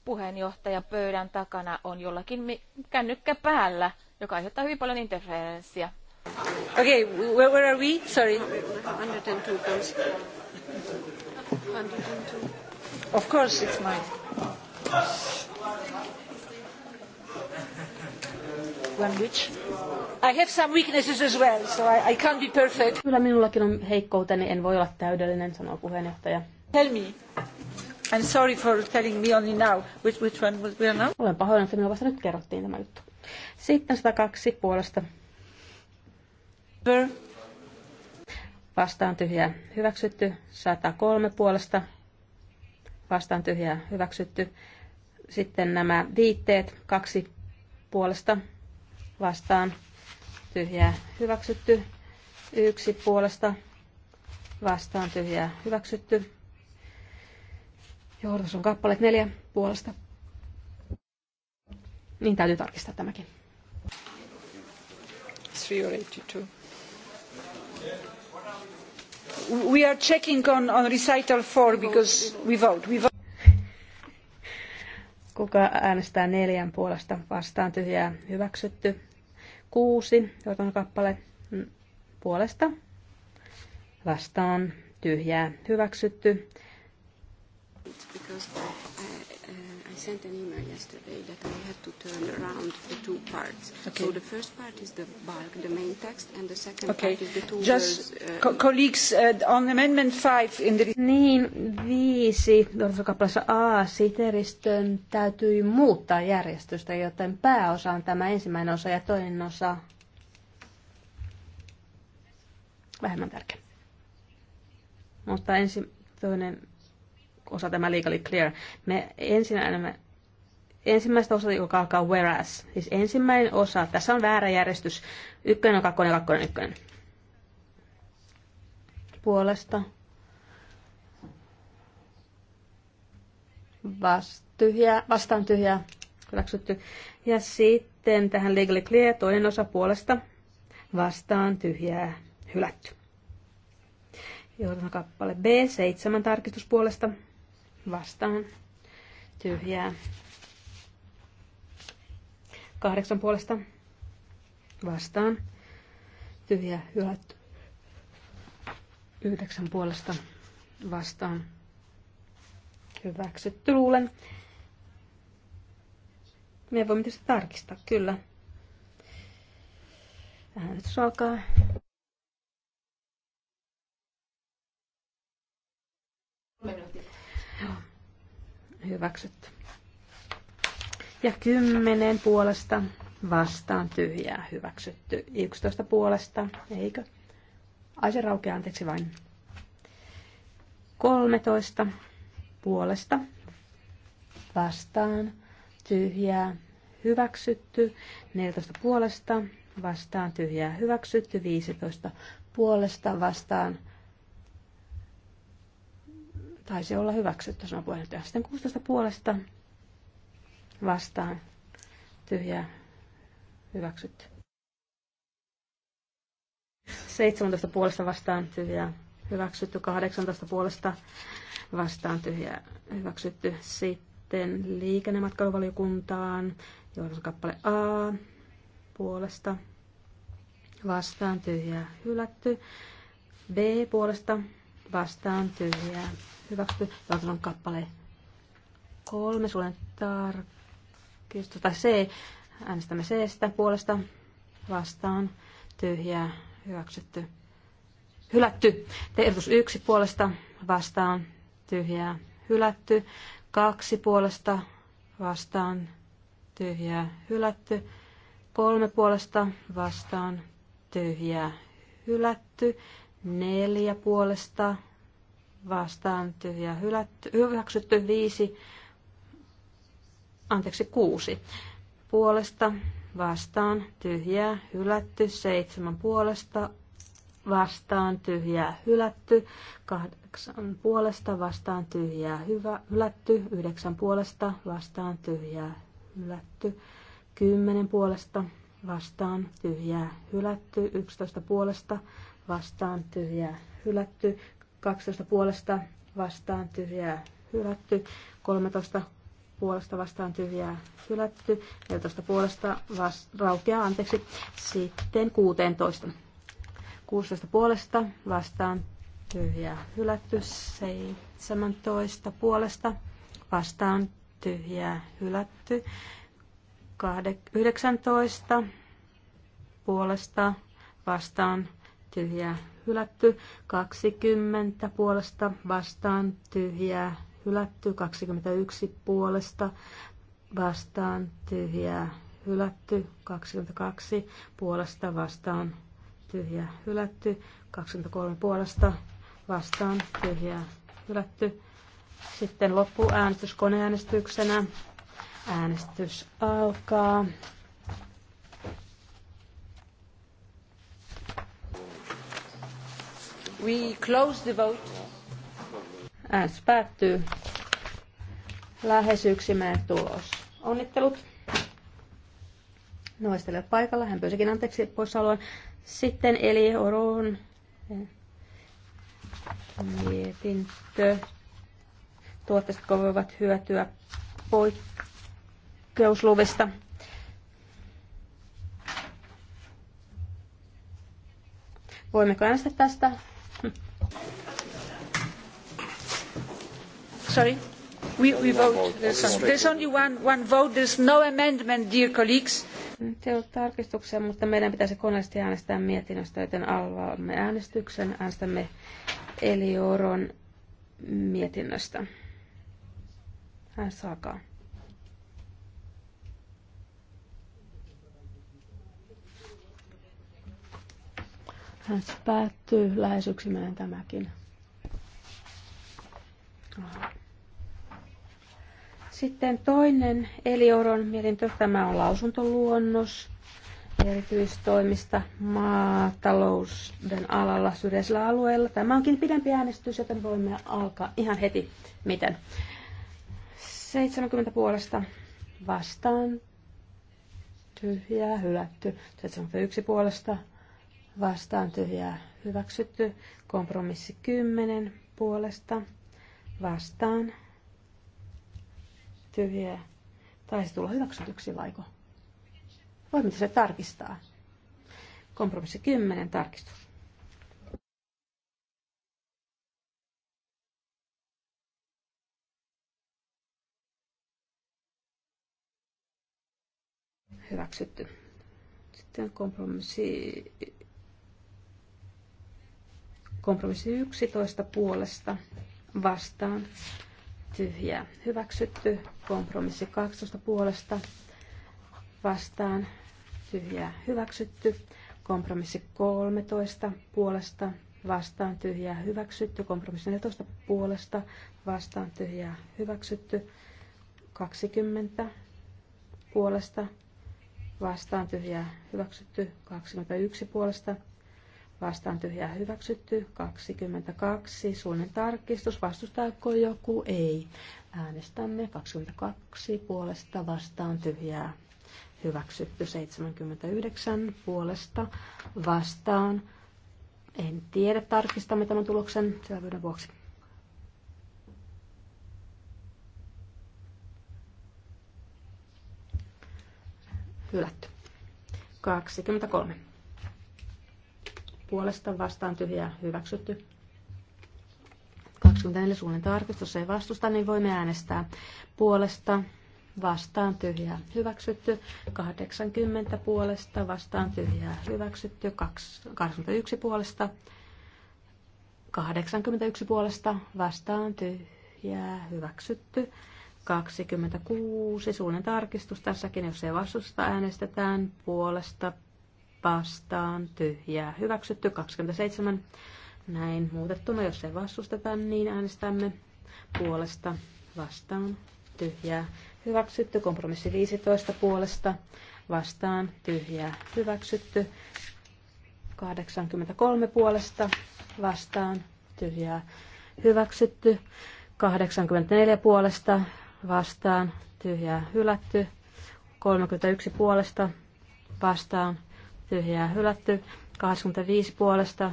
Puheenjohtajan pöydän takana on jollakin kännykkä päällä, joka aiheuttaa hyvin paljon interferenssiä. Okay, where, where are we? Sorry. 102. Of course it's mine. language. I have some weaknesses as well, so I, I can't be perfect. Kyllä minullakin on heikkouteni, en voi olla täydellinen, sanoo puheenjohtaja. Tell me. I'm sorry for telling me only now. Which, which one was we are now? Olen pahoin, että minulla vasta nyt kerrottiin tämä juttu. Sitten 102 puolesta. Per. Vastaan tyhjää hyväksytty. 103 puolesta. Vastaan tyhjää hyväksytty. Sitten nämä viitteet. Kaksi puolesta vastaan tyhjää hyväksytty. Yksi puolesta vastaan tyhjää hyväksytty. Johdus on kappaleet neljä puolesta. Niin täytyy tarkistaa tämäkin. 382. We are checking on, on recital 4 because we vote. We vote. Kuka äänestää neljän puolesta vastaan tyhjää hyväksytty? 6, on kappale puolesta vastaan tyhjää hyväksytty. Because sent an email yesterday that I had to turn around the two parts. Okay. So the first part is the bulk, the main text, and the second okay. part is the two Just words. Uh, co colleagues, uh, on amendment 5 in the... Niin, viisi, kappaleessa A, siteristön täytyy muuttaa järjestystä, joten pääosa on tämä ensimmäinen osa ja toinen osa vähemmän tärkeä. Mutta ensi, toinen osa tämä legally clear. Me ensimmäinen, ensimmäistä osa, joka alkaa whereas. Siis ensimmäinen osa, tässä on väärä järjestys. Ykkönen on kakkonen, kakkonen, ykkönen. Puolesta. Vast, tyhjä, vastaan tyhjää, hyväksytty. Ja sitten tähän legally clear, toinen osa puolesta. Vastaan tyhjää, hylätty. Johdon kappale B, seitsemän tarkistuspuolesta. puolesta vastaan tyhjää. Kahdeksan puolesta vastaan tyhjää hylätty. Yhdeksän puolesta vastaan hyväksytty luulen. Me voimme tietysti tarkistaa, kyllä. Äänestys alkaa. hyväksytty. Ja kymmenen puolesta vastaan tyhjää hyväksytty. 11 puolesta, eikö? Ai se raukeaa, anteeksi vain. 13 puolesta vastaan tyhjää hyväksytty. 14 puolesta vastaan tyhjää hyväksytty. 15 puolesta vastaan Taisi olla hyväksytty, sanoi puheenjohtaja. Sitten 16 puolesta vastaan. Tyhjää. Hyväksytty. 17 puolesta vastaan tyhjää. Hyväksytty. 18 puolesta vastaan tyhjää. Hyväksytty. Sitten liikennematkailuvaliokuntaan. Johdus kappale A puolesta vastaan tyhjää. Hylätty. B puolesta vastaan tyhjää. Hyväksytty. on kappale kolme, sulen tarkistus, tai C, äänestämme c sitä puolesta vastaan tyhjää. Hyväksytty. Hylätty. Ehdotus yksi puolesta vastaan tyhjää. Hylätty. Kaksi puolesta vastaan tyhjää. Hylätty. Kolme puolesta vastaan tyhjää. Hylätty. Neljä puolesta vastaan tyhjä hylätty, hyväksytty viisi, anteeksi kuusi puolesta vastaan tyhjää hylätty, seitsemän puolesta vastaan tyhjää hylätty, kahdeksan puolesta vastaan tyhjää hyvä, hylätty, yhdeksän puolesta vastaan tyhjää hylätty, kymmenen puolesta vastaan tyhjää hylätty, yksitoista puolesta vastaan tyhjää hylätty, 12 puolesta vastaan tyhjää hylätty, 13 puolesta vastaan tyhjää hylätty, 14 puolesta vas- raukeaa, anteeksi, sitten 16. 16 puolesta vastaan tyhjää hylätty, 17 puolesta vastaan tyhjää hylätty, 19 puolesta vastaan tyhjää hylätty, 20 puolesta vastaan tyhjää hylätty, 21 puolesta vastaan tyhjää hylätty, 22 puolesta vastaan tyhjää hylätty, 23 puolesta vastaan tyhjää hylätty. Sitten loppuäänestys koneäänestyksenä. Äänestys alkaa. We close the vote. Äänestys päättyy. Lähes yksimielinen tulos. Onnittelut. Noistele paikalla. Hän pyysikin anteeksi poissaoloon. Sitten eli Orun eh, mietintö. Tuotteet voivat hyötyä poikkeusluvista. Voimmeko äänestää tästä? sorry? We, we vote. There's only one, one vote. There's no amendment, dear colleagues. Te on tarkistuksia, mutta meidän pitäisi koneellisesti äänestää mietinnöstä, joten avaamme äänestyksen. Äänestämme Elioron mietinnöstä. Hän saakaa. Hän päättyy lähes tämäkin. Aha. Sitten toinen Elioron mietintö, tämä on lausuntoluonnos erityistoimista maatalouden alalla syrjäisellä alueella. Tämä onkin pidempi äänestys, joten voimme alkaa ihan heti miten. 70 puolesta vastaan tyhjää hylätty. 71 puolesta vastaan tyhjää hyväksytty. Kompromissi 10 puolesta vastaan tyhjää. Taisi tulla hyväksytyksi vaiko? Voimme se tarkistaa. Kompromissi 10, tarkistus. Hyväksytty. Sitten kompromissi, kompromissi 11 puolesta vastaan tyhjää. Hyväksytty kompromissi 12 puolesta vastaan tyhjää. Hyväksytty kompromissi 13 puolesta vastaan tyhjää. Hyväksytty kompromissi 14 puolesta vastaan tyhjää. Hyväksytty 20 puolesta vastaan tyhjää. Hyväksytty 21 puolesta Vastaan tyhjää hyväksytty. 22. Suunnan tarkistus. Vastustaako joku? Ei. Äänestämme 22 puolesta vastaan tyhjää hyväksytty. 79 puolesta vastaan. En tiedä, tarkistamme tämän tuloksen selvyyden vuoksi. Hylätty. 23 puolesta vastaan tyhjää hyväksytty. 24 suunnan tarkistus ei vastusta, niin voimme äänestää puolesta vastaan tyhjää hyväksytty, 80 puolesta vastaan tyhjää hyväksytty, 81 puolesta, 81 puolesta vastaan tyhjää hyväksytty, 26 suunnan tarkistus tässäkin, jos ei vastusta äänestetään puolesta vastaan tyhjää hyväksytty 27. Näin muutettuna, jos ei vastusteta, niin äänestämme puolesta vastaan tyhjää hyväksytty. Kompromissi 15 puolesta vastaan tyhjää hyväksytty. 83 puolesta vastaan tyhjää hyväksytty. 84 puolesta vastaan tyhjää hylätty. 31 puolesta vastaan tyhjää hylätty. 85 puolesta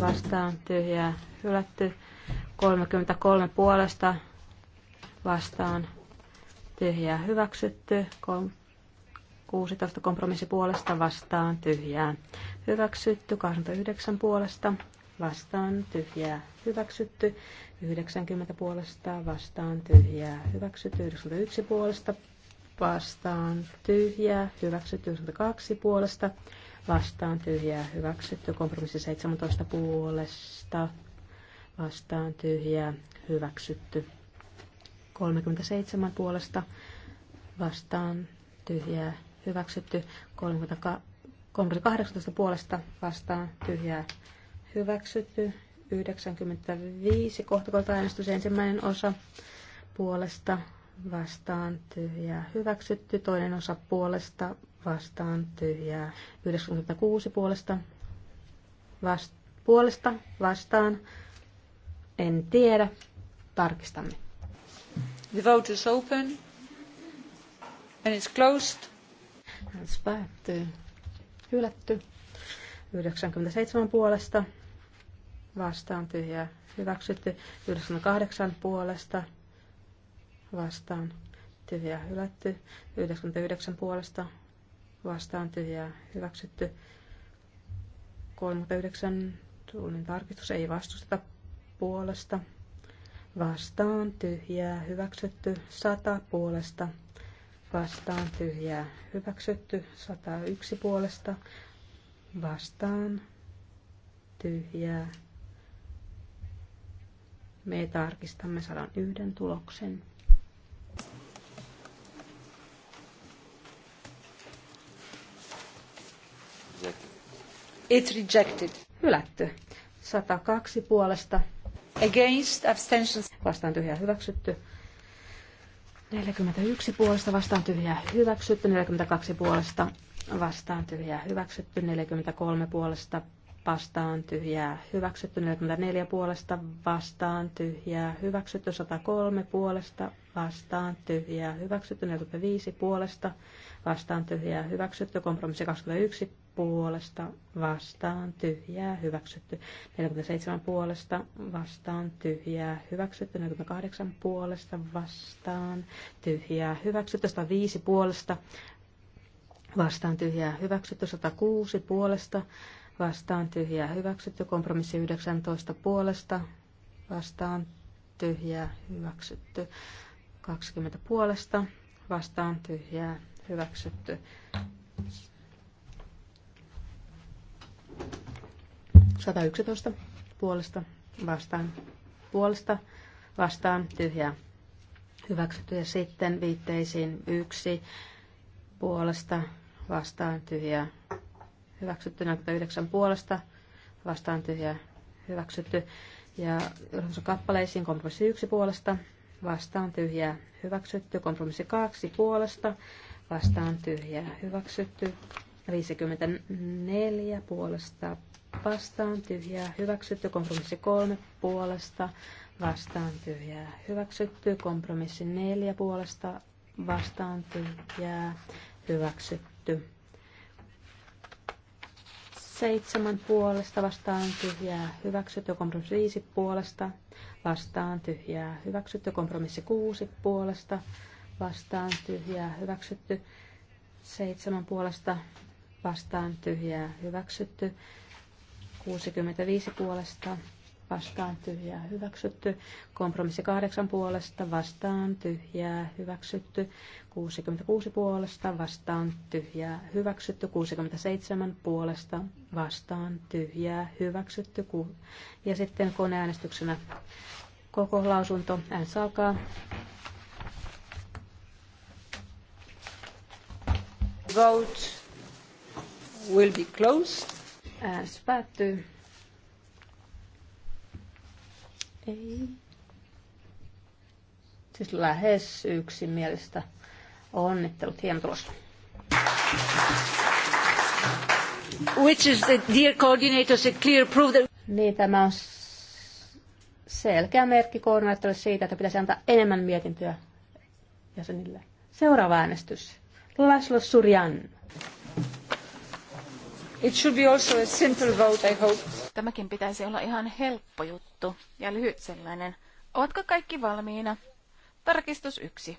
vastaan tyhjää hylätty. 33 puolesta vastaan tyhjää hyväksytty. 16 kompromissi puolesta vastaan tyhjää hyväksytty. 29 puolesta vastaan tyhjää hyväksytty. 90 puolesta vastaan tyhjää hyväksytty. 91 puolesta vastaan tyhjää hyväksytty. 92 puolesta vastaan tyhjää hyväksytty. Kompromissi 17 puolesta vastaan tyhjää hyväksytty. 37 puolesta vastaan tyhjää hyväksytty. 18 puolesta vastaan tyhjää hyväksytty. 95 kohtakolta äänestys ensimmäinen osa puolesta vastaan tyhjää hyväksytty. Toinen osa puolesta vastaan tyhjää. 96 puolesta, vast, puolesta vastaan. En tiedä. Tarkistamme. The vote is open and it's closed. Äänestys päättyy. Hylätty. 97 puolesta vastaan tyhjää. Hyväksytty. 98 puolesta vastaan tyhjää. Hylätty. 99 puolesta vastaan tyhjää hyväksytty. 39 tuulin tarkistus ei vastusteta puolesta. Vastaan tyhjää hyväksytty 100 puolesta. Vastaan tyhjää hyväksytty 101 puolesta. Vastaan tyhjää. Me tarkistamme 101 tuloksen. It rejected. Hylätty. 102 puolesta. Against abstentions. Vastaan tyhjää hyväksytty. 41 puolesta vastaan tyhjää hyväksytty. 42 puolesta vastaan tyhjää hyväksytty. 43 puolesta vastaan tyhjää hyväksytty. 44 puolesta vastaan tyhjää hyväksytty. 103 puolesta vastaan tyhjää hyväksytty. 45 puolesta vastaan tyhjää hyväksytty. Kompromissi 21 puolesta vastaan tyhjää hyväksytty. 47 puolesta vastaan tyhjää hyväksytty. 48 puolesta vastaan tyhjää hyväksytty. 105 puolesta vastaan tyhjää hyväksytty. 106 puolesta vastaan tyhjää hyväksytty. Kompromissi 19 puolesta vastaan tyhjää hyväksytty. 20 puolesta vastaan tyhjää hyväksytty. 111 puolesta vastaan. Puolesta vastaan tyhjää. Hyväksytty ja sitten viitteisiin yksi puolesta vastaan tyhjää. Hyväksytty yhdeksän puolesta vastaan tyhjää. Hyväksytty. Ja kappaleisiin kompromissi yksi puolesta vastaan tyhjää. Hyväksytty. Kompromissi kaksi puolesta vastaan tyhjää. Hyväksytty. 54 puolesta vastaan tyhjää hyväksytty, kompromissi 3 puolesta vastaan tyhjää hyväksytty, kompromissi 4 puolesta vastaan tyhjää hyväksytty. Seitsemän puolesta vastaan tyhjää hyväksytty, kompromissi viisi puolesta vastaan tyhjää hyväksytty, kompromissi kuusi puolesta vastaan tyhjää hyväksytty, seitsemän puolesta vastaan tyhjää hyväksytty. 65 puolesta vastaan tyhjää hyväksytty. Kompromissi 8 puolesta vastaan tyhjää hyväksytty. 66 puolesta vastaan tyhjää hyväksytty. 67 puolesta vastaan tyhjää hyväksytty. Ja sitten koneäänestyksenä koko lausunto. Äänestys alkaa. Vote will be closed. Äänestys päättyy. Ei. Siis lähes yksimielistä. Onnittelut, hieno tulos. Which is the dear coordinators a clear proof that... Niin, tämä on selkeä merkki koordinaattorille siitä, että pitäisi antaa enemmän mietintöä jäsenille. Seuraava äänestys. Laszlo Surjan. It should be also a simple vote, I hope. Tämäkin pitäisi olla ihan helppo juttu ja lyhyt sellainen. Ovatko kaikki valmiina? Tarkistus yksi.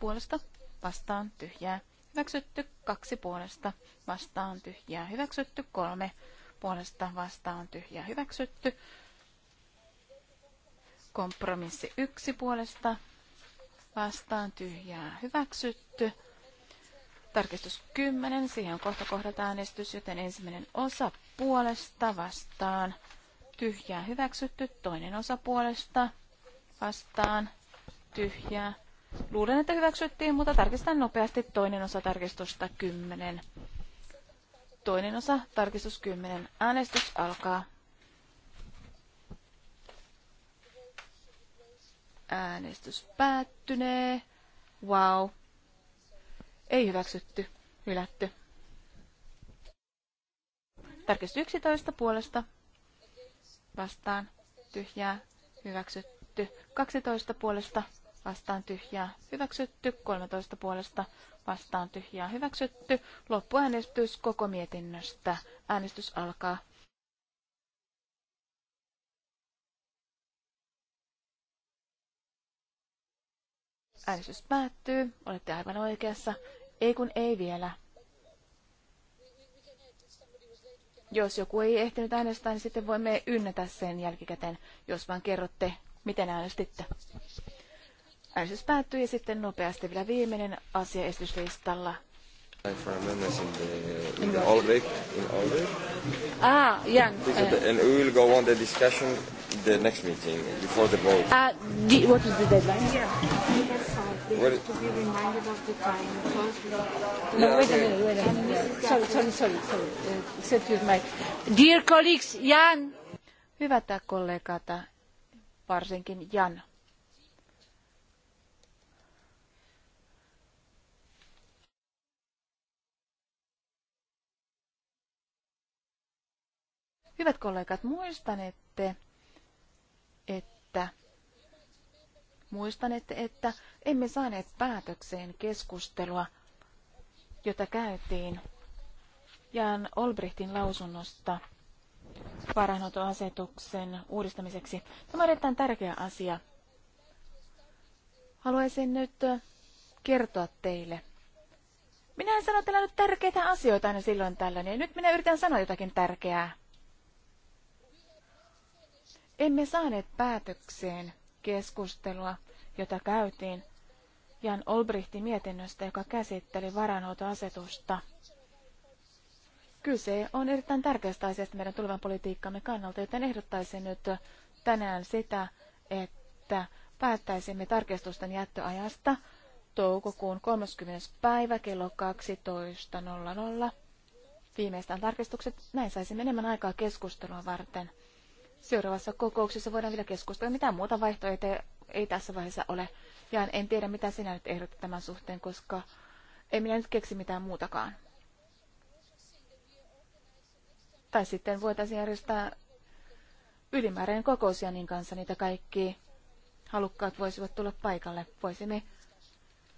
Puolesta vastaan tyhjää. Hyväksytty kaksi puolesta vastaan tyhjää. Hyväksytty kolme puolesta vastaan tyhjää. Hyväksytty. Kompromissi yksi puolesta vastaan tyhjää. Hyväksytty. Tarkistus 10, siihen on kohta kohdata äänestys, joten ensimmäinen osa puolesta vastaan. Tyhjää hyväksytty, toinen osa puolesta vastaan. Tyhjää. Luulen, että hyväksyttiin, mutta tarkistan nopeasti toinen osa tarkistusta 10. Toinen osa, tarkistus 10. Äänestys alkaa. Äänestys päättynee. Wow. Ei hyväksytty. Hylätty. Tarkistus 11 puolesta. Vastaan. Tyhjää. Hyväksytty. 12 puolesta. Vastaan tyhjää. Hyväksytty. 13 puolesta. Vastaan tyhjää. Hyväksytty. Loppuäänestys koko mietinnöstä. Äänestys alkaa. Äänestys päättyy. Olette aivan oikeassa. Ei kun ei vielä. Jos joku ei ehtinyt äänestää, niin sitten voimme ynnätä sen jälkikäteen, jos vaan kerrotte, miten äänestitte. Äänestys päättyi ja sitten nopeasti vielä viimeinen asia esityslistalla. Ah, yeah. And we will go on the discussion the next meeting before the vote. Uh, what is the deadline? Yeah to be reminded of the time because no, yeah, wait okay. a minute, wait a minute. Sorry, sorry, sorry, sorry. Uh, except dear colleagues, Jan. Hyvät kollegat, varsinkin Jan. Hyvät kollegat, muistanette, että Muistan, että, emme saaneet päätökseen keskustelua, jota käytiin Jan Olbrichtin lausunnosta varainhoitoasetuksen uudistamiseksi. Tämä on erittäin tärkeä asia. Haluaisin nyt kertoa teille. Minä en sano teillä nyt tärkeitä asioita aina silloin tällöin, ja nyt minä yritän sanoa jotakin tärkeää. Emme saaneet päätökseen keskustelua, jota käytiin Jan Olbrichti mietinnöstä, joka käsitteli varanhoitoasetusta. Kyse on erittäin tärkeästä asiasta meidän tulevan politiikkamme kannalta, joten ehdottaisin nyt tänään sitä, että päättäisimme tarkistusten jättöajasta toukokuun 30. päivä kello 12.00. Viimeistään tarkistukset, näin saisimme enemmän aikaa keskustelua varten. Seuraavassa kokouksessa voidaan vielä keskustella. Mitään muuta vaihtoehtoja ei tässä vaiheessa ole. Ja en tiedä, mitä sinä nyt ehdotat tämän suhteen, koska ei minä nyt keksi mitään muutakaan. Tai sitten voitaisiin järjestää ylimääräinen kokous niin kanssa. Niitä kaikki halukkaat voisivat tulla paikalle. Voisimme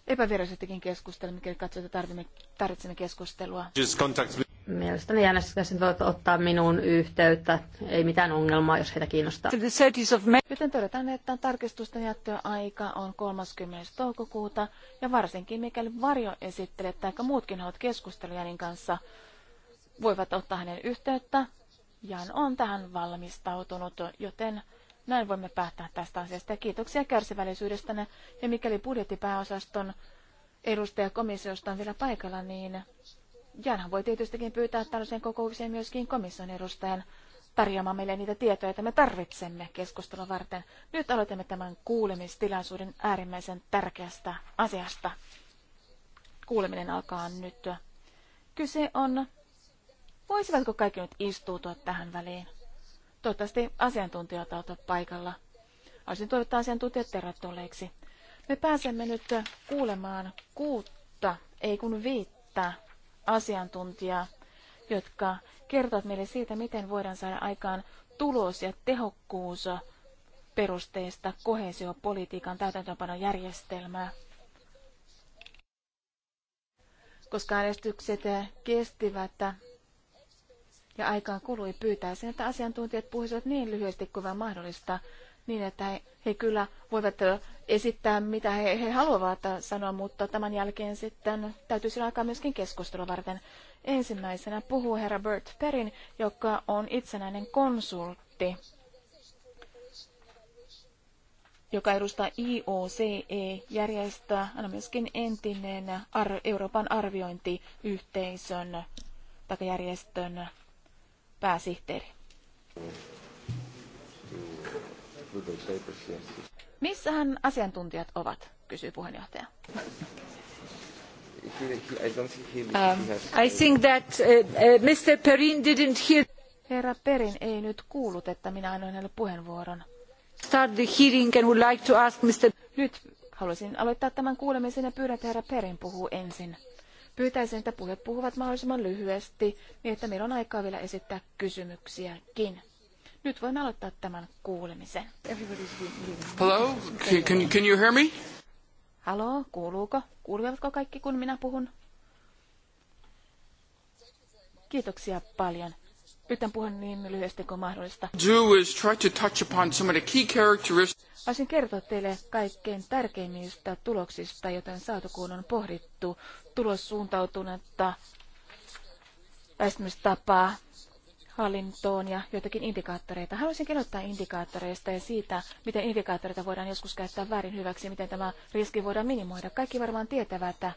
epävirallisestikin keskustella, mikäli katsoo, että tarvitsemme keskustelua. Mielestäni äänestäjät tuota voivat ottaa minuun yhteyttä. Ei mitään ongelmaa, jos heitä kiinnostaa. Joten todetaan, että tarkistusten jättöaika on 30. toukokuuta, ja varsinkin mikäli varjo esittelee tai muutkin haluat keskustelua niin kanssa, voivat ottaa hänen yhteyttä. Jan on tähän valmistautunut, joten näin voimme päättää tästä asiasta. Ja kiitoksia kärsivällisyydestänne, ja mikäli budjettipääosaston edustajakomissiosta on vielä paikalla, niin Janhan voi tietystikin pyytää tällaiseen kokoukseen myöskin komission edustajan tarjoamaan meille niitä tietoja, joita me tarvitsemme keskustelun varten. Nyt aloitamme tämän kuulemistilaisuuden äärimmäisen tärkeästä asiasta. Kuuleminen alkaa nyt. Kyse on, voisivatko kaikki nyt istuutua tähän väliin? Toivottavasti asiantuntijat ovat paikalla. Olisin toivottaa asiantuntijat tervetulleiksi. Me pääsemme nyt kuulemaan kuutta, ei kun viittää asiantuntijaa, jotka kertovat meille siitä, miten voidaan saada aikaan tulos ja tehokkuus perusteista kohesiopolitiikan täytäntöönpanon järjestelmää. Koska äänestykset kestivät ja aikaan kului, pyytäisin, että asiantuntijat puhuisivat niin lyhyesti kuin vain mahdollista niin, että he kyllä voivat esittää, mitä he, he haluavat sanoa, mutta tämän jälkeen sitten täytyisi alkaa myöskin keskustelua varten. Ensimmäisenä puhuu herra Bert Perin, joka on itsenäinen konsultti, joka edustaa IOCE-järjestöä, on myöskin entinen Ar- Euroopan arviointiyhteisön tai järjestön pääsihteeri. Missähän asiantuntijat ovat, kysyy puheenjohtaja. Um, I think that uh, uh, Mr. Perin didn't hear... Herra Perin ei nyt kuullut, että minä annoin hänelle puheenvuoron. Start the hearing and would like to ask Mr. Nyt haluaisin aloittaa tämän kuulemisen ja pyydän, että herra Perin puhuu ensin. Pyytäisin, että puhujat puhuvat mahdollisimman lyhyesti, niin että meillä on aikaa vielä esittää kysymyksiäkin. Nyt voimme aloittaa tämän kuulemisen. Hello, can, can you hear me? Hallo, kuuluuko? Kuulevatko kaikki, kun minä puhun? Kiitoksia paljon. Yritän puhua niin lyhyesti kuin mahdollista. Haluaisin to touch upon some of the key characteristics. kertoa teille kaikkein tärkeimmistä tuloksista, joten on saatu, kun on pohdittu tulossuuntautunutta väistämistapaa, hallintoon ja joitakin indikaattoreita. Haluaisin kertoa indikaattoreista ja siitä, miten indikaattoreita voidaan joskus käyttää väärin hyväksi, miten tämä riski voidaan minimoida. Kaikki varmaan tietävät, että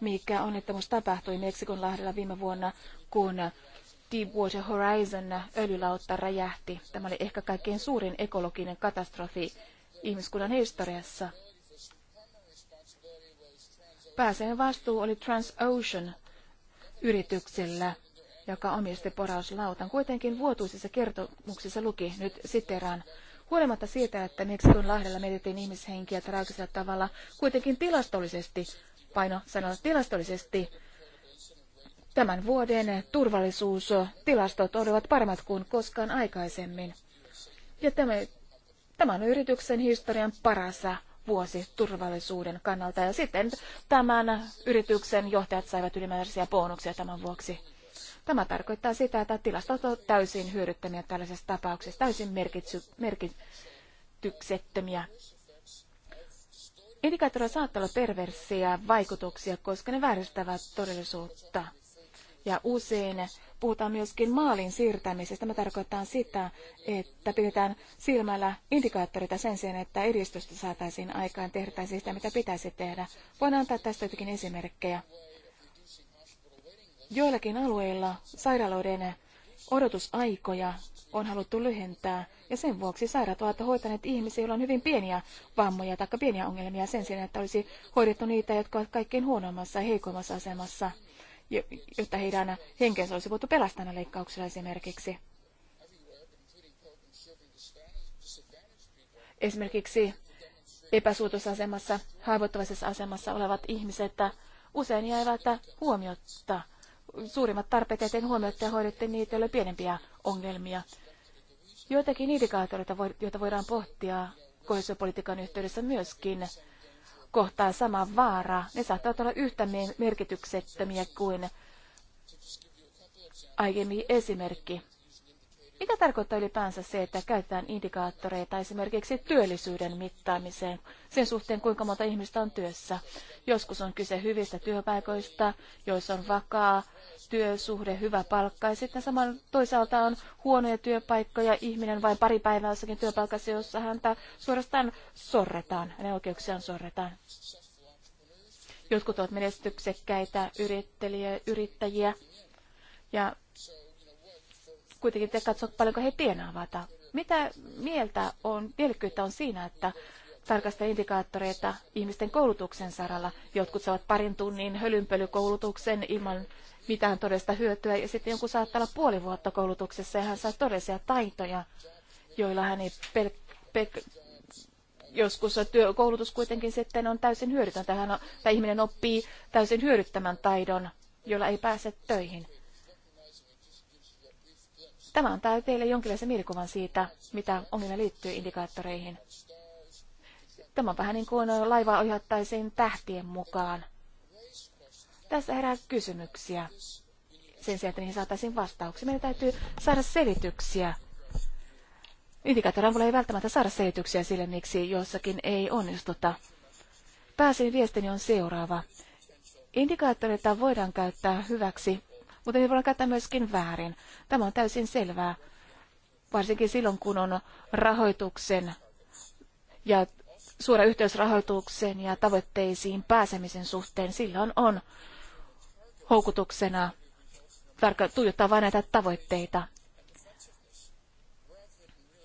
mikä onnettomuus tapahtui Meksikon lahdella viime vuonna, kun Deepwater Horizon öljylautta räjähti. Tämä oli ehkä kaikkein suurin ekologinen katastrofi ihmiskunnan historiassa. Pääseen vastuu oli Transocean yrityksellä joka omisti porauslautan. Kuitenkin vuotuisissa kertomuksissa luki nyt siteraan. Huolimatta siitä, että Meksikon lahdella mietittiin ihmishenkiä traagisella tavalla, kuitenkin tilastollisesti, paino sanoa tilastollisesti, tämän vuoden turvallisuustilastot olivat paremmat kuin koskaan aikaisemmin. Ja tämä, tämä on yrityksen historian paras vuosi turvallisuuden kannalta. Ja sitten tämän yrityksen johtajat saivat ylimääräisiä bonuksia tämän vuoksi. Tämä tarkoittaa sitä, että tilastot ovat täysin hyödyttömiä tällaisessa tapauksessa, täysin merkitsy, merkityksettömiä. Indikaattoreilla saattaa olla perversiä vaikutuksia, koska ne vääristävät todellisuutta. Ja usein puhutaan myöskin maalin siirtämisestä. Tämä tarkoittaa sitä, että pidetään silmällä indikaattorita sen sijaan, että edistystä saataisiin aikaan, tehtäisiin sitä, mitä pitäisi tehdä. Voin antaa tästä jotakin esimerkkejä. Joillakin alueilla sairaaloiden odotusaikoja on haluttu lyhentää, ja sen vuoksi sairaat ovat hoitaneet ihmisiä, joilla on hyvin pieniä vammoja tai pieniä ongelmia sen sijaan, että olisi hoidettu niitä, jotka ovat kaikkein huonoimmassa ja heikoimmassa asemassa, jotta heidän henkensä olisi voitu pelastaa näillä leikkauksilla esimerkiksi. Esimerkiksi epäsuotuisessa asemassa, asemassa olevat ihmiset usein jäivät huomiotta suurimmat tarpeet eteen huomioitte ja hoidatte niitä, joilla pienempiä ongelmia. Joitakin indikaattoreita, joita voidaan pohtia kohesiopolitiikan yhteydessä myöskin, kohtaa sama vaara. Ne saattavat olla yhtä merkityksettömiä kuin aiemmin esimerkki. Mitä tarkoittaa ylipäänsä se, että käytetään indikaattoreita esimerkiksi työllisyyden mittaamiseen sen suhteen, kuinka monta ihmistä on työssä? Joskus on kyse hyvistä työpaikoista, joissa on vakaa työsuhde, hyvä palkka ja sitten saman, toisaalta on huonoja työpaikkoja, ihminen vain pari päivää jossakin työpaikassa, jossa häntä suorastaan sorretaan, hänen oikeuksiaan sorretaan. Jotkut ovat menestyksekkäitä yrittäjiä ja kuitenkin te katsoa, paljonko he tienaavat. Mitä mieltä on, mielekkyyttä on siinä, että tarkastaa indikaattoreita ihmisten koulutuksen saralla. Jotkut saavat parin tunnin hölynpölykoulutuksen ilman mitään todesta hyötyä, ja sitten joku saattaa olla puoli vuotta koulutuksessa, ja hän saa todellisia taitoja, joilla hän ei pel- pel- joskus työ, koulutus kuitenkin sitten on täysin hyödytön. Tähän on, tai ihminen oppii täysin hyödyttämän taidon, jolla ei pääse töihin. Tämä antaa teille jonkinlaisen mielikuvan siitä, mitä ongelmia liittyy indikaattoreihin. Tämä on vähän niin kuin laiva ohjattaisiin tähtien mukaan. Tässä herää kysymyksiä. Sen sijaan, että niihin saataisiin vastauksia, meidän täytyy saada selityksiä. Indikaattoreilla ei välttämättä saada selityksiä sille, miksi jossakin ei onnistuta. Pääsin viestini on seuraava. Indikaattoreita voidaan käyttää hyväksi mutta ei voida käyttää myöskin väärin. Tämä on täysin selvää, varsinkin silloin, kun on rahoituksen ja suora yhteys rahoitukseen ja tavoitteisiin pääsemisen suhteen. Silloin on houkutuksena tarkka, tuijottaa vain näitä tavoitteita.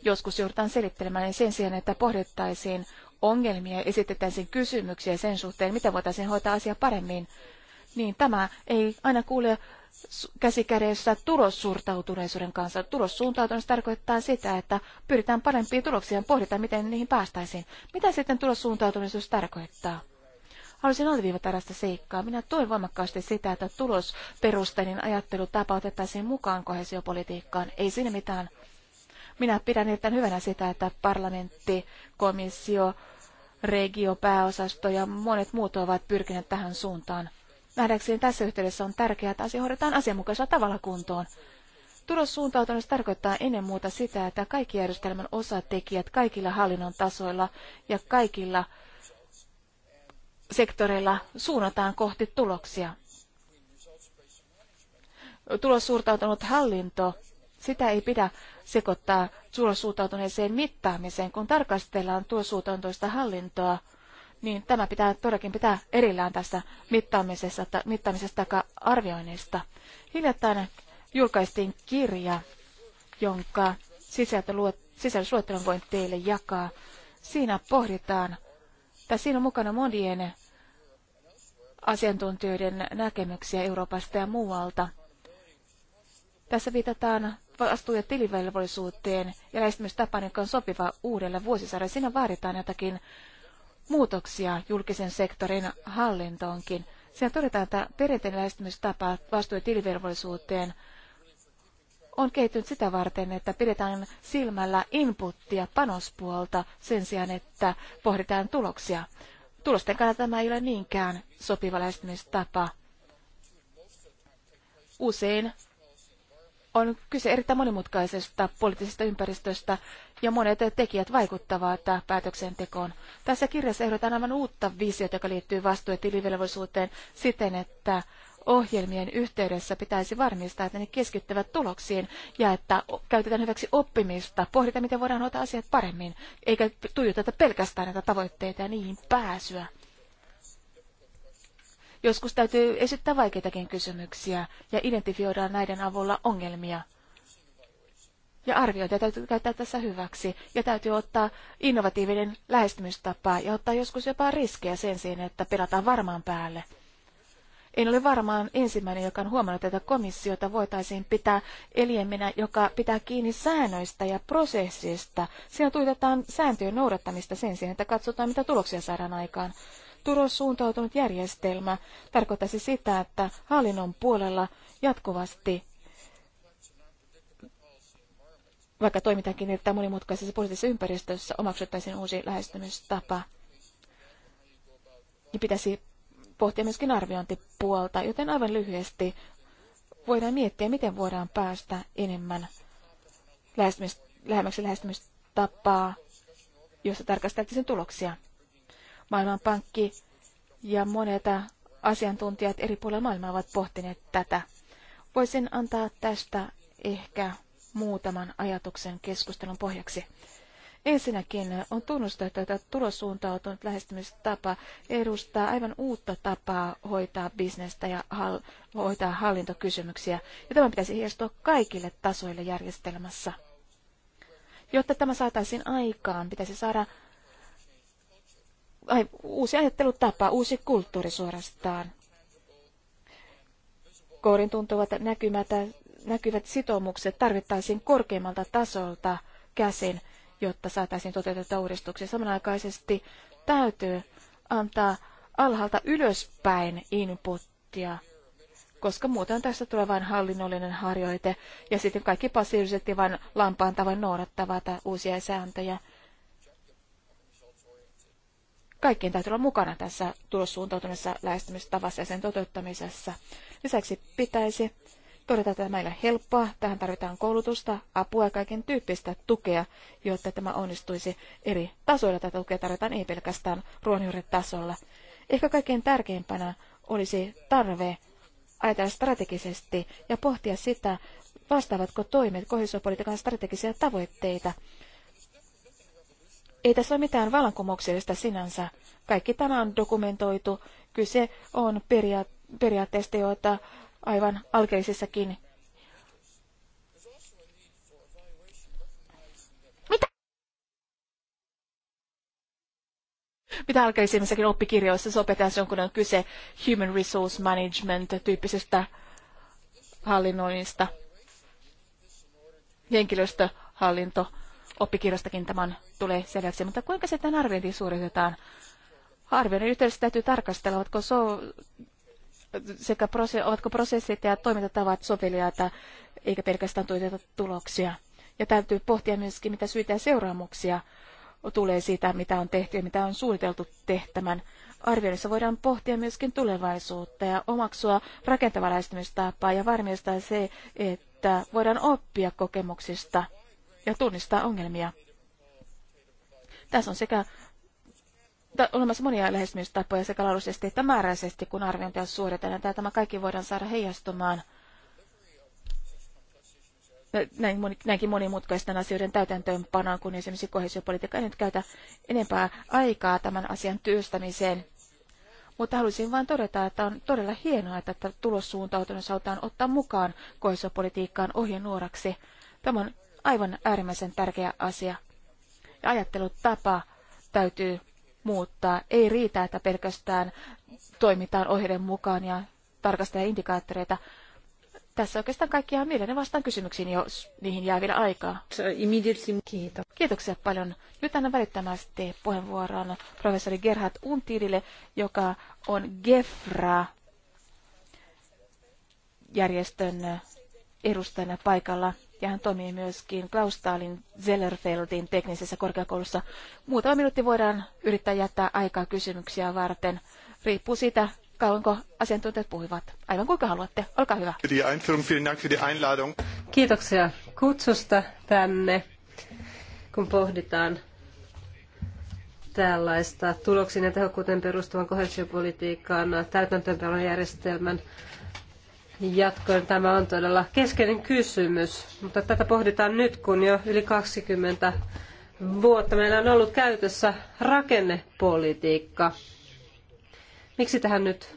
Joskus joudutaan selittelemään ja sen sijaan, että pohdittaisiin ongelmia ja esitettäisiin kysymyksiä sen suhteen, miten voitaisiin hoitaa asia paremmin, niin tämä ei aina kuule käsi kädessä tulossuuntautuneisuuden kanssa. Tulossuuntautuneisuus tarkoittaa sitä, että pyritään parempiin tuloksiin ja pohditaan, miten niihin päästäisiin. Mitä sitten tulossuuntautuneisuus tarkoittaa? Haluaisin alleviivata tästä seikkaa. Minä tuen voimakkaasti sitä, että tulosperusteinen ajattelutapa otettaisiin mukaan kohesiopolitiikkaan. Ei siinä mitään. Minä pidän erittäin hyvänä sitä, että parlamentti, komissio, regio, pääosasto ja monet muut ovat pyrkineet tähän suuntaan. Nähdäkseni tässä yhteydessä on tärkeää, että asia hoidetaan asianmukaisella tavalla kuntoon. Tulossuuntautuneus tarkoittaa ennen muuta sitä, että kaikki järjestelmän osatekijät kaikilla hallinnon tasoilla ja kaikilla sektoreilla suunnataan kohti tuloksia. Tulossuuntautunut hallinto, sitä ei pidä sekoittaa tulossuuntautuneeseen mittaamiseen, kun tarkastellaan tulossuuntautuista hallintoa – niin tämä pitää todellakin pitää erillään tästä mittaamisesta, mittaamisesta tai arvioinnista. Hiljattain julkaistiin kirja, jonka sisällysluettelon voin teille jakaa. Siinä pohditaan, tai siinä on mukana monien asiantuntijoiden näkemyksiä Euroopasta ja muualta. Tässä viitataan vastuu- ja tilivelvollisuuteen ja lähestymistapaan, joka on sopiva uudelle vuosisadalla. Siinä vaaditaan jotakin muutoksia julkisen sektorin hallintoonkin. Siellä todetaan, että perinteinen lähestymistapa vastuu- tilivelvollisuuteen on kehittynyt sitä varten, että pidetään silmällä inputtia panospuolta sen sijaan, että pohditaan tuloksia. Tulosten kannalta tämä ei ole niinkään sopiva lähestymistapa. Usein on kyse erittäin monimutkaisesta poliittisesta ympäristöstä ja monet tekijät vaikuttavat päätöksentekoon. Tässä kirjassa ehdotetaan aivan uutta visiota, joka liittyy vastuu- ja tilivelvollisuuteen siten, että ohjelmien yhteydessä pitäisi varmistaa, että ne keskittyvät tuloksiin ja että käytetään hyväksi oppimista, pohditaan, miten voidaan hoitaa asiat paremmin, eikä tuijoteta pelkästään näitä tavoitteita ja niihin pääsyä. Joskus täytyy esittää vaikeitakin kysymyksiä ja identifioida näiden avulla ongelmia. Ja arviointia täytyy käyttää tässä hyväksi. Ja täytyy ottaa innovatiivinen lähestymistapa ja ottaa joskus jopa riskejä sen siihen, että pelataan varmaan päälle. En ole varmaan ensimmäinen, joka on huomannut, että komissiota voitaisiin pitää elimenä, joka pitää kiinni säännöistä ja prosessista. Siellä tuitetaan sääntöjen noudattamista sen sijaan, että katsotaan, mitä tuloksia saadaan aikaan tulos suuntautunut järjestelmä tarkoittaisi sitä, että hallinnon puolella jatkuvasti vaikka toimintakin erittäin monimutkaisessa poliittisessa ympäristössä omaksuttaisiin uusi lähestymistapa. Ja pitäisi pohtia myöskin arviointipuolta, joten aivan lyhyesti voidaan miettiä, miten voidaan päästä enemmän lähestymis- lähemmäksi lähestymistapaa, jossa tarkasteltaisiin tuloksia. Maailmanpankki ja monet asiantuntijat eri puolilla maailmaa ovat pohtineet tätä. Voisin antaa tästä ehkä muutaman ajatuksen keskustelun pohjaksi. Ensinnäkin on tunnustettu, että tulosuuntautunut lähestymistapa edustaa aivan uutta tapaa hoitaa bisnestä ja hal- hoitaa hallintokysymyksiä, ja tämä pitäisi heijastua kaikille tasoille järjestelmässä. Jotta tämä saataisiin aikaan, pitäisi saada ai, uusi ajattelutapa, uusi kulttuuri suorastaan. Kourin tuntuvat näkymät, näkyvät sitoumukset tarvittaisiin korkeammalta tasolta käsin, jotta saataisiin toteutettua uudistuksia. Samanaikaisesti täytyy antaa alhaalta ylöspäin inputtia, koska muuten tästä tulee vain hallinnollinen harjoite, ja sitten kaikki passiiviset ja vain lampaan tavoin noudattavat uusia sääntöjä. Kaikkien täytyy olla mukana tässä tulossuuntautuneessa lähestymistavassa ja sen toteuttamisessa. Lisäksi pitäisi todeta, että tämä ei ole helppoa. Tähän tarvitaan koulutusta, apua ja kaiken tyyppistä tukea, jotta tämä onnistuisi eri tasoilla. Tätä tukea tarvitaan ei pelkästään ruohonjuuritasolla. Ehkä kaikkein tärkeimpänä olisi tarve ajatella strategisesti ja pohtia sitä, vastaavatko toimet kohdistopolitiikan strategisia tavoitteita ei tässä ole mitään vallankumouksellista sinänsä. Kaikki tämä on dokumentoitu. Kyse on peria- periaatteista, joita aivan alkeisissakin mitä Mitä alkeisimmissakin oppikirjoissa se opetetaan jonkun on kyse human resource management tyyppisestä hallinnoinnista, henkilöstöhallinto oppikirjastakin tämän tulee selväksi, mutta kuinka se arviointi suoritetaan? Arvioinnin yhteydessä täytyy tarkastella, ovatko, so, sekä prose, ovatko prosessit ja toimintatavat soveliaita, eikä pelkästään tuoteta tuloksia. Ja täytyy pohtia myöskin, mitä syitä ja seuraamuksia tulee siitä, mitä on tehty ja mitä on suunniteltu tehtävän. Arvioinnissa voidaan pohtia myöskin tulevaisuutta ja omaksua rakentavaa lähestymistapaa ja varmistaa se, että voidaan oppia kokemuksista – ja tunnistaa ongelmia. Tässä on sekä olemassa monia lähestymistapoja sekä laadullisesti että määräisesti, kun arviointia suoritetaan. Tämä, tämä kaikki voidaan saada heijastumaan näin, näinkin monimutkaisten asioiden täytäntöönpanoon, kun esimerkiksi kohesiopolitiikka ei nyt käytä enempää aikaa tämän asian työstämiseen. Mutta haluaisin vain todeta, että on todella hienoa, että tulossuuntautunut otetaan ottaa mukaan kohesiopolitiikkaan ohjenuoraksi. Tämä on aivan äärimmäisen tärkeä asia. Ja ajattelutapa täytyy muuttaa. Ei riitä, että pelkästään toimitaan ohjeiden mukaan ja tarkastetaan indikaattoreita. Tässä oikeastaan kaikkia mielelläni vastaan kysymyksiin, jos niihin jää vielä aikaa. Kiitos. Kiitoksia paljon. Nyt annan välittömästi puheenvuoron professori Gerhard Untirille, joka on GEFRA järjestön edustajana paikalla ja hän toimii myöskin Klaus Stalin Zellerfeldin teknisessä korkeakoulussa. Muutama minuutti voidaan yrittää jättää aikaa kysymyksiä varten. Riippuu siitä, kauanko asiantuntijat puhuvat. Aivan kuinka haluatte. Olkaa hyvä. Kiitoksia kutsusta tänne, kun pohditaan tällaista tuloksiin ja tehokkuuteen perustuvan kohesiopolitiikkaan Täytäntöönpanojärjestelmän. järjestelmän jatkoon. Tämä on todella keskeinen kysymys, mutta tätä pohditaan nyt, kun jo yli 20 vuotta meillä on ollut käytössä rakennepolitiikka. Miksi tähän nyt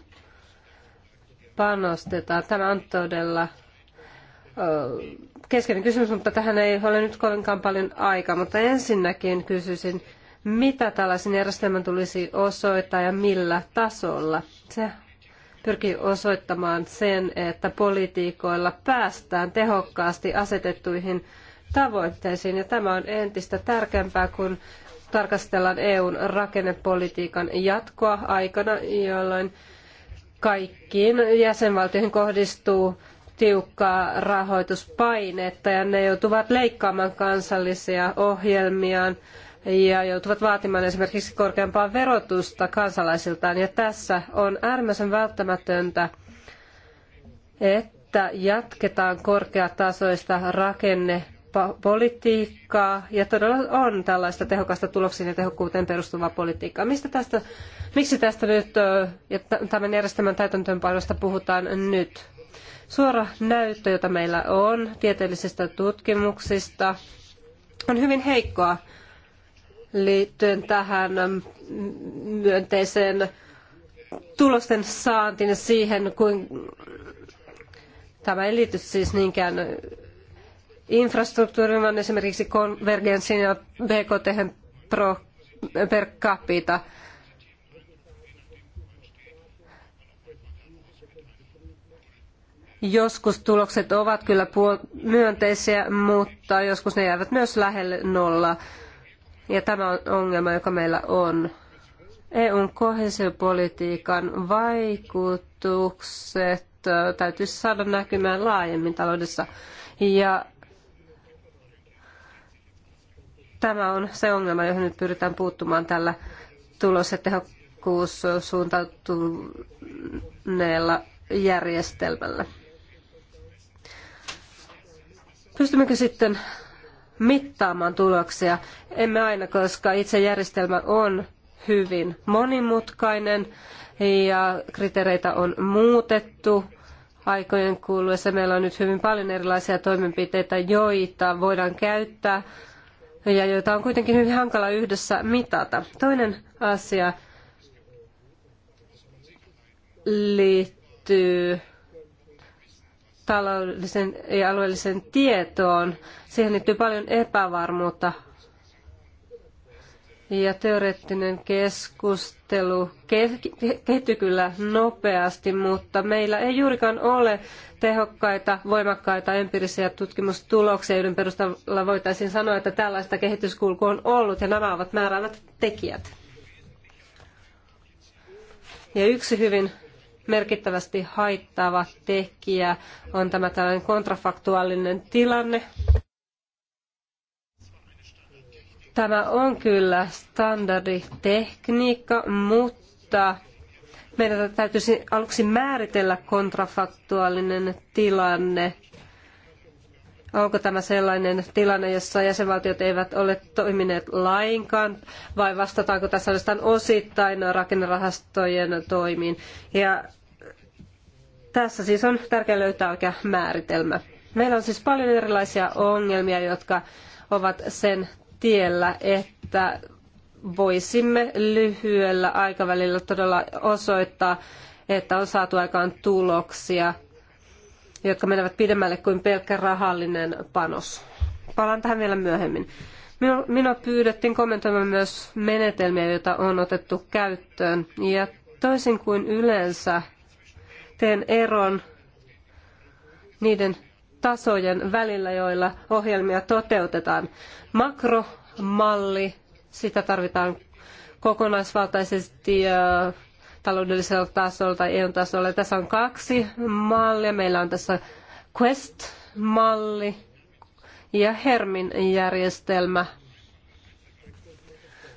panostetaan? Tämä on todella keskeinen kysymys, mutta tähän ei ole nyt kovinkaan paljon aikaa. Mutta ensinnäkin kysyisin, mitä tällaisen järjestelmän tulisi osoittaa ja millä tasolla. Se pyrkii osoittamaan sen, että politiikoilla päästään tehokkaasti asetettuihin tavoitteisiin. Ja tämä on entistä tärkeämpää, kun tarkastellaan EUn rakennepolitiikan jatkoa aikana, jolloin kaikkiin jäsenvaltioihin kohdistuu tiukkaa rahoituspainetta ja ne joutuvat leikkaamaan kansallisia ohjelmiaan ja joutuvat vaatimaan esimerkiksi korkeampaa verotusta kansalaisiltaan. Ja tässä on äärimmäisen välttämätöntä, että jatketaan korkeatasoista rakennepolitiikkaa ja todella on tällaista tehokasta tuloksiin ja tehokkuuteen perustuvaa politiikkaa. Mistä tästä, miksi tästä nyt ja tämän järjestelmän täytäntöönpanosta puhutaan nyt? Suora näyttö, jota meillä on tieteellisistä tutkimuksista, on hyvin heikkoa liittyen tähän myönteiseen tulosten saantiin ja siihen, kuin tämä ei liity siis niinkään infrastruktuuriin, vaan esimerkiksi konvergenssiin ja BKT per capita. Joskus tulokset ovat kyllä myönteisiä, mutta joskus ne jäävät myös lähelle nollaa. Ja tämä on ongelma, joka meillä on. EUn kohesiopolitiikan vaikutukset täytyisi saada näkymään laajemmin taloudessa. Ja tämä on se ongelma, johon nyt pyritään puuttumaan tällä tulos- ja suuntautuneella järjestelmällä. Pystymmekö sitten mittaamaan tuloksia. Emme aina, koska itse järjestelmä on hyvin monimutkainen ja kriteereitä on muutettu aikojen kuluessa. Meillä on nyt hyvin paljon erilaisia toimenpiteitä, joita voidaan käyttää ja joita on kuitenkin hyvin hankala yhdessä mitata. Toinen asia liittyy taloudellisen ja alueellisen tietoon. Siihen liittyy paljon epävarmuutta ja teoreettinen keskustelu kehittyy kyllä nopeasti, mutta meillä ei juurikaan ole tehokkaita, voimakkaita empiirisiä tutkimustuloksia, joiden perusteella voitaisiin sanoa, että tällaista kehityskulkua on ollut ja nämä ovat määräävät tekijät. Ja yksi hyvin merkittävästi haittaava tekijä on tämä tällainen kontrafaktuaalinen tilanne. Tämä on kyllä standarditekniikka, mutta meidän täytyisi aluksi määritellä kontrafaktuaalinen tilanne. Onko tämä sellainen tilanne, jossa jäsenvaltiot eivät ole toimineet lainkaan, vai vastataanko tässä jostain osittain rakennerahastojen toimiin? Ja tässä siis on tärkeää löytää oikea määritelmä. Meillä on siis paljon erilaisia ongelmia, jotka ovat sen tiellä, että voisimme lyhyellä aikavälillä todella osoittaa, että on saatu aikaan tuloksia, jotka menevät pidemmälle kuin pelkkä rahallinen panos. Palaan tähän vielä myöhemmin. Minua pyydettiin kommentoimaan myös menetelmiä, joita on otettu käyttöön. Ja toisin kuin yleensä teen eron niiden tasojen välillä, joilla ohjelmia toteutetaan. Makromalli, sitä tarvitaan kokonaisvaltaisesti taloudellisella tasolla tai EUn tasolla. Tässä on kaksi mallia. Meillä on tässä Quest-malli ja Hermin järjestelmä.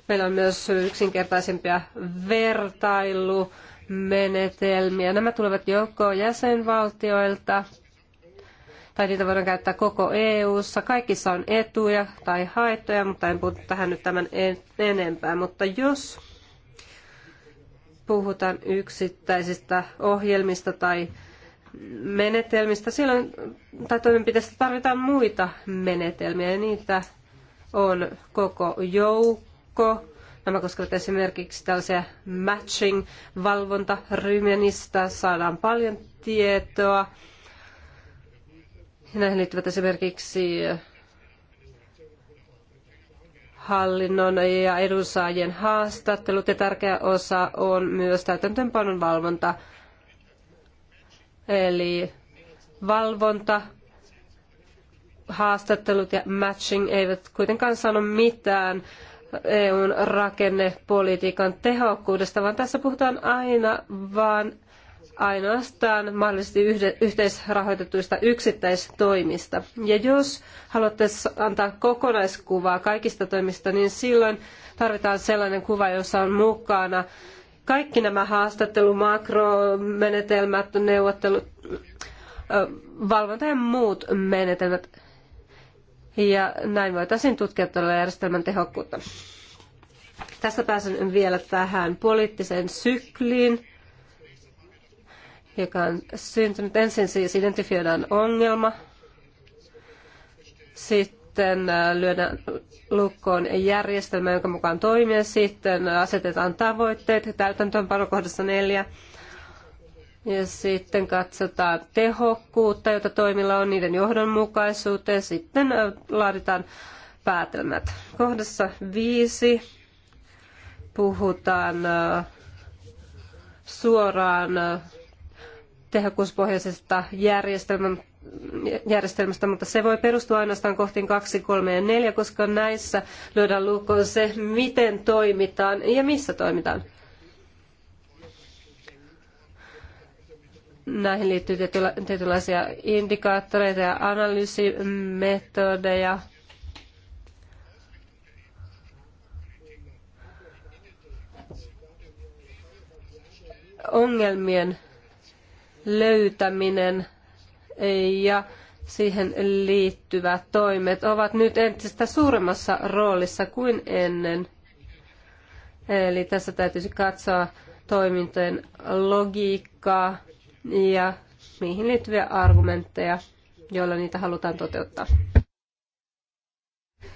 Meillä on myös yksinkertaisempia vertailu- menetelmiä. Nämä tulevat joko jäsenvaltioilta, tai niitä voidaan käyttää koko EU-ssa. Kaikissa on etuja tai haittoja, mutta en puhu tähän nyt tämän enempää. Mutta jos puhutaan yksittäisistä ohjelmista tai menetelmistä, silloin tai toimenpiteistä tarvitaan muita menetelmiä ja niitä on koko joukko Nämä koskevat esimerkiksi tällaisia matching-valvontaryhmiä, niistä saadaan paljon tietoa. Näihin liittyvät esimerkiksi hallinnon ja edunsaajien haastattelut ja tärkeä osa on myös täytäntöönpanon valvonta. Eli valvonta, haastattelut ja matching eivät kuitenkaan sano mitään EUn rakennepolitiikan tehokkuudesta, vaan tässä puhutaan aina vain ainoastaan mahdollisesti yhteisrahoitetuista yksittäistoimista. Ja jos haluatte antaa kokonaiskuvaa kaikista toimista, niin silloin tarvitaan sellainen kuva, jossa on mukana kaikki nämä haastattelu, makromenetelmät, neuvottelut, valvonta ja muut menetelmät ja näin voitaisiin tutkia todella järjestelmän tehokkuutta. Tässä pääsen vielä tähän poliittiseen sykliin, joka on syntynyt. Ensin siis identifioidaan ongelma, sitten äh, lyödään lukkoon järjestelmä, jonka mukaan toimia, sitten asetetaan tavoitteet, täytäntöönpanokohdassa neljä, ja sitten katsotaan tehokkuutta, jota toimilla on niiden johdonmukaisuuteen. Ja sitten laaditaan päätelmät. Kohdassa viisi puhutaan suoraan tehokkuuspohjaisesta järjestelmän järjestelmästä, mutta se voi perustua ainoastaan kohtiin 2, 3 ja 4, koska näissä lyödään lukkoon se, miten toimitaan ja missä toimitaan. Näihin liittyy tietynlaisia indikaattoreita ja analyysimetodeja. Ongelmien löytäminen ja siihen liittyvät toimet ovat nyt entistä suuremmassa roolissa kuin ennen. Eli tässä täytyisi katsoa toimintojen logiikkaa ja niihin liittyviä argumentteja, joilla niitä halutaan toteuttaa.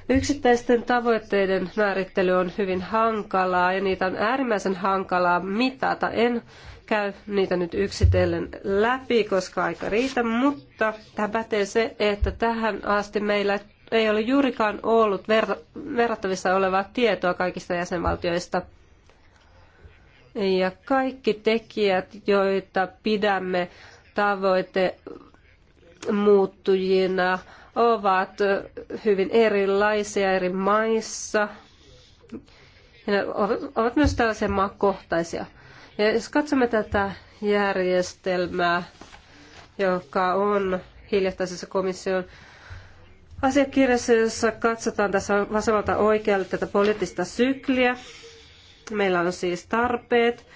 Yksittäisten tavoitteiden määrittely on hyvin hankalaa ja niitä on äärimmäisen hankalaa mitata. En käy niitä nyt yksitellen läpi, koska aika riitä, mutta tämä pätee se, että tähän asti meillä ei ole juurikaan ollut verrattavissa olevaa tietoa kaikista jäsenvaltioista – ja kaikki tekijät, joita pidämme tavoite muuttujina, ovat hyvin erilaisia eri maissa. Ja ne ovat myös tällaisia maakohtaisia. Ja jos katsomme tätä järjestelmää, joka on hiljattaisessa komission asiakirjassa, jossa katsotaan tässä vasemmalta oikealle tätä poliittista sykliä, Meillä on siis tarpeet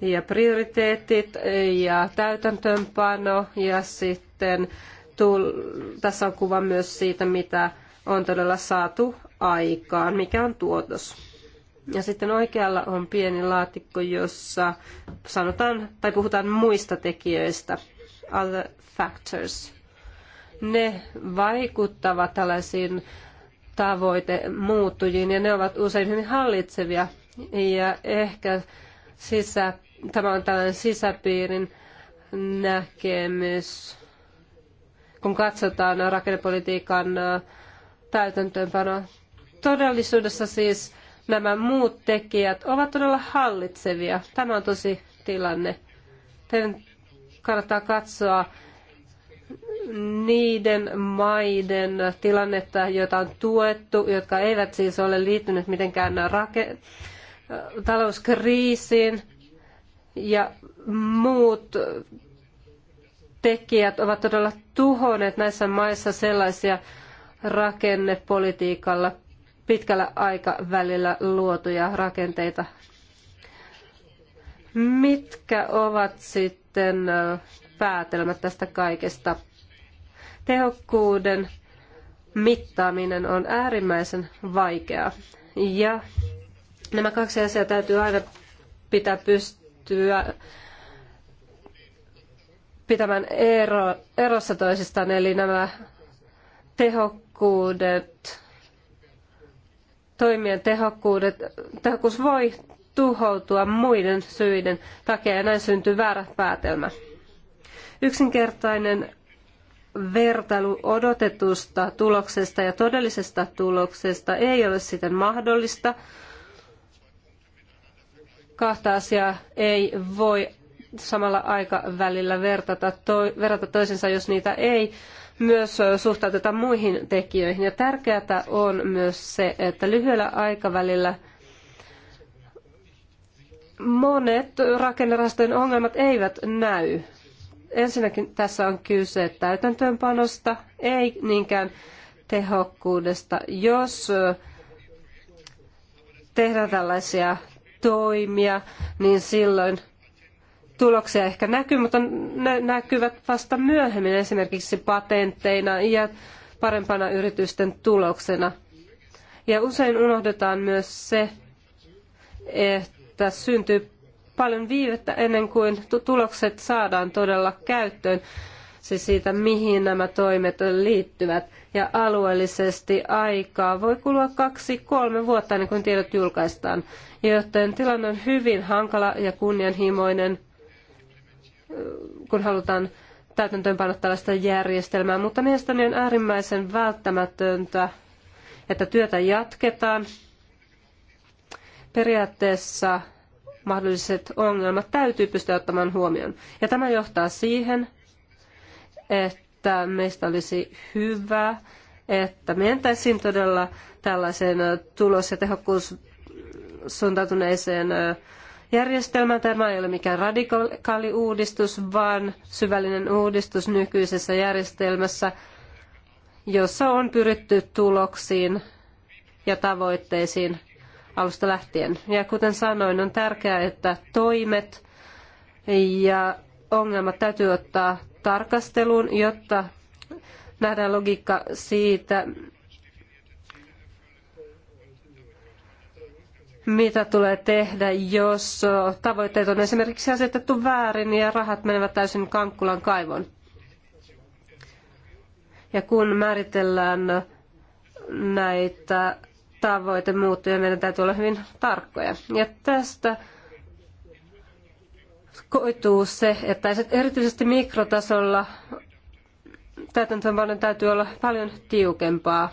ja prioriteetit ja täytäntöönpano ja sitten tässä on kuva myös siitä, mitä on todella saatu aikaan, mikä on tuotos. Ja sitten oikealla on pieni laatikko, jossa sanotaan tai puhutaan muista tekijöistä, other factors. Ne vaikuttavat tällaisiin tavoitemuuttujiin ja ne ovat usein hyvin hallitsevia ja ehkä sisä, tämä on tällainen sisäpiirin näkemys. Kun katsotaan rakennepolitiikan täytäntöönpanoa, todellisuudessa siis nämä muut tekijät ovat todella hallitsevia. Tämä on tosi tilanne. Teidän kannattaa katsoa niiden maiden tilannetta, joita on tuettu, jotka eivät siis ole liittyneet mitenkään rakennepolitiikkaan talouskriisiin ja muut tekijät ovat todella tuhonneet näissä maissa sellaisia rakennepolitiikalla pitkällä aikavälillä luotuja rakenteita. Mitkä ovat sitten päätelmät tästä kaikesta? Tehokkuuden mittaaminen on äärimmäisen vaikeaa ja Nämä kaksi asiaa täytyy aina pitää pystyä pitämään ero, erossa toisistaan, eli nämä tehokkuudet, toimien tehokkuudet, tehokkuus voi tuhoutua muiden syiden takia ja näin syntyy väärä päätelmä. Yksinkertainen vertailu odotetusta tuloksesta ja todellisesta tuloksesta ei ole siten mahdollista, kahta asiaa ei voi samalla aikavälillä vertata, to, verrata toisensa, jos niitä ei myös suhtauteta muihin tekijöihin. Ja tärkeää on myös se, että lyhyellä aikavälillä monet rakennerahastojen ongelmat eivät näy. Ensinnäkin tässä on kyse täytäntöönpanosta, ei niinkään tehokkuudesta. Jos tehdään tällaisia toimia, niin silloin tuloksia ehkä näkyy, mutta ne näkyvät vasta myöhemmin esimerkiksi patentteina ja parempana yritysten tuloksena. Ja usein unohdetaan myös se, että syntyy paljon viivettä ennen kuin tulokset saadaan todella käyttöön, siis siitä mihin nämä toimet liittyvät ja alueellisesti aikaa voi kulua kaksi kolme vuotta ennen kuin tiedot julkaistaan, joten tilanne on hyvin hankala ja kunnianhimoinen, kun halutaan täytäntöönpanna tällaista järjestelmää, mutta mielestäni on äärimmäisen välttämätöntä, että työtä jatketaan. Periaatteessa mahdolliset ongelmat täytyy pystyä ottamaan huomioon. Ja tämä johtaa siihen, että että meistä olisi hyvä, että mentäisiin todella tällaiseen tulos- ja tehokkuus suuntautuneeseen järjestelmään. Tämä ei ole mikään radikaali uudistus, vaan syvällinen uudistus nykyisessä järjestelmässä, jossa on pyritty tuloksiin ja tavoitteisiin alusta lähtien. Ja kuten sanoin, on tärkeää, että toimet ja ongelmat täytyy ottaa tarkasteluun, jotta nähdään logiikka siitä, mitä tulee tehdä, jos tavoitteet on esimerkiksi asetettu väärin ja rahat menevät täysin kankkulan kaivoon. Ja kun määritellään näitä tavoitemuuttuja, meidän täytyy olla hyvin tarkkoja. Ja tästä koituu se, että erityisesti mikrotasolla täytäntöönpanon täytyy olla paljon tiukempaa.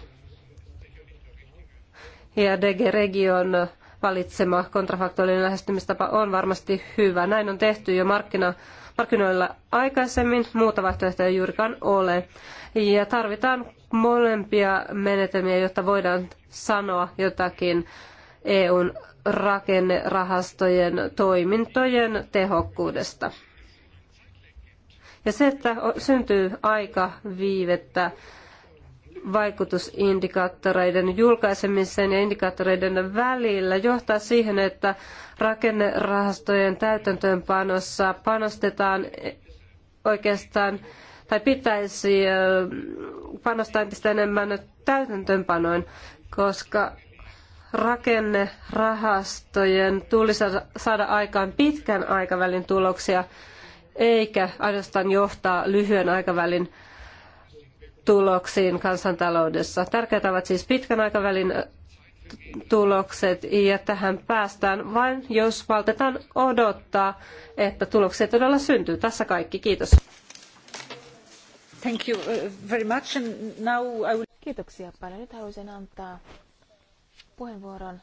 Ja DG Region valitsema kontrafaktuaalinen lähestymistapa on varmasti hyvä. Näin on tehty jo markkina, markkinoilla aikaisemmin, muuta vaihtoehtoja ei juurikaan ole. Ja tarvitaan molempia menetelmiä, jotta voidaan sanoa jotakin EUn rakennerahastojen toimintojen tehokkuudesta. Ja se, että syntyy aika viivettä vaikutusindikaattoreiden julkaisemisen ja indikaattoreiden välillä johtaa siihen, että rakennerahastojen täytäntöönpanossa panostetaan oikeastaan tai pitäisi panostaa entistä enemmän täytäntöönpanoin, koska rakennerahastojen tulisi saada aikaan pitkän aikavälin tuloksia, eikä ainoastaan johtaa lyhyen aikavälin tuloksiin kansantaloudessa. Tärkeitä ovat siis pitkän aikavälin tulokset ja tähän päästään vain, jos valtetaan odottaa, että tuloksia todella syntyy. Tässä kaikki. Kiitos. Thank you uh, very much. And now I will... Kiitoksia paljon. Nyt haluaisin antaa puheenvuoron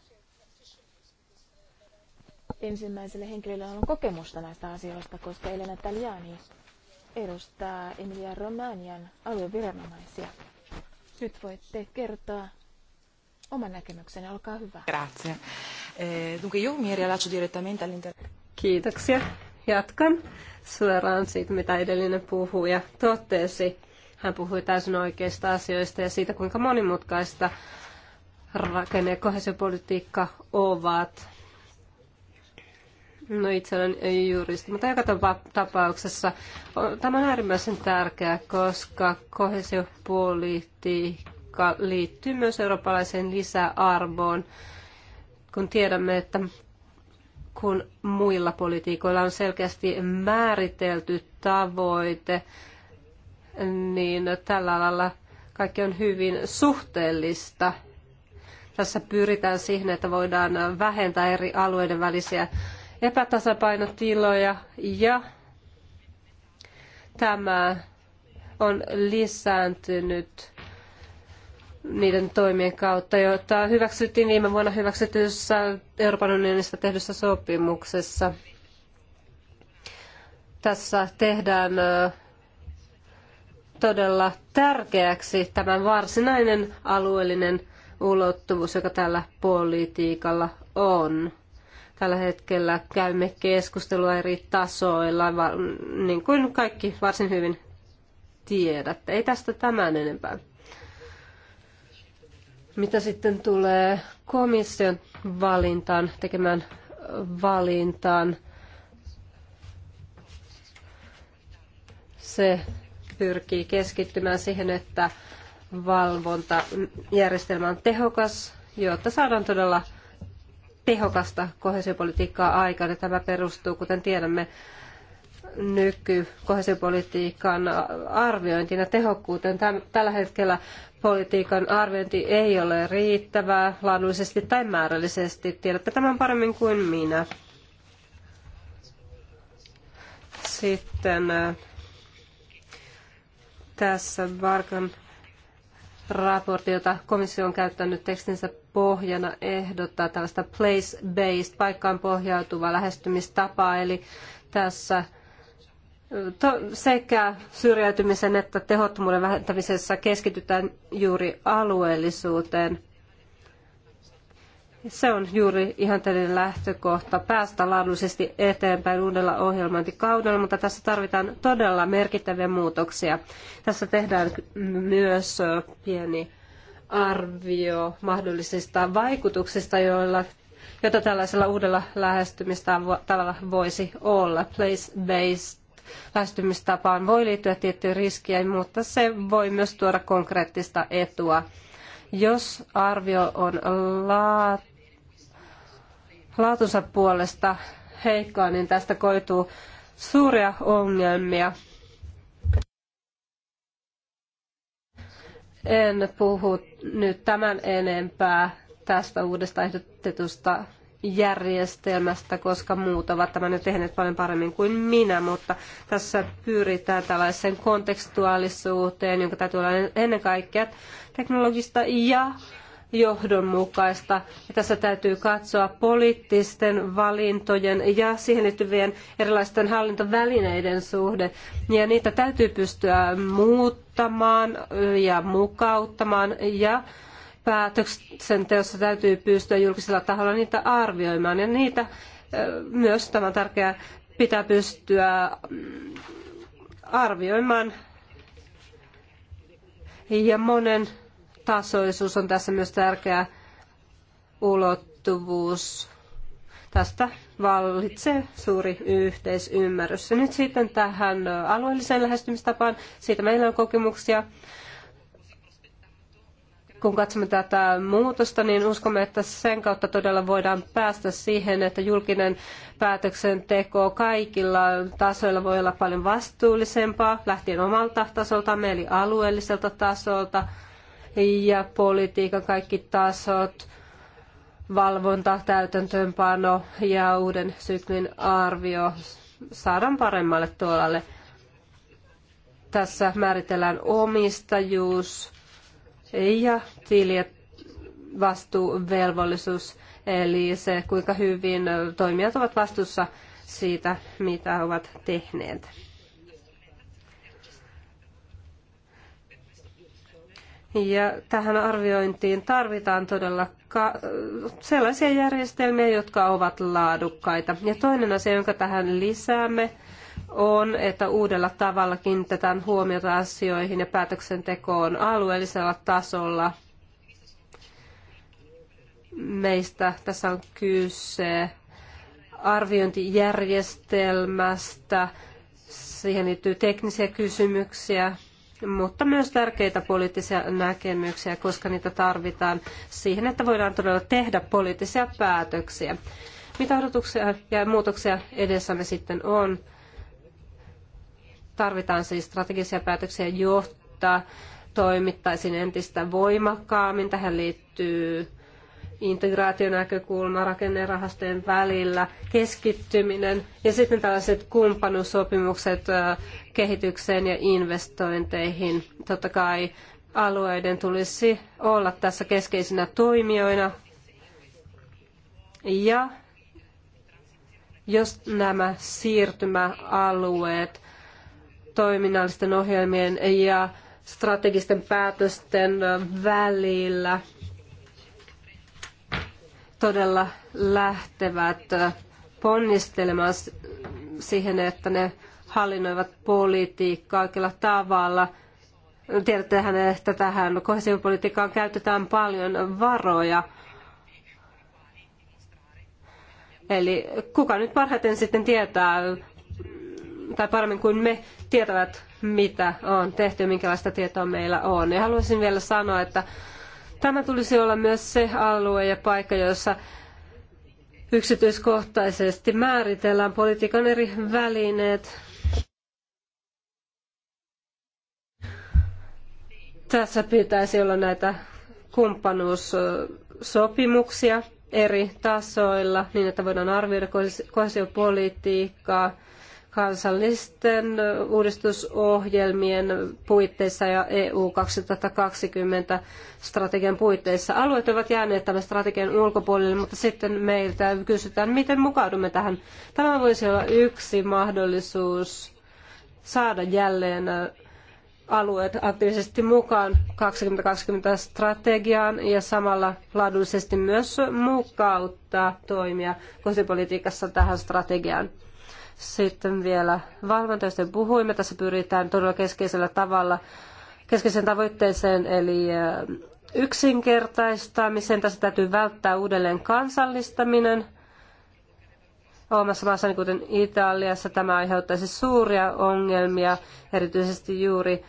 ensimmäiselle henkilölle, jolla on kokemusta näistä asioista, koska Elena Taliani edustaa Emilia Romanian alueviranomaisia. Nyt voitte kertoa oman näkemyksenne, olkaa hyvä. Grazie. Eh, dunque io mi rilascio direttamente Kiitoksia. Jatkan suoraan siitä, mitä edellinen puhuja totesi. Hän puhui täysin oikeista asioista ja siitä, kuinka monimutkaista rakenne- se politiikka ovat. No itse olen juristi, mutta joka tapauksessa tämä on äärimmäisen tärkeää, koska kohesiopolitiikka liittyy myös eurooppalaiseen lisäarvoon, kun tiedämme, että kun muilla politiikoilla on selkeästi määritelty tavoite, niin tällä alalla kaikki on hyvin suhteellista – tässä pyritään siihen, että voidaan vähentää eri alueiden välisiä epätasapainotiloja ja tämä on lisääntynyt niiden toimien kautta, joita hyväksyttiin viime vuonna hyväksytyssä Euroopan unionista tehdyssä sopimuksessa. Tässä tehdään todella tärkeäksi tämän varsinainen alueellinen ulottuvuus, joka tällä politiikalla on. Tällä hetkellä käymme keskustelua eri tasoilla, niin kuin kaikki varsin hyvin tiedätte. Ei tästä tämän enempää. Mitä sitten tulee komission valintaan, tekemään valintaan, se pyrkii keskittymään siihen, että valvontajärjestelmä on tehokas, jotta saadaan todella tehokasta kohesiopolitiikkaa aikaan. Ja tämä perustuu, kuten tiedämme, nyky kohesiopolitiikan arviointiin ja tehokkuuteen. Tällä hetkellä politiikan arviointi ei ole riittävää laadullisesti tai määrällisesti. Tiedätte tämän paremmin kuin minä. Sitten äh, tässä Varkan raportti, jota komissio on käyttänyt tekstinsä pohjana, ehdottaa tällaista place-based, paikkaan pohjautuvaa lähestymistapaa, eli tässä sekä syrjäytymisen että tehottomuuden vähentämisessä keskitytään juuri alueellisuuteen. Se on juuri ihanteellinen lähtökohta päästä laadullisesti eteenpäin uudella ohjelmointikaudella, mutta tässä tarvitaan todella merkittäviä muutoksia. Tässä tehdään myös pieni arvio mahdollisista vaikutuksista, joilla, jota tällaisella uudella lähestymistavalla voisi olla. Place-based lähestymistapaan voi liittyä tiettyjä riskejä, mutta se voi myös tuoda konkreettista etua. Jos arvio on laatu, laatunsa puolesta heikkoa, niin tästä koituu suuria ongelmia. En puhu nyt tämän enempää tästä uudesta ehdotetusta järjestelmästä, koska muut ovat tämän jo tehneet paljon paremmin kuin minä, mutta tässä pyritään tällaiseen kontekstuaalisuuteen, jonka täytyy olla ennen kaikkea teknologista ja johdonmukaista. Ja tässä täytyy katsoa poliittisten valintojen ja siihen liittyvien erilaisten hallintovälineiden suhde. Ja niitä täytyy pystyä muuttamaan ja mukauttamaan ja päätöksenteossa täytyy pystyä julkisella taholla niitä arvioimaan ja niitä myös tämä on tärkeää pitää pystyä mm, arvioimaan ja monen monitasoisuus on tässä myös tärkeä ulottuvuus. Tästä vallitsee suuri yhteisymmärrys. Ja nyt sitten tähän alueelliseen lähestymistapaan. Siitä meillä on kokemuksia. Kun katsomme tätä muutosta, niin uskomme, että sen kautta todella voidaan päästä siihen, että julkinen päätöksenteko kaikilla tasoilla voi olla paljon vastuullisempaa, lähtien omalta tasoltamme eli alueelliselta tasolta – ja politiikan kaikki tasot, valvonta, täytäntöönpano ja uuden syklin arvio saadaan paremmalle tuolalle. Tässä määritellään omistajuus ja tiljet vastuuvelvollisuus, eli se kuinka hyvin toimijat ovat vastuussa siitä, mitä ovat tehneet. Ja tähän arviointiin tarvitaan todella sellaisia järjestelmiä, jotka ovat laadukkaita. Ja toinen asia, jonka tähän lisäämme, on, että uudella tavalla kiinnitetään huomiota asioihin ja päätöksentekoon alueellisella tasolla. Meistä tässä on kyse arviointijärjestelmästä. Siihen liittyy teknisiä kysymyksiä, mutta myös tärkeitä poliittisia näkemyksiä, koska niitä tarvitaan siihen, että voidaan todella tehdä poliittisia päätöksiä. Mitä odotuksia ja muutoksia edessämme sitten on? Tarvitaan siis strategisia päätöksiä, jotta toimittaisiin entistä voimakkaammin. Tähän liittyy integraationäkökulma rakennerahastojen välillä, keskittyminen ja sitten tällaiset kumppanuussopimukset kehitykseen ja investointeihin. Totta kai alueiden tulisi olla tässä keskeisinä toimijoina. Ja jos nämä siirtymäalueet toiminnallisten ohjelmien ja strategisten päätösten välillä – todella lähtevät ponnistelemaan siihen, että ne hallinnoivat politiikkaa oikealla tavalla. Tiedättehän, että tähän kohesiopolitiikkaan käytetään paljon varoja. Eli kuka nyt parhaiten sitten tietää, tai paremmin kuin me tietävät, mitä on tehty ja minkälaista tietoa meillä on. Ja haluaisin vielä sanoa, että Tämä tulisi olla myös se alue ja paikka, jossa yksityiskohtaisesti määritellään politiikan eri välineet. Tässä pitäisi olla näitä kumppanuussopimuksia eri tasoilla niin, että voidaan arvioida kohesiopolitiikkaa kansallisten uudistusohjelmien puitteissa ja EU 2020 strategian puitteissa. Alueet ovat jääneet tämän strategian ulkopuolelle, mutta sitten meiltä kysytään, miten mukaudumme tähän. Tämä voisi olla yksi mahdollisuus saada jälleen alueet aktiivisesti mukaan 2020 strategiaan ja samalla laadullisesti myös mukauttaa toimia kosipolitiikassa tähän strategiaan. Sitten vielä valvontoista puhuimme. Tässä pyritään todella keskeisellä tavalla keskeiseen tavoitteeseen, eli yksinkertaistamiseen. Tässä täytyy välttää uudelleen kansallistaminen. Omassa maassani, kuten Italiassa, tämä aiheuttaisi suuria ongelmia, erityisesti juuri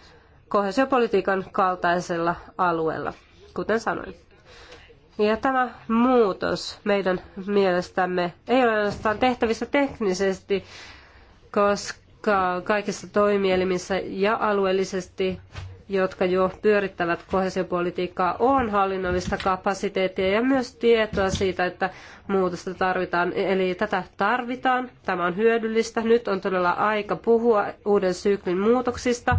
kohesiopolitiikan kaltaisella alueella, kuten sanoin. Ja tämä muutos meidän mielestämme ei ole ainoastaan tehtävissä teknisesti, koska kaikissa toimielimissä ja alueellisesti, jotka jo pyörittävät kohesiopolitiikkaa, on hallinnollista kapasiteettia ja myös tietoa siitä, että muutosta tarvitaan. Eli tätä tarvitaan, tämä on hyödyllistä. Nyt on todella aika puhua uuden syklin muutoksista.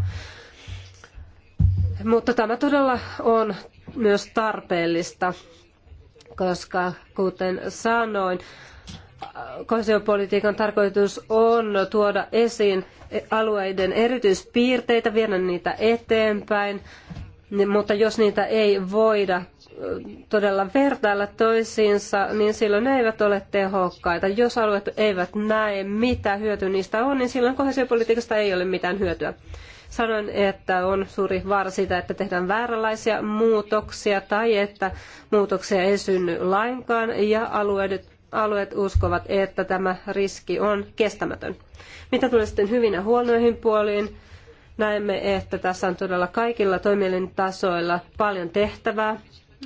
Mutta tämä todella on myös tarpeellista koska kuten sanoin, kohesiopolitiikan tarkoitus on tuoda esiin alueiden erityispiirteitä, viedä niitä eteenpäin, mutta jos niitä ei voida todella vertailla toisiinsa, niin silloin ne eivät ole tehokkaita. Jos alueet eivät näe, mitä hyötyä niistä on, niin silloin kohesiopolitiikasta ei ole mitään hyötyä. Sanoin, että on suuri vaara siitä, että tehdään vääränlaisia muutoksia tai että muutoksia ei synny lainkaan ja alueet, alueet uskovat, että tämä riski on kestämätön. Mitä tulee sitten hyvin ja huonoihin puoliin, näemme, että tässä on todella kaikilla toimielintasoilla paljon tehtävää,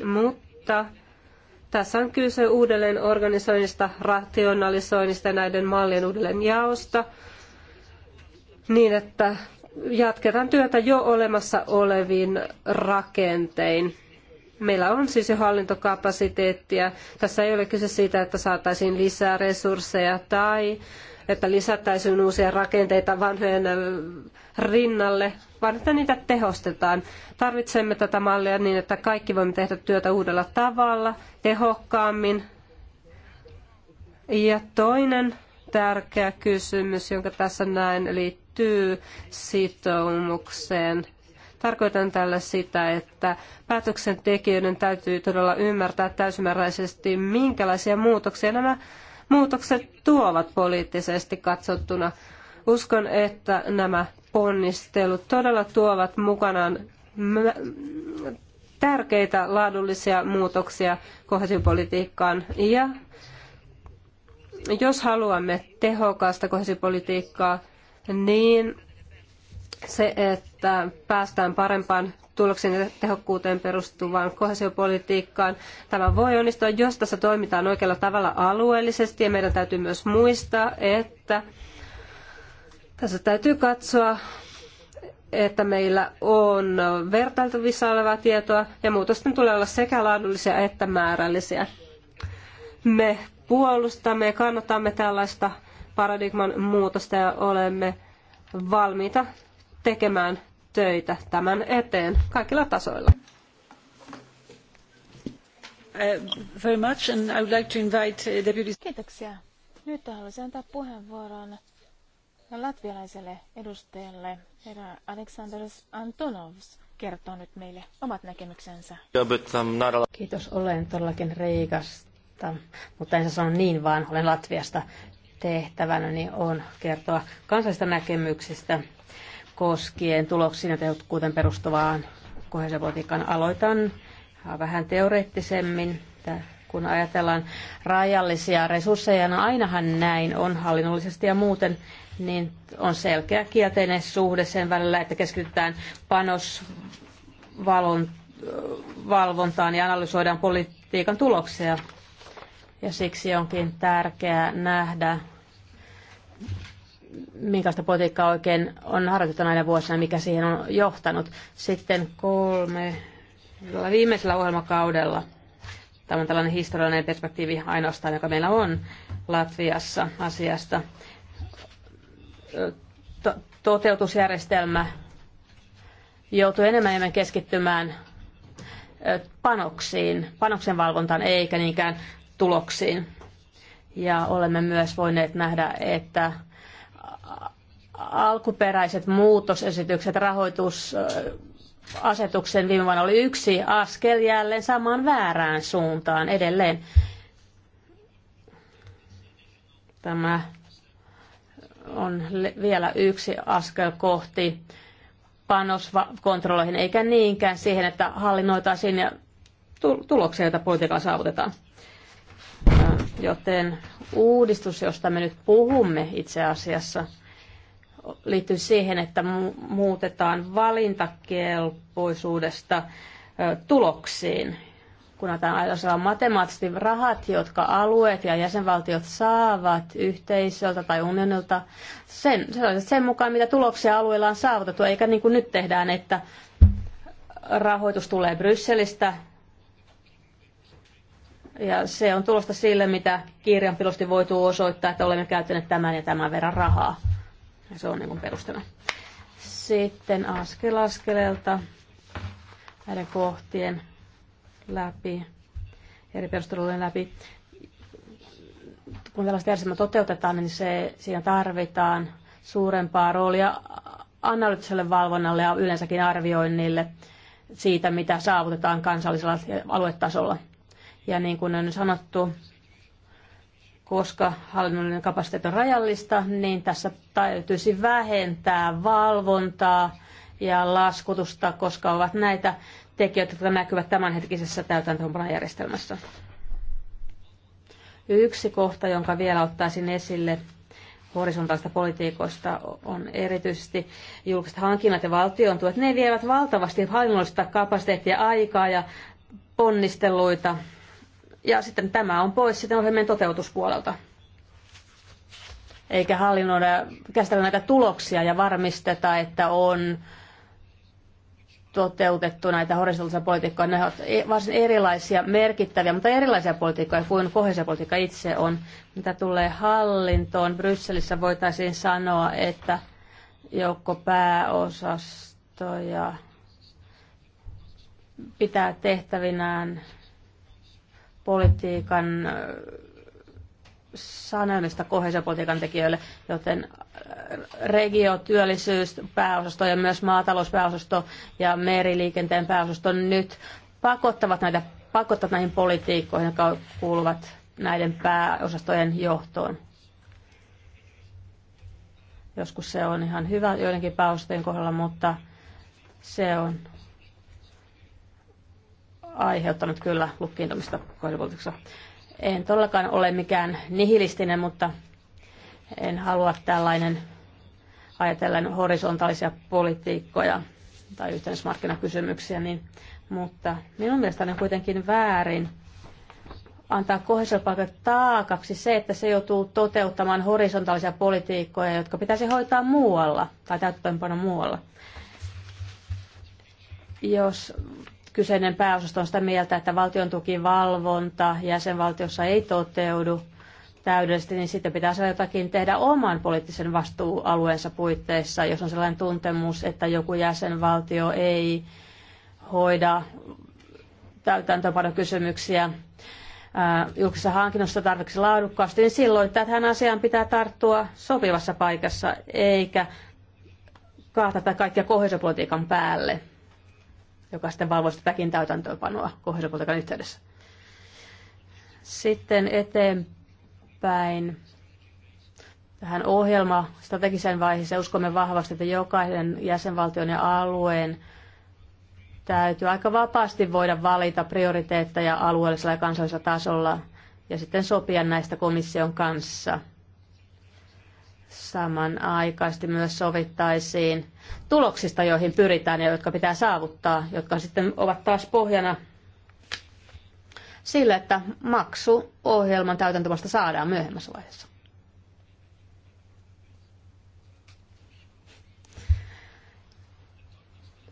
mutta tässä on kyse uudelleen organisoinnista, rationalisoinnista ja näiden mallien uudelleen jaosta niin, että jatketaan työtä jo olemassa olevin rakentein. Meillä on siis jo hallintokapasiteettia. Tässä ei ole kyse siitä, että saataisiin lisää resursseja tai että lisättäisiin uusia rakenteita vanhojen rinnalle, vaan että niitä tehostetaan. Tarvitsemme tätä mallia niin, että kaikki voimme tehdä työtä uudella tavalla, tehokkaammin. Ja toinen tärkeä kysymys, jonka tässä näen, liittyy liittyy sitoumukseen. Tarkoitan tällä sitä, että päätöksentekijöiden täytyy todella ymmärtää täysimääräisesti, minkälaisia muutoksia nämä muutokset tuovat poliittisesti katsottuna. Uskon, että nämä ponnistelut todella tuovat mukanaan tärkeitä laadullisia muutoksia kohesiopolitiikkaan. Ja jos haluamme tehokasta kohesiopolitiikkaa, niin se, että päästään parempaan tulokseen ja tehokkuuteen perustuvaan kohesiopolitiikkaan. Tämä voi onnistua, jos tässä toimitaan oikealla tavalla alueellisesti ja meidän täytyy myös muistaa, että tässä täytyy katsoa, että meillä on vertailtavissa olevaa tietoa ja muutosten tulee olla sekä laadullisia että määrällisiä. Me puolustamme ja kannatamme tällaista paradigman muutosta ja olemme valmiita tekemään töitä tämän eteen kaikilla tasoilla. Uh, very much and I would like to invite uh, Kiitoksia. Nyt haluaisin antaa puheenvuoron latvialaiselle edustajalle, herra Aleksandros Antonovs kertoo nyt meille omat näkemyksensä. Kiitos, olen todellakin Reikasta, mutta en sano niin, vaan olen Latviasta niin on kertoa kansallisista näkemyksistä koskien tuloksiin ja tehokkuuteen perustuvaan kohesiopolitiikan aloitan vähän teoreettisemmin, kun ajatellaan rajallisia resursseja, no ainahan näin on hallinnollisesti ja muuten, niin on selkeä kielteinen suhde sen välillä, että keskitytään panosvalvontaan ja analysoidaan politiikan tuloksia. Ja siksi onkin tärkeää nähdä minkälaista politiikkaa oikein on harjoitettu näinä vuosina, mikä siihen on johtanut. Sitten kolme viimeisellä ohjelmakaudella, tämä on tällainen historiallinen perspektiivi ainoastaan, joka meillä on Latviassa asiasta, to- toteutusjärjestelmä joutui enemmän ja enemmän keskittymään panoksiin, panoksen valvontaan eikä niinkään tuloksiin. Ja olemme myös voineet nähdä, että alkuperäiset muutosesitykset rahoitus asetuksen viime vuonna oli yksi askel jälleen samaan väärään suuntaan edelleen. Tämä on vielä yksi askel kohti panoskontrolloihin, eikä niinkään siihen, että hallinnoitaisiin ja tuloksia, joita politiikalla saavutetaan. Joten uudistus, josta me nyt puhumme itse asiassa – liittyy siihen, että muutetaan valintakelpoisuudesta tuloksiin. Kun ajatellaan matemaattisesti rahat, jotka alueet ja jäsenvaltiot saavat yhteisöltä tai unionilta, sen, sen mukaan mitä tuloksia alueilla on saavutettu, eikä niin kuin nyt tehdään, että rahoitus tulee Brysselistä ja se on tulosta sille, mitä kirjanpilosti voituu osoittaa, että olemme käyttäneet tämän ja tämän verran rahaa se on niin perustana. Sitten askel askeleelta näiden kohtien läpi, eri perustelujen läpi. Kun tällaista järjestelmää toteutetaan, niin se, siinä tarvitaan suurempaa roolia analyyttiselle valvonnalle ja yleensäkin arvioinnille siitä, mitä saavutetaan kansallisella aluetasolla. Ja niin kuin on sanottu, koska hallinnollinen kapasiteetti on rajallista, niin tässä täytyisi vähentää valvontaa ja laskutusta, koska ovat näitä tekijöitä, jotka näkyvät tämänhetkisessä täytäntöönpanojärjestelmässä. Yksi kohta, jonka vielä ottaisin esille horisontaalista politiikoista, on erityisesti julkiset hankinnat ja valtion tuet. Ne vievät valtavasti hallinnollista kapasiteettia, aikaa ja ponnisteluita ja sitten tämä on pois sitten ohjelmien toteutuspuolelta. Eikä hallinnoida, käsitellä näitä tuloksia ja varmisteta, että on toteutettu näitä horisontaalisia politiikkoja. Ne ovat e- varsin erilaisia, merkittäviä, mutta erilaisia politiikkoja kuin kohesiopolitiikka itse on. Mitä tulee hallintoon, Brysselissä voitaisiin sanoa, että joukko pääosastoja pitää tehtävinään politiikan äh, sanomista kohesiopolitiikan tekijöille, joten äh, regio, työllisyys, pääosasto ja myös maatalouspääosasto ja meriliikenteen pääosasto nyt pakottavat näitä pakottavat näihin politiikkoihin, jotka kuuluvat näiden pääosastojen johtoon. Joskus se on ihan hyvä joidenkin pääosastojen kohdalla, mutta se on aiheuttanut kyllä lukkiintumista kohdallisuudessa. En todellakaan ole mikään nihilistinen, mutta en halua tällainen ajatellen horisontaalisia politiikkoja tai yhteismarkkinakysymyksiä, niin, mutta minun mielestäni on kuitenkin väärin antaa kohdiselpaikat taakaksi se, että se joutuu toteuttamaan horisontaalisia politiikkoja, jotka pitäisi hoitaa muualla tai täyttöönpano muualla. Jos kyseinen pääosasto on sitä mieltä, että valtion tukivalvonta jäsenvaltiossa ei toteudu täydellisesti, niin sitten pitää saada jotakin tehdä oman poliittisen vastuualueensa puitteissa, jos on sellainen tuntemus, että joku jäsenvaltio ei hoida kysymyksiä julkisessa hankinnossa tarpeeksi laadukkaasti, niin silloin tähän asiaan pitää tarttua sopivassa paikassa, eikä kaatata kaikkia kohesiopolitiikan päälle joka sitten valvoisi tätäkin täytäntöönpanoa kohdepolitiikan yhteydessä. Sitten eteenpäin tähän ohjelma strategiseen vaiheeseen uskomme vahvasti, että jokaisen jäsenvaltion ja alueen täytyy aika vapaasti voida valita prioriteetteja alueellisella ja kansallisella tasolla ja sitten sopia näistä komission kanssa – Samanaikaisesti myös sovittaisiin tuloksista, joihin pyritään ja jotka pitää saavuttaa, jotka sitten ovat taas pohjana sille, että maksu ohjelman täytäntömasta saadaan myöhemmässä vaiheessa.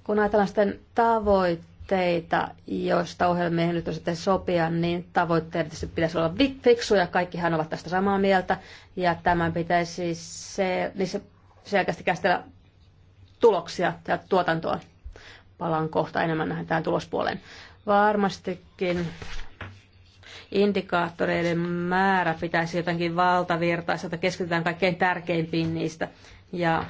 kun ajatellaan sitten tavoit, tavoitteita, joista ohjelmia ei nyt sitten sopia, niin tavoitteet tietysti pitäisi olla fiksuja. Kaikkihan ovat tästä samaa mieltä. Ja tämän pitäisi se, niin se selkeästi käsitellä tuloksia ja tuotantoa. Palaan kohta enemmän näihin tähän tulospuoleen. Varmastikin indikaattoreiden määrä pitäisi jotenkin valtavirtaista, että keskitytään kaikkein tärkeimpiin niistä. Ja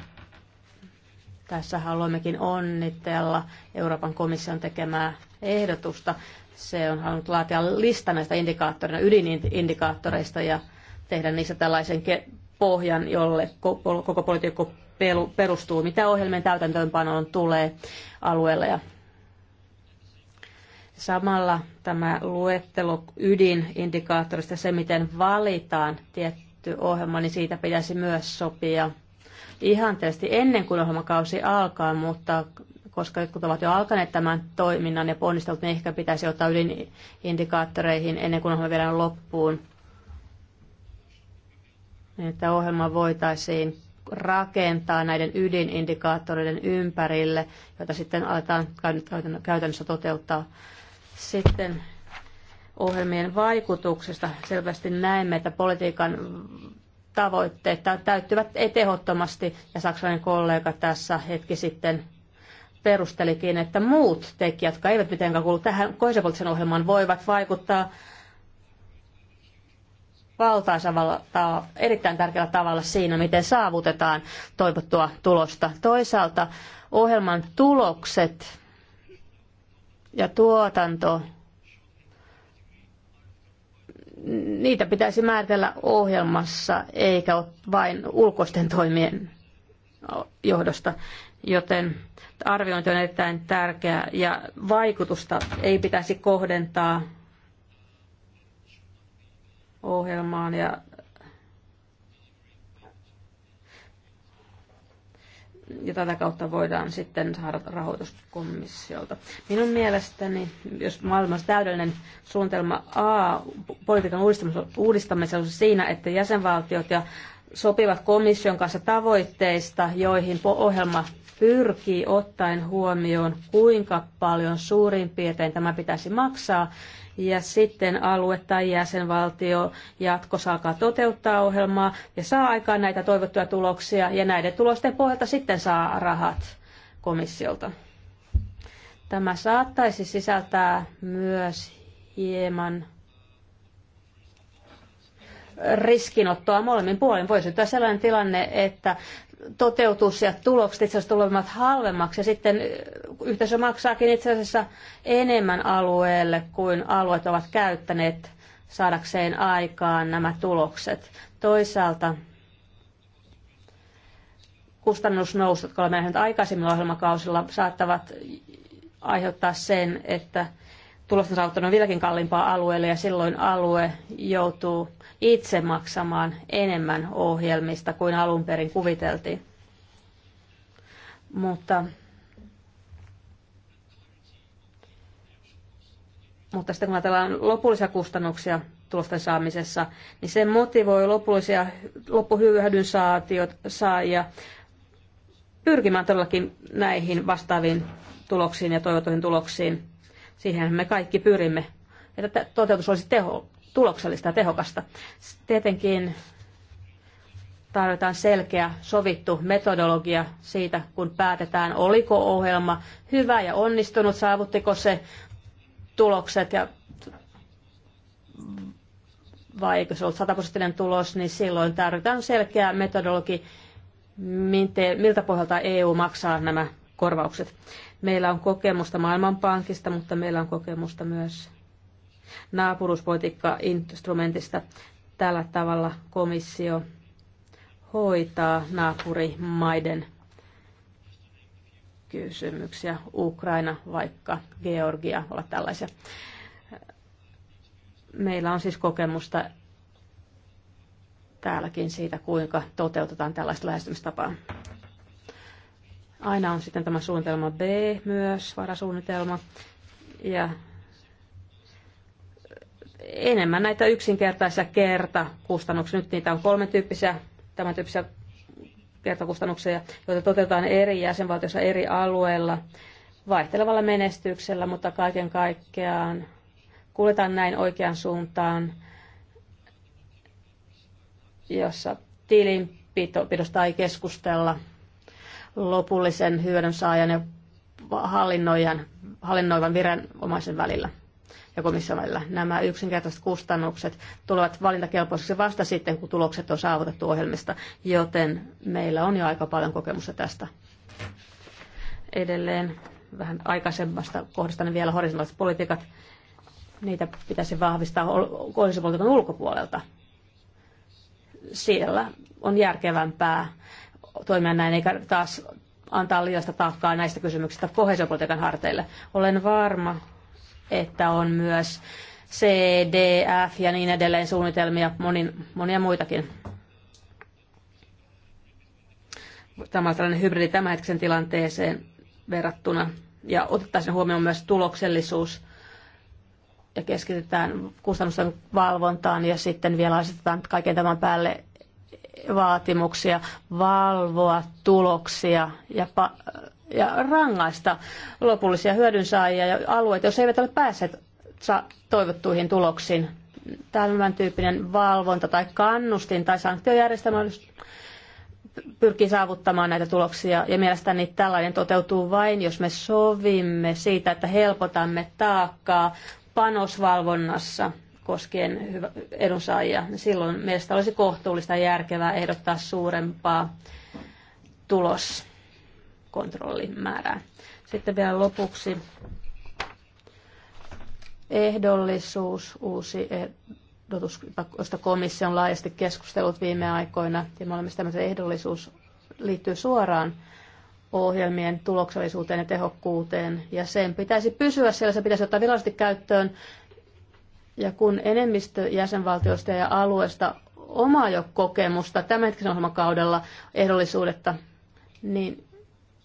tässä haluammekin onnitella Euroopan komission tekemää ehdotusta. Se on halunnut laatia lista näistä indikaattoreista, ydinindikaattoreista ja tehdä niistä tällaisen pohjan, jolle koko politiikko perustuu, mitä ohjelmien täytäntöönpanoon tulee alueella ja Samalla tämä luettelo ydinindikaattorista, se miten valitaan tietty ohjelma, niin siitä pitäisi myös sopia ihan tietysti ennen kuin ohjelmakausi alkaa, mutta koska jotkut ovat jo alkaneet tämän toiminnan ja ponnistelut, niin ehkä pitäisi ottaa ylin indikaattoreihin ennen kuin ohjelma vielä on loppuun. Niin, että ohjelma voitaisiin rakentaa näiden ydinindikaattoreiden ympärille, joita sitten aletaan käytännössä toteuttaa. Sitten ohjelmien vaikutuksesta selvästi näemme, että politiikan tavoitteet täyttyvät e- tehottomasti, ja saksalainen kollega tässä hetki sitten perustelikin, että muut tekijät, jotka eivät mitenkään kuulu tähän koisapoliittisen ohjelmaan, voivat vaikuttaa valtaisavalla erittäin tärkeällä tavalla siinä, miten saavutetaan toivottua tulosta. Toisaalta ohjelman tulokset ja tuotanto niitä pitäisi määritellä ohjelmassa eikä vain ulkoisten toimien johdosta, joten arviointi on erittäin tärkeää ja vaikutusta ei pitäisi kohdentaa ohjelmaan ja ja tätä kautta voidaan sitten saada rahoituskomissiolta. Minun mielestäni, jos maailmassa täydellinen suunnitelma A, politiikan uudistamisessa on siinä, että jäsenvaltiot ja sopivat komission kanssa tavoitteista, joihin ohjelma pyrkii ottaen huomioon, kuinka paljon suurin piirtein tämä pitäisi maksaa ja sitten alue tai jäsenvaltio jatkossa alkaa toteuttaa ohjelmaa ja saa aikaan näitä toivottuja tuloksia ja näiden tulosten pohjalta sitten saa rahat komissiolta. Tämä saattaisi sisältää myös hieman riskinottoa molemmin puolin. Voisi olla sellainen tilanne, että toteutus ja tulokset itse asiassa tulevat halvemmaksi ja sitten yhteisö maksaakin itse asiassa enemmän alueelle kuin alueet ovat käyttäneet saadakseen aikaan nämä tulokset. Toisaalta kustannusnousut, jotka olemme nähneet aikaisemmilla ohjelmakausilla, saattavat aiheuttaa sen, että tulosten saavuttanut on vieläkin kalliimpaa alueelle ja silloin alue joutuu itse maksamaan enemmän ohjelmista kuin alun perin kuviteltiin. Mutta, mutta sitten kun ajatellaan lopullisia kustannuksia tulosten saamisessa, niin se motivoi lopullisia loppuhyödyn saajia pyrkimään todellakin näihin vastaaviin tuloksiin ja toivotuihin tuloksiin Siihen me kaikki pyrimme, että toteutus olisi teho, tuloksellista ja tehokasta. Tietenkin tarvitaan selkeä sovittu metodologia siitä, kun päätetään, oliko ohjelma hyvä ja onnistunut, saavuttiko se tulokset ja vai eikö se ollut sataprosenttinen tulos, niin silloin tarvitaan selkeä metodologi, miltä pohjalta EU maksaa nämä korvaukset. Meillä on kokemusta Maailmanpankista, mutta meillä on kokemusta myös naapuruspolitiikka-instrumentista. Tällä tavalla komissio hoitaa naapurimaiden kysymyksiä. Ukraina, vaikka Georgia, ovat tällaisia. Meillä on siis kokemusta täälläkin siitä, kuinka toteutetaan tällaista lähestymistapaa. Aina on sitten tämä suunnitelma B myös, varasuunnitelma. Ja enemmän näitä yksinkertaisia kertakustannuksia. Nyt niitä on kolme tyyppisiä, tämän tyyppisiä kertakustannuksia, joita toteutetaan eri jäsenvaltioissa eri alueilla vaihtelevalla menestyksellä, mutta kaiken kaikkiaan kuljetaan näin oikeaan suuntaan, jossa tilinpidosta ei keskustella lopullisen saajan ja hallinnoijan, hallinnoivan viranomaisen välillä ja komission välillä. Nämä yksinkertaiset kustannukset tulevat valintakelpoisiksi vasta sitten, kun tulokset on saavutettu ohjelmista, joten meillä on jo aika paljon kokemusta tästä. Edelleen vähän aikaisemmasta kohdasta niin vielä horisontaaliset politiikat, niitä pitäisi vahvistaa kohdallisen ulkopuolelta. Siellä on järkevämpää toimia näin, eikä taas antaa liiasta taakkaa näistä kysymyksistä kohesiopolitiikan harteille. Olen varma, että on myös CDF ja niin edelleen suunnitelmia, monin, monia muitakin. Tämä on tällainen hybridi tämänhetkisen tilanteeseen verrattuna. Ja otettaisiin huomioon myös tuloksellisuus ja keskitytään kustannusten valvontaan ja sitten vielä asetetaan kaiken tämän päälle vaatimuksia, valvoa tuloksia ja, ja rangaista lopullisia hyödynsaajia ja alueita, jos eivät ole päässeet toivottuihin tuloksiin. Tämän tyyppinen valvonta tai kannustin tai sanktiojärjestelmä pyrkii saavuttamaan näitä tuloksia ja mielestäni tällainen toteutuu vain, jos me sovimme siitä, että helpotamme taakkaa panosvalvonnassa koskien edunsaajia. Niin silloin meistä olisi kohtuullista ja järkevää ehdottaa suurempaa tuloskontrollimäärää. Sitten vielä lopuksi ehdollisuus, uusi ehdotus, josta komissio on laajasti keskustellut viime aikoina, ja me olemme tämmöisen ehdollisuus liittyy suoraan ohjelmien tuloksellisuuteen ja tehokkuuteen, ja sen pitäisi pysyä siellä, se pitäisi ottaa virallisesti käyttöön ja kun enemmistö jäsenvaltioista ja alueista omaa jo kokemusta tämänhetkisen ohjelmakaudella ehdollisuudetta, niin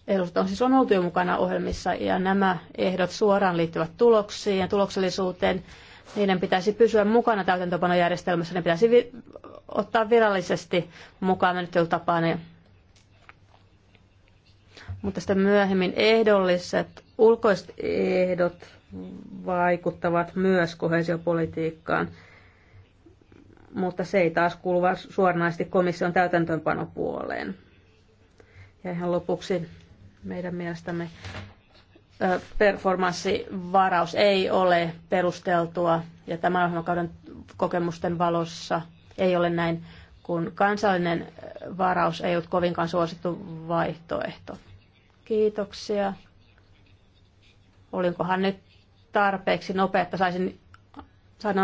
ehdollisuutta on siis on oltu jo mukana ohjelmissa ja nämä ehdot suoraan liittyvät tuloksiin ja tuloksellisuuteen. Niiden pitäisi pysyä mukana täytäntöpanojärjestelmässä, ne pitäisi vi- ottaa virallisesti mukaan menettelytapaan. Mutta sitten myöhemmin ehdolliset ulkoiset ehdot vaikuttavat myös kohesiopolitiikkaan, mutta se ei taas kuulu suoranaisesti komission täytäntöönpanopuoleen. Ja ihan lopuksi meidän mielestämme performanssivaraus ei ole perusteltua ja tämän ohjelmakauden kokemusten valossa ei ole näin, kun kansallinen varaus ei ollut kovinkaan suosittu vaihtoehto. Kiitoksia. Olinkohan nyt tarpeeksi nopea, että saisin sain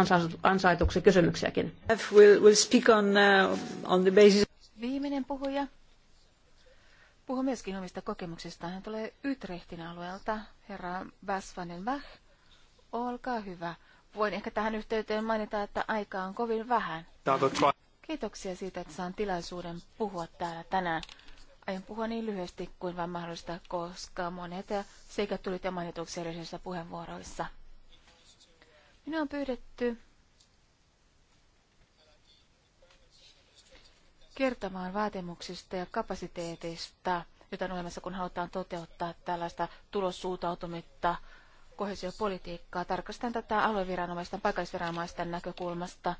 ansaituksi kysymyksiäkin. Uh, Viimeinen puhuja puhuu myöskin omista kokemuksistaan. Hän tulee Utrechtin alueelta, herra Basvanen Bach. Olkaa hyvä. Voin ehkä tähän yhteyteen mainita, että aikaa on kovin vähän. Kiitoksia siitä, että saan tilaisuuden puhua täällä tänään. Aion puhua niin lyhyesti kuin vain mahdollista, koska monet seikat tuli jo mainituksi edellisissä puheenvuoroissa. Minua on pyydetty kertomaan vaatimuksista ja kapasiteetista, jota on olemassa, kun halutaan toteuttaa tällaista tulossuutautumista kohesiopolitiikkaa. Tarkastan tätä alueviranomaisten paikallisviranomaisten näkökulmasta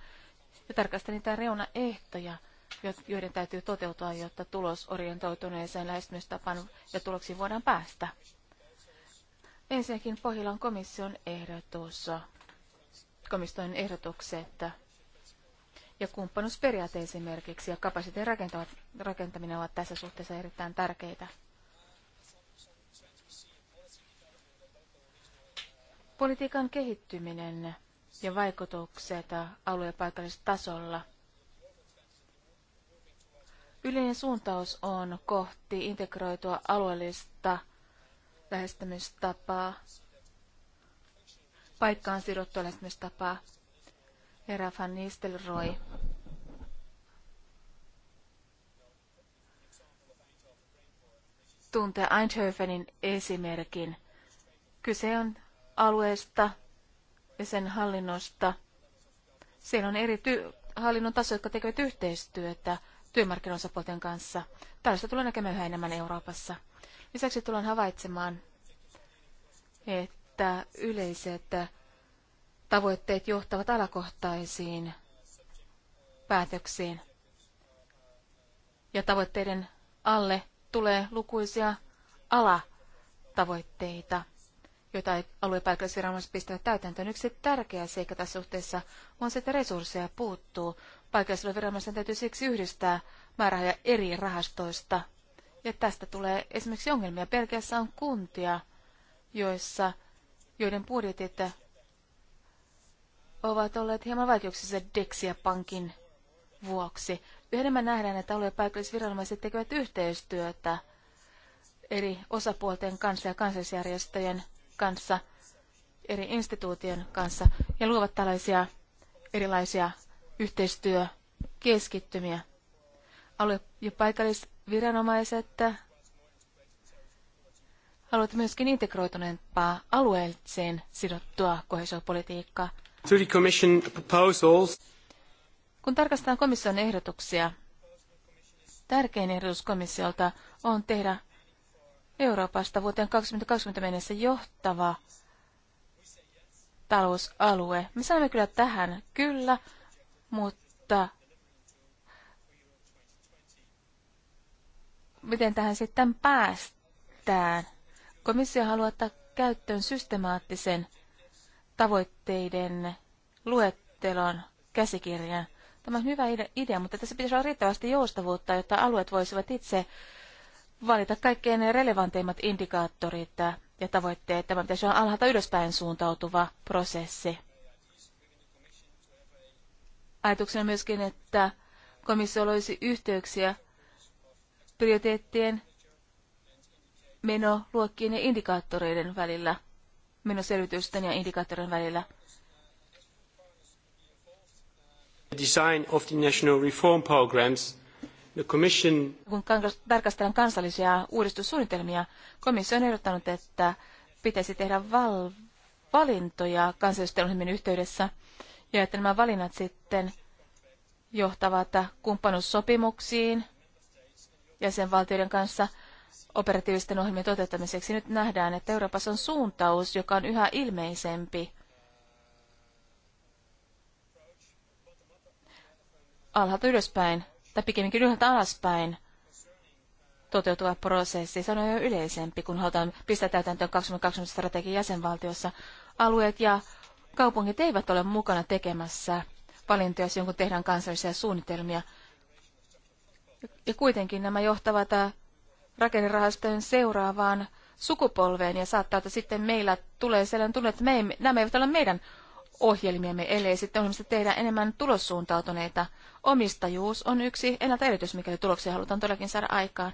ja tarkastan niitä reunaehtoja – joiden täytyy toteutua, jotta tulosorientoituneeseen lähestymistapaan ja tuloksiin voidaan päästä. Ensinnäkin pohjalla on komission ehdotus, komission ehdotukset ja kumppanuusperiaate esimerkiksi ja kapasiteetin rakentaminen ovat tässä suhteessa erittäin tärkeitä. Politiikan kehittyminen ja vaikutukset alue- ja paikallistasolla – Yleinen suuntaus on kohti integroitua alueellista lähestymistapaa, paikkaan sidottua lähestymistapaa. Herra van Nistelrooy. Tuntee Eindhovenin esimerkin. Kyse on alueesta ja sen hallinnosta. Siellä on eri ty- hallinnon taso, jotka tekevät yhteistyötä työmarkkinoisapuolten kanssa. Tällaista tulee näkemään yhä enemmän Euroopassa. Lisäksi tullaan havaitsemaan, että yleiset tavoitteet johtavat alakohtaisiin päätöksiin. Ja tavoitteiden alle tulee lukuisia alatavoitteita, joita aluepaikallisviranomaiset pistävät täytäntöön. Yksi tärkeä seikka tässä suhteessa on se, että resursseja puuttuu. Paikallisella viranomaisen täytyy siksi yhdistää määrärahoja eri rahastoista. Ja tästä tulee esimerkiksi ongelmia. Pelkässä on kuntia, joissa, joiden budjetit ovat olleet hieman vaikeuksissa Dexia Pankin vuoksi. Yhdemmän nähdään, että alue- ja paikallisviranomaiset tekevät yhteistyötä eri osapuolten kanssa ja kansallisjärjestöjen kanssa, eri instituution kanssa ja luovat tällaisia erilaisia yhteistyökeskittymiä. Alue- ja paikallisviranomaiset haluavat myöskin integroituneempaa alueelliseen sidottua kohesiopolitiikkaa. Kun tarkastetaan komission ehdotuksia, tärkein ehdotus komissiolta on tehdä Euroopasta vuoteen 2020 mennessä johtava talousalue. Me sanomme kyllä tähän kyllä, mutta miten tähän sitten päästään? Komissio haluaa ottaa käyttöön systemaattisen tavoitteiden luettelon käsikirjan. Tämä on hyvä idea, mutta tässä pitäisi olla riittävästi joustavuutta, jotta alueet voisivat itse valita kaikkein relevanteimmat indikaattorit ja tavoitteet. Tämä pitäisi olla alhaalta ylöspäin suuntautuva prosessi ajatuksena myöskin, että komissio loisi yhteyksiä prioriteettien menoluokkien ja indikaattoreiden välillä, menoselvitysten ja indikaattoreiden välillä. Design of the national reform programs, the commission... Kun tarkastellaan kansallisia uudistussuunnitelmia, komissio on ehdottanut, että pitäisi tehdä val- valintoja kansallisohjelmien yhteydessä ja että nämä valinnat sitten johtavat kumppanuussopimuksiin jäsenvaltioiden kanssa operatiivisten ohjelmien toteuttamiseksi. Nyt nähdään, että Euroopassa on suuntaus, joka on yhä ilmeisempi. Alhaalta ylöspäin, tai pikemminkin ylhäältä alaspäin toteutuva prosessi. Se on jo yleisempi, kun halutaan pistää täytäntöön 2020 strategian jäsenvaltiossa. Alueet ja kaupungit eivät ole mukana tekemässä valintoja silloin, kun tehdään kansallisia suunnitelmia. Ja kuitenkin nämä johtavat äh, rakennerahastojen seuraavaan sukupolveen ja saattaa, että sitten meillä tulee sellainen tunne, että me ei, nämä eivät ole meidän ohjelmiamme, ellei sitten ohjelmista tehdä enemmän tulossuuntautuneita. Omistajuus on yksi ennalta erityis, mikäli tuloksia halutaan todellakin saada aikaan.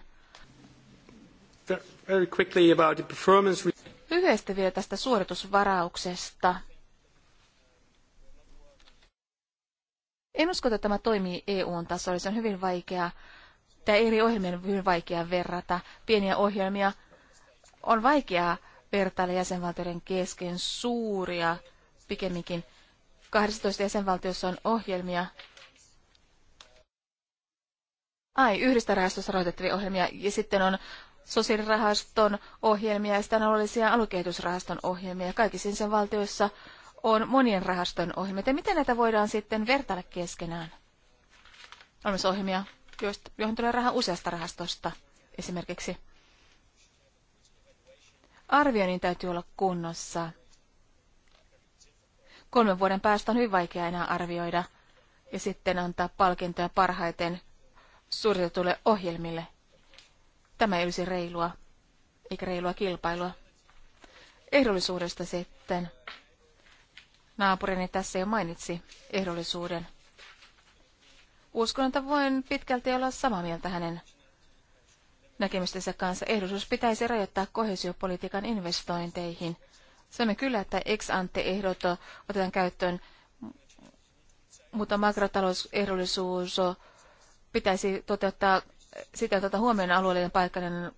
Lyhyesti vielä tästä suoritusvarauksesta En usko, että tämä toimii EU-tasolla. Se on hyvin vaikea, tai eri ohjelmien on hyvin vaikea verrata. Pieniä ohjelmia on vaikeaa vertailla jäsenvaltioiden kesken suuria, pikemminkin 12 jäsenvaltiossa on ohjelmia. Ai, yhdestä rahastosta rahoitettavia ohjelmia, ja sitten on sosiaalirahaston ohjelmia, ja sitten on alukehitysrahaston ohjelmia. Kaikissa sen valtioissa on monien rahaston ohjelmia. Ja miten näitä voidaan sitten vertailla keskenään? On myös ohjelmia, joihin tulee rahaa useasta rahastosta esimerkiksi. Arvioinnin täytyy olla kunnossa. Kolmen vuoden päästä on hyvin vaikea enää arvioida ja sitten antaa palkintoja parhaiten suoritetulle ohjelmille. Tämä ei olisi reilua, eikä reilua kilpailua. Ehdollisuudesta sitten. Naapurini tässä jo mainitsi ehdollisuuden. Uskon, että voin pitkälti olla samaa mieltä hänen näkemystensä kanssa. Ehdollisuus pitäisi rajoittaa kohesiopolitiikan investointeihin. Sanomme kyllä, että ex ante ehdot otetaan käyttöön, mutta makrotalousehdollisuus pitäisi toteuttaa sitä tuota huomioon alueellinen paikallinen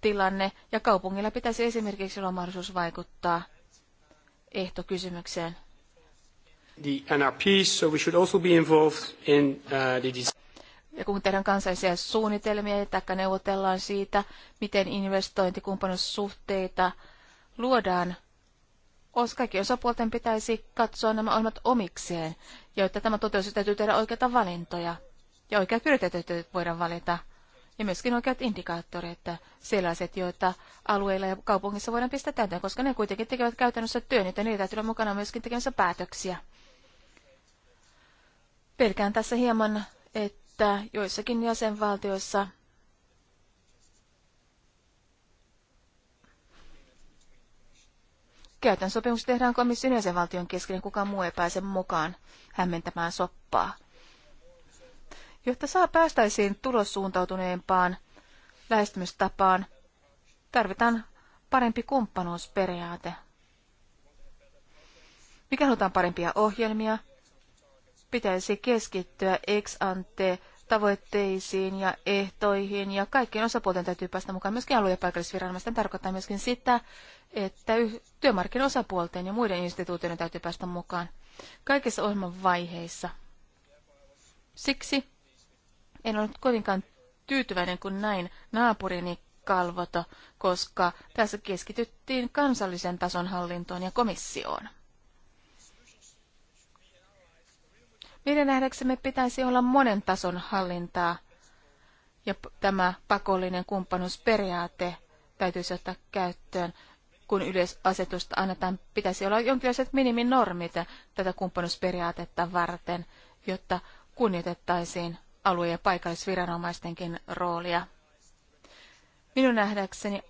tilanne, ja kaupungilla pitäisi esimerkiksi olla mahdollisuus vaikuttaa – ehtokysymykseen. The NRP, so we should also be involved in uh, the design ja kun tehdään kansallisia suunnitelmia tai neuvotellaan siitä, miten investointikumppanuussuhteita luodaan, os kaikki osapuolten pitäisi katsoa nämä ohjelmat omikseen, jotta tämä toteutus täytyy tehdä oikeita valintoja ja oikeat prioriteetit voidaan valita ja myöskin oikeat indikaattorit, sellaiset, joita alueilla ja kaupungissa voidaan pistää täytäntöön, koska ne kuitenkin tekevät käytännössä työn, joten niitä täytyy olla mukana myöskin tekemässä päätöksiä. Pelkään tässä hieman, että joissakin jäsenvaltioissa Käytän sopimus tehdään komission jäsenvaltion kesken, kukaan muu ei pääse mukaan hämmentämään soppaa. Jotta saa päästäisiin tulossuuntautuneempaan lähestymistapaan, tarvitaan parempi kumppanuusperiaate. Mikä halutaan parempia ohjelmia, pitäisi keskittyä ex ante tavoitteisiin ja ehtoihin ja kaikkien osapuolten täytyy päästä mukaan myöskin alue- ja paikallisviranomaisten tarkoittaa myöskin sitä, että työmarkkinoiden osapuolten ja muiden instituutioiden täytyy päästä mukaan kaikissa ohjelman vaiheissa. Siksi en ollut kovinkaan tyytyväinen, kuin näin naapurini kalvota, koska tässä keskityttiin kansallisen tason hallintoon ja komissioon. Meidän nähdäksemme pitäisi olla monen tason hallintaa, ja tämä pakollinen kumppanuusperiaate täytyisi ottaa käyttöön, kun yleisasetusta annetaan, pitäisi olla jonkinlaiset miniminormit tätä kumppanuusperiaatetta varten, jotta kunnioitettaisiin alue- ja paikallisviranomaistenkin roolia. Minun nähdäkseni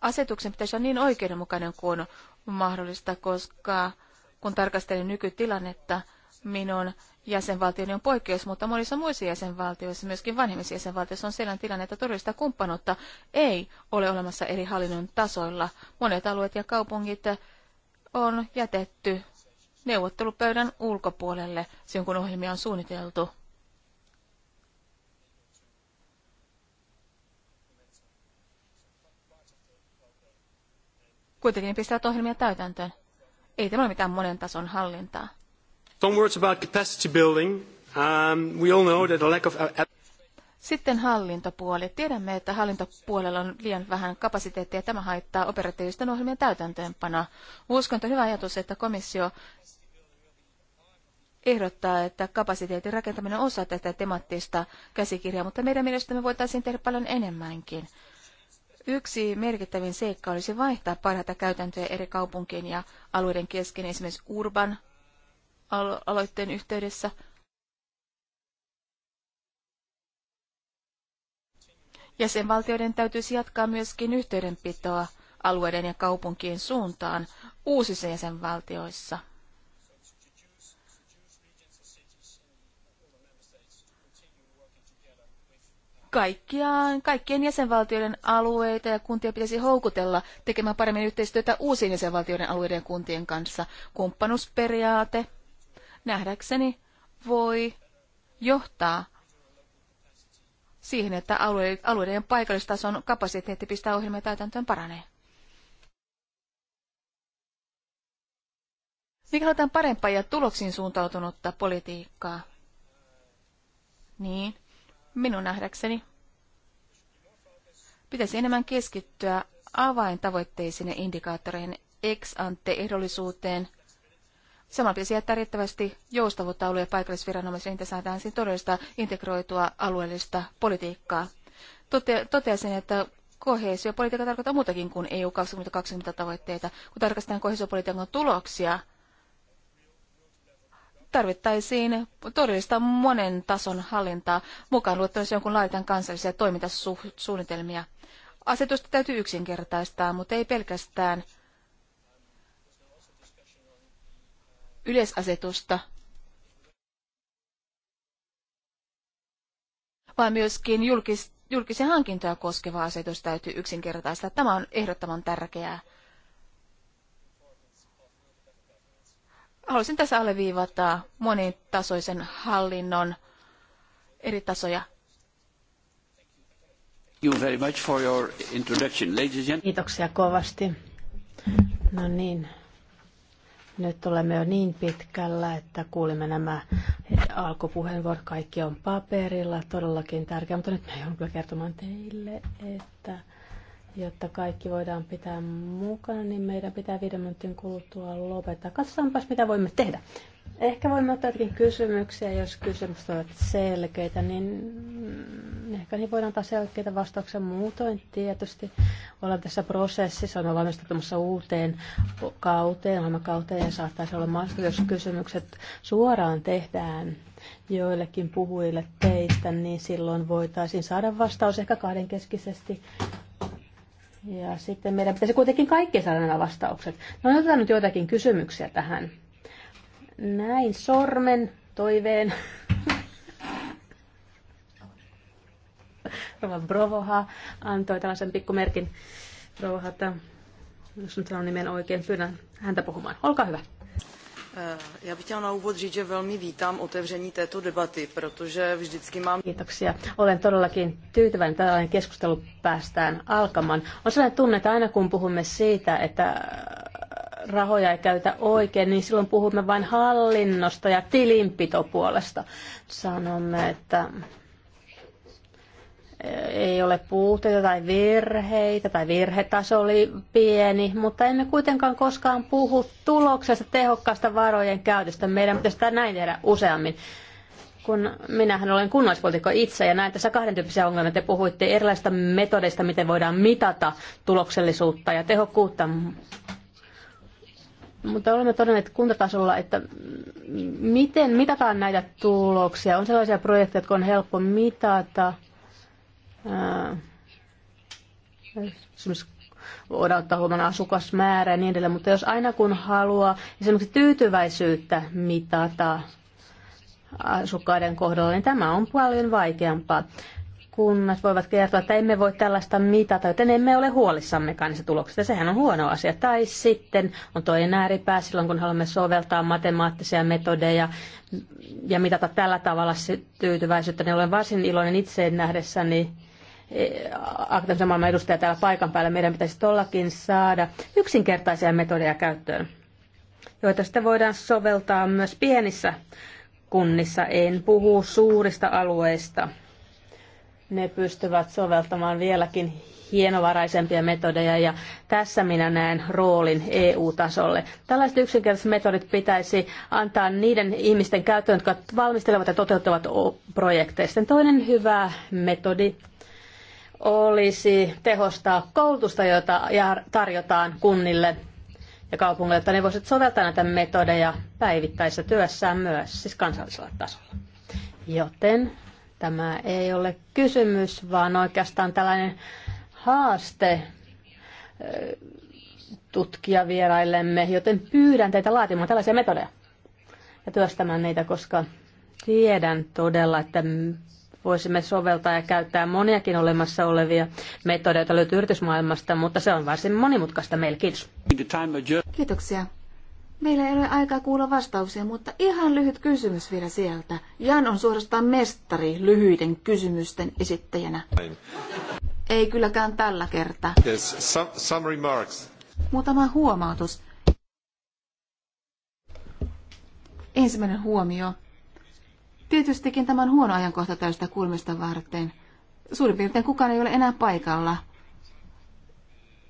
asetuksen pitäisi olla niin oikeudenmukainen kuin mahdollista, koska kun tarkastelen nykytilannetta, minun jäsenvaltioni on poikkeus, mutta monissa muissa jäsenvaltioissa, myöskin vanhemmissa jäsenvaltioissa, on sellainen tilanne, että todellista kumppanuutta ei ole olemassa eri hallinnon tasoilla. Monet alueet ja kaupungit on jätetty neuvottelupöydän ulkopuolelle silloin, kun ohjelmia on suunniteltu. kuitenkin pistävät ohjelmia täytäntöön. Ei tämä ole mitään monen tason hallintaa. words about capacity building. Um, we all know that a lack of... Uh, Sitten hallintopuoli. Tiedämme, että hallintopuolella on liian vähän kapasiteettia ja tämä haittaa operatiivisten ohjelmien täytäntöönpanoa. Uskon, että on hyvä ajatus, että komissio ehdottaa, että kapasiteetin rakentaminen on osa tätä temaattista käsikirjaa, mutta meidän mielestämme voitaisiin tehdä paljon enemmänkin. Yksi merkittävin seikka olisi vaihtaa parhaita käytäntöjä eri kaupunkien ja alueiden kesken, esimerkiksi Urban aloitteen yhteydessä. Jäsenvaltioiden täytyisi jatkaa myöskin yhteydenpitoa alueiden ja kaupunkien suuntaan uusissa jäsenvaltioissa – kaikkiaan, kaikkien jäsenvaltioiden alueita ja kuntia pitäisi houkutella tekemään paremmin yhteistyötä uusien jäsenvaltioiden alueiden ja kuntien kanssa. Kumppanusperiaate nähdäkseni voi johtaa siihen, että alueiden paikallistason kapasiteetti pistää ohjelmia täytäntöön paranee. Mikä halutaan parempaa ja tuloksiin suuntautunutta politiikkaa? Niin, Minun nähdäkseni pitäisi enemmän keskittyä avaintavoitteisiin ja indikaattoreihin ex ante ehdollisuuteen. Samalla pitäisi jättää riittävästi joustavuutta alue- ja paikallisviranomaisille, niin että saadaan siinä todellista integroitua alueellista politiikkaa. Tote, toteasin, että kohesiopolitiikka tarkoittaa muutakin kuin EU 2020 tavoitteita. Kun tarkastetaan kohesiopolitiikan tuloksia, tarvittaisiin todellista monen tason hallintaa, mukaan luettuna jonkun laaditaan kansallisia toimintasuunnitelmia. Asetusta täytyy yksinkertaistaa, mutta ei pelkästään yleisasetusta, vaan myöskin julkis, julkisia hankintoja koskeva asetus täytyy yksinkertaistaa. Tämä on ehdottoman tärkeää. Haluaisin tässä alleviivata monitasoisen hallinnon eri tasoja. Kiitoksia kovasti. No niin, nyt olemme jo niin pitkällä, että kuulimme nämä alkupuheenvuorot. Kaikki on paperilla, todellakin tärkeä, mutta nyt me joudun kyllä kertomaan teille, että jotta kaikki voidaan pitää mukana, niin meidän pitää viiden minuutin kuluttua lopettaa. Katsotaanpas, mitä voimme tehdä. Ehkä voimme ottaa jotakin kysymyksiä, jos kysymykset ovat selkeitä, niin ehkä niin voidaan taas selkeitä vastauksia muutoin. Tietysti ollaan tässä prosessissa, olemme valmistautumassa uuteen kauteen, ohjelmakauteen ja saattaisi olla mahdollista, jos kysymykset suoraan tehdään joillekin puhujille teistä, niin silloin voitaisiin saada vastaus ehkä kahdenkeskisesti ja sitten meidän pitäisi kuitenkin kaikki saada nämä vastaukset. No otetaan nyt joitakin kysymyksiä tähän. Näin sormen toiveen. Rova Brovoha antoi tällaisen pikkumerkin. Brovoha, jos nyt sanon nimen oikein, pyydän häntä puhumaan. Olkaa hyvä. Eh, já bych chtěla na úvod říct, že velmi vítám otevření této debaty, protože vždycky mám... Kiitoksia. Olen todellakin tyytyväinen, että tällainen keskustelu päästään alkamaan. On sellainen tunne, että aina kun puhumme siitä, että äh, rahoja ei käytä oikein, niin silloin puhumme vain hallinnosta ja tilinpitopuolesta. Sanomme, että ei ole puutteita tai virheitä, tai virhetaso oli pieni, mutta emme kuitenkaan koskaan puhu tuloksesta tehokkaasta varojen käytöstä. Meidän pitäisi tämä näin tehdä useammin. Kun minähän olen kunnallispolitiikko itse ja näen tässä kahden tyyppisiä ongelmia. Te puhuitte erilaisista metodeista, miten voidaan mitata tuloksellisuutta ja tehokkuutta. Mutta olemme todenneet kuntatasolla, että miten mitataan näitä tuloksia. On sellaisia projekteja, jotka on helppo mitata – voidaan ottaa huomioon asukasmäärä ja niin edelleen, mutta jos aina kun haluaa esimerkiksi tyytyväisyyttä mitata asukkaiden kohdalla, niin tämä on paljon vaikeampaa. Kunnat voivat kertoa, että emme voi tällaista mitata, joten emme ole huolissamme kanssa tuloksista. Sehän on huono asia. Tai sitten on toinen ääripää silloin, kun haluamme soveltaa matemaattisia metodeja ja mitata tällä tavalla tyytyväisyyttä, niin olen varsin iloinen itse nähdessäni aktiivisen maailman edustaja täällä paikan päällä, meidän pitäisi tollakin saada yksinkertaisia metodeja käyttöön, joita sitten voidaan soveltaa myös pienissä kunnissa. En puhu suurista alueista. Ne pystyvät soveltamaan vieläkin hienovaraisempia metodeja ja tässä minä näen roolin EU-tasolle. Tällaiset yksinkertaiset metodit pitäisi antaa niiden ihmisten käyttöön, jotka valmistelevat ja toteuttavat projekteista. Toinen hyvä metodi olisi tehostaa koulutusta, jota tarjotaan kunnille ja kaupungille, jotta ne voisivat soveltaa näitä metodeja päivittäisessä työssään myös, siis kansallisella tasolla. Joten tämä ei ole kysymys, vaan oikeastaan tällainen haaste tutkijavieraillemme, joten pyydän teitä laatimaan tällaisia metodeja ja työstämään niitä, koska tiedän todella, että Voisimme soveltaa ja käyttää moniakin olemassa olevia metodeita löytyy yritysmaailmasta, mutta se on varsin monimutkaista meillä. Kiitos. Kiitoksia. Meillä ei ole aikaa kuulla vastauksia, mutta ihan lyhyt kysymys vielä sieltä. Jan on suorastaan mestari lyhyiden kysymysten esittäjänä. Ei kylläkään tällä kertaa. Yes, some, some remarks. Muutama huomautus. Ensimmäinen huomio. Tietystikin tämän huono ajankohta tästä kulmista varten. Suurin piirtein kukaan ei ole enää paikalla.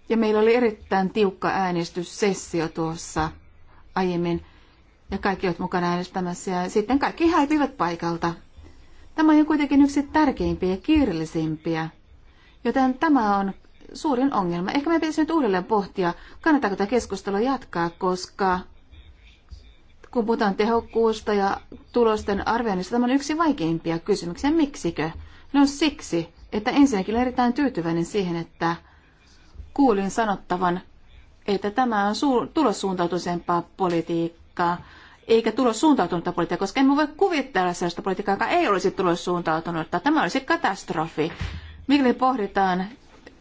Ja meillä oli erittäin tiukka äänestyssessio tuossa aiemmin. Ja kaikki ovat mukana äänestämässä ja sitten kaikki häipivät paikalta. Tämä on kuitenkin yksi tärkeimpiä ja kiireellisimpiä. Joten tämä on suurin ongelma. Ehkä me pitäisi nyt uudelleen pohtia, kannattaako tätä keskustelua jatkaa, koska kun puhutaan tehokkuusta ja tulosten arvioinnista, tämä on yksi vaikeimpia kysymyksiä. Miksikö? No siksi, että ensinnäkin olen erittäin tyytyväinen siihen, että kuulin sanottavan, että tämä on suur- tulossuuntautuisempaa politiikkaa, eikä tulossuuntautunutta politiikkaa, koska emme voi kuvitella sellaista politiikkaa, joka ei olisi tulossuuntautunutta. Tämä olisi katastrofi. Mikäli pohditaan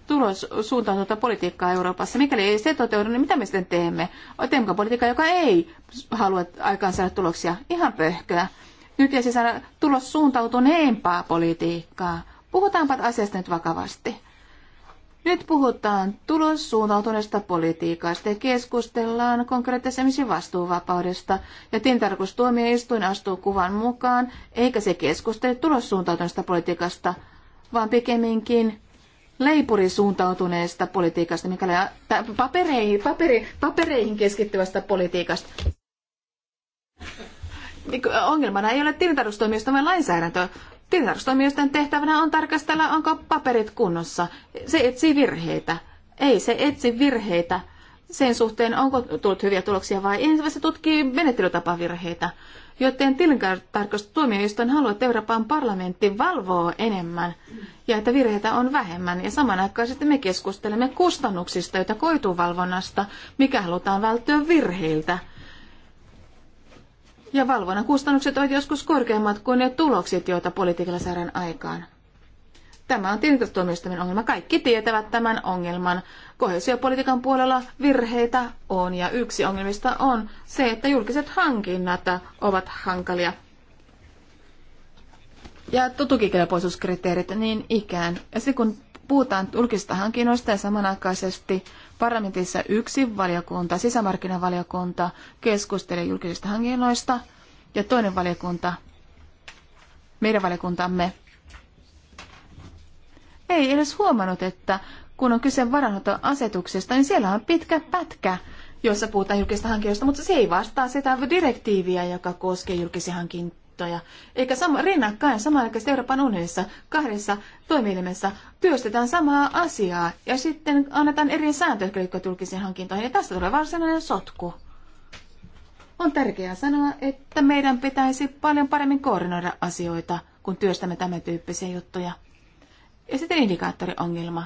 tulos suuntautunutta politiikkaa Euroopassa. Mikäli ei se toteudu, niin mitä me sitten teemme? Teemmekö politiikkaa, joka ei halua aikaansaada tuloksia? Ihan pöhköä. Nyt ei siis saada tulos suuntautuneempaa politiikkaa. Puhutaanpa asiasta nyt vakavasti. Nyt puhutaan tulossuuntautuneesta politiikasta ja keskustellaan konkreettisemmin vastuuvapaudesta. Ja tintarkustuomioistuin astuu kuvan mukaan, eikä se keskustele tulossuuntautuneesta politiikasta, vaan pikemminkin suuntautuneesta politiikasta, mikä papereihin, paperi, papereihin keskittyvästä politiikasta. Niin ongelmana ei ole vaan lainsäädäntö. Tilintarkastustoimistojen tehtävänä on tarkastella, onko paperit kunnossa. Se etsii virheitä. Ei se etsi virheitä sen suhteen, onko tullut hyviä tuloksia vai ei, se tutkii menettelytapavirheitä joten tilintarkastustuomioistuin haluaa, että Euroopan parlamentti valvoo enemmän ja että virheitä on vähemmän. Ja samanaikaisesti me keskustelemme kustannuksista, joita koituu valvonnasta, mikä halutaan välttyä virheiltä. Ja valvonnan kustannukset ovat joskus korkeammat kuin ne tulokset, joita politiikalla saadaan aikaan. Tämä on tilintarkastustuomioistuimen ongelma. Kaikki tietävät tämän ongelman. Kohesiopolitiikan puolella virheitä on ja yksi ongelmista on se, että julkiset hankinnat ovat hankalia. Ja tukikelpoisuuskriteerit niin ikään. Ja sitten kun puhutaan julkisista hankinnoista ja samanaikaisesti parlamentissa yksi valiokunta, sisämarkkinavaliokunta, keskustelee julkisista hankinnoista ja toinen valiokunta, meidän valiokuntamme, ei edes huomannut, että kun on kyse varanhoitoasetuksesta, niin siellä on pitkä pätkä, jossa puhutaan julkisista hankinnoista, mutta se ei vastaa sitä direktiiviä, joka koskee julkisia hankintoja. Eikä sama, rinnakkain aikaan Euroopan unionissa kahdessa toimielimessä työstetään samaa asiaa ja sitten annetaan eri sääntöjä, jotka liittyvät julkisiin hankintoihin. Ja tästä tulee varsinainen sotku. On tärkeää sanoa, että meidän pitäisi paljon paremmin koordinoida asioita, kun työstämme tämän tyyppisiä juttuja. Ja sitten indikaattoriongelma.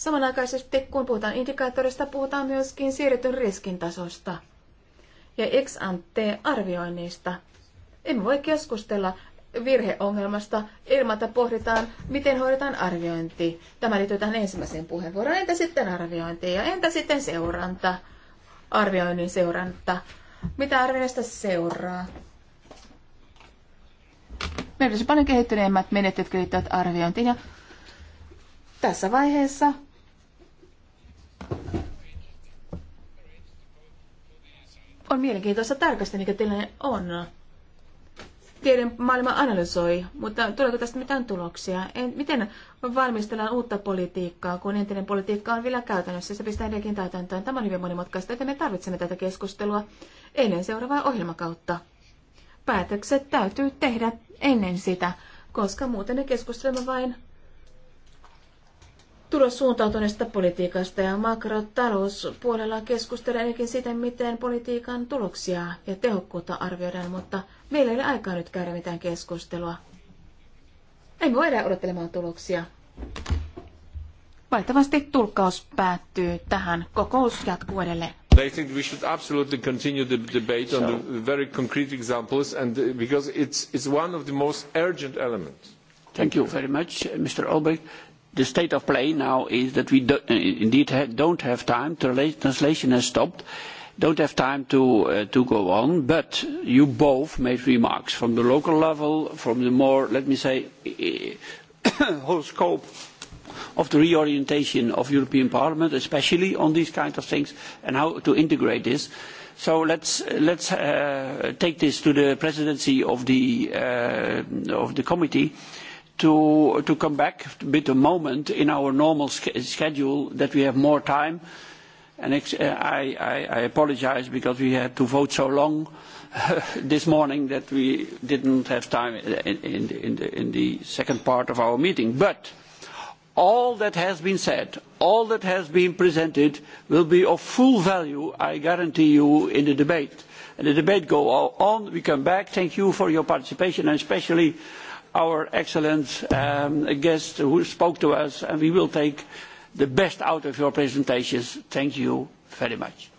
Samanaikaisesti, kun puhutaan indikaattorista, puhutaan myöskin siirretyn riskin tasosta ja ex ante arvioinnista. Emme voi keskustella virheongelmasta ilman, että pohditaan, miten hoidetaan arviointi. Tämä liittyy tähän ensimmäiseen puheenvuoroon. Entä sitten arviointi ja entä sitten seuranta? Arvioinnin seuranta. Mitä arvioinnista seuraa? Meillä on paljon kehittyneemmät menettelyt, jotka liittyvät arviointiin. Ja tässä vaiheessa on mielenkiintoista tarkastaa, mikä tilanne on. Tieden maailma analysoi, mutta tuleeko tästä mitään tuloksia? En, miten valmistellaan uutta politiikkaa, kun entinen politiikka on vielä käytännössä, se pistää edelleenkin täytäntöön. Tämä on hyvin monimutkaista, että me tarvitsemme tätä keskustelua ennen seuraavaa ohjelmakautta. Päätökset täytyy tehdä ennen sitä, koska muuten ne keskustelemme vain suuntautuneesta politiikasta ja makrotalouspuolella ainakin siten, miten politiikan tuloksia ja tehokkuutta arvioidaan, mutta meillä ei ole aikaa nyt käydä mitään keskustelua. voi voida odottelemaan tuloksia. Valitettavasti tulkkaus päättyy tähän. Kokous jatkuu edelleen. I think we should absolutely continue the debate on the very concrete examples and uh, because it's, it's one of the most urgent elements. Thank you very much, Mr. Albrecht the state of play now is that we do, uh, indeed ha, don't have time. Translation has stopped. Don't have time to, uh, to go on, but you both made remarks from the local level, from the more, let me say, whole scope of the reorientation of European Parliament, especially on these kind of things, and how to integrate this. So let's, let's uh, take this to the presidency of the, uh, of the committee, uh, to, come back with a moment in our normal schedule that we have more time. Uh, I, apologize because we had to vote so long this morning that we didn't have time in, the, second part of our meeting. all that has been said, all that has been presented will be of full value, I guarantee you, in the debate. the debate go on, we come back. Thank you for your participation and especially our excellent um, guest who spoke to us, and we will take the best out of your presentations. Thank you very much.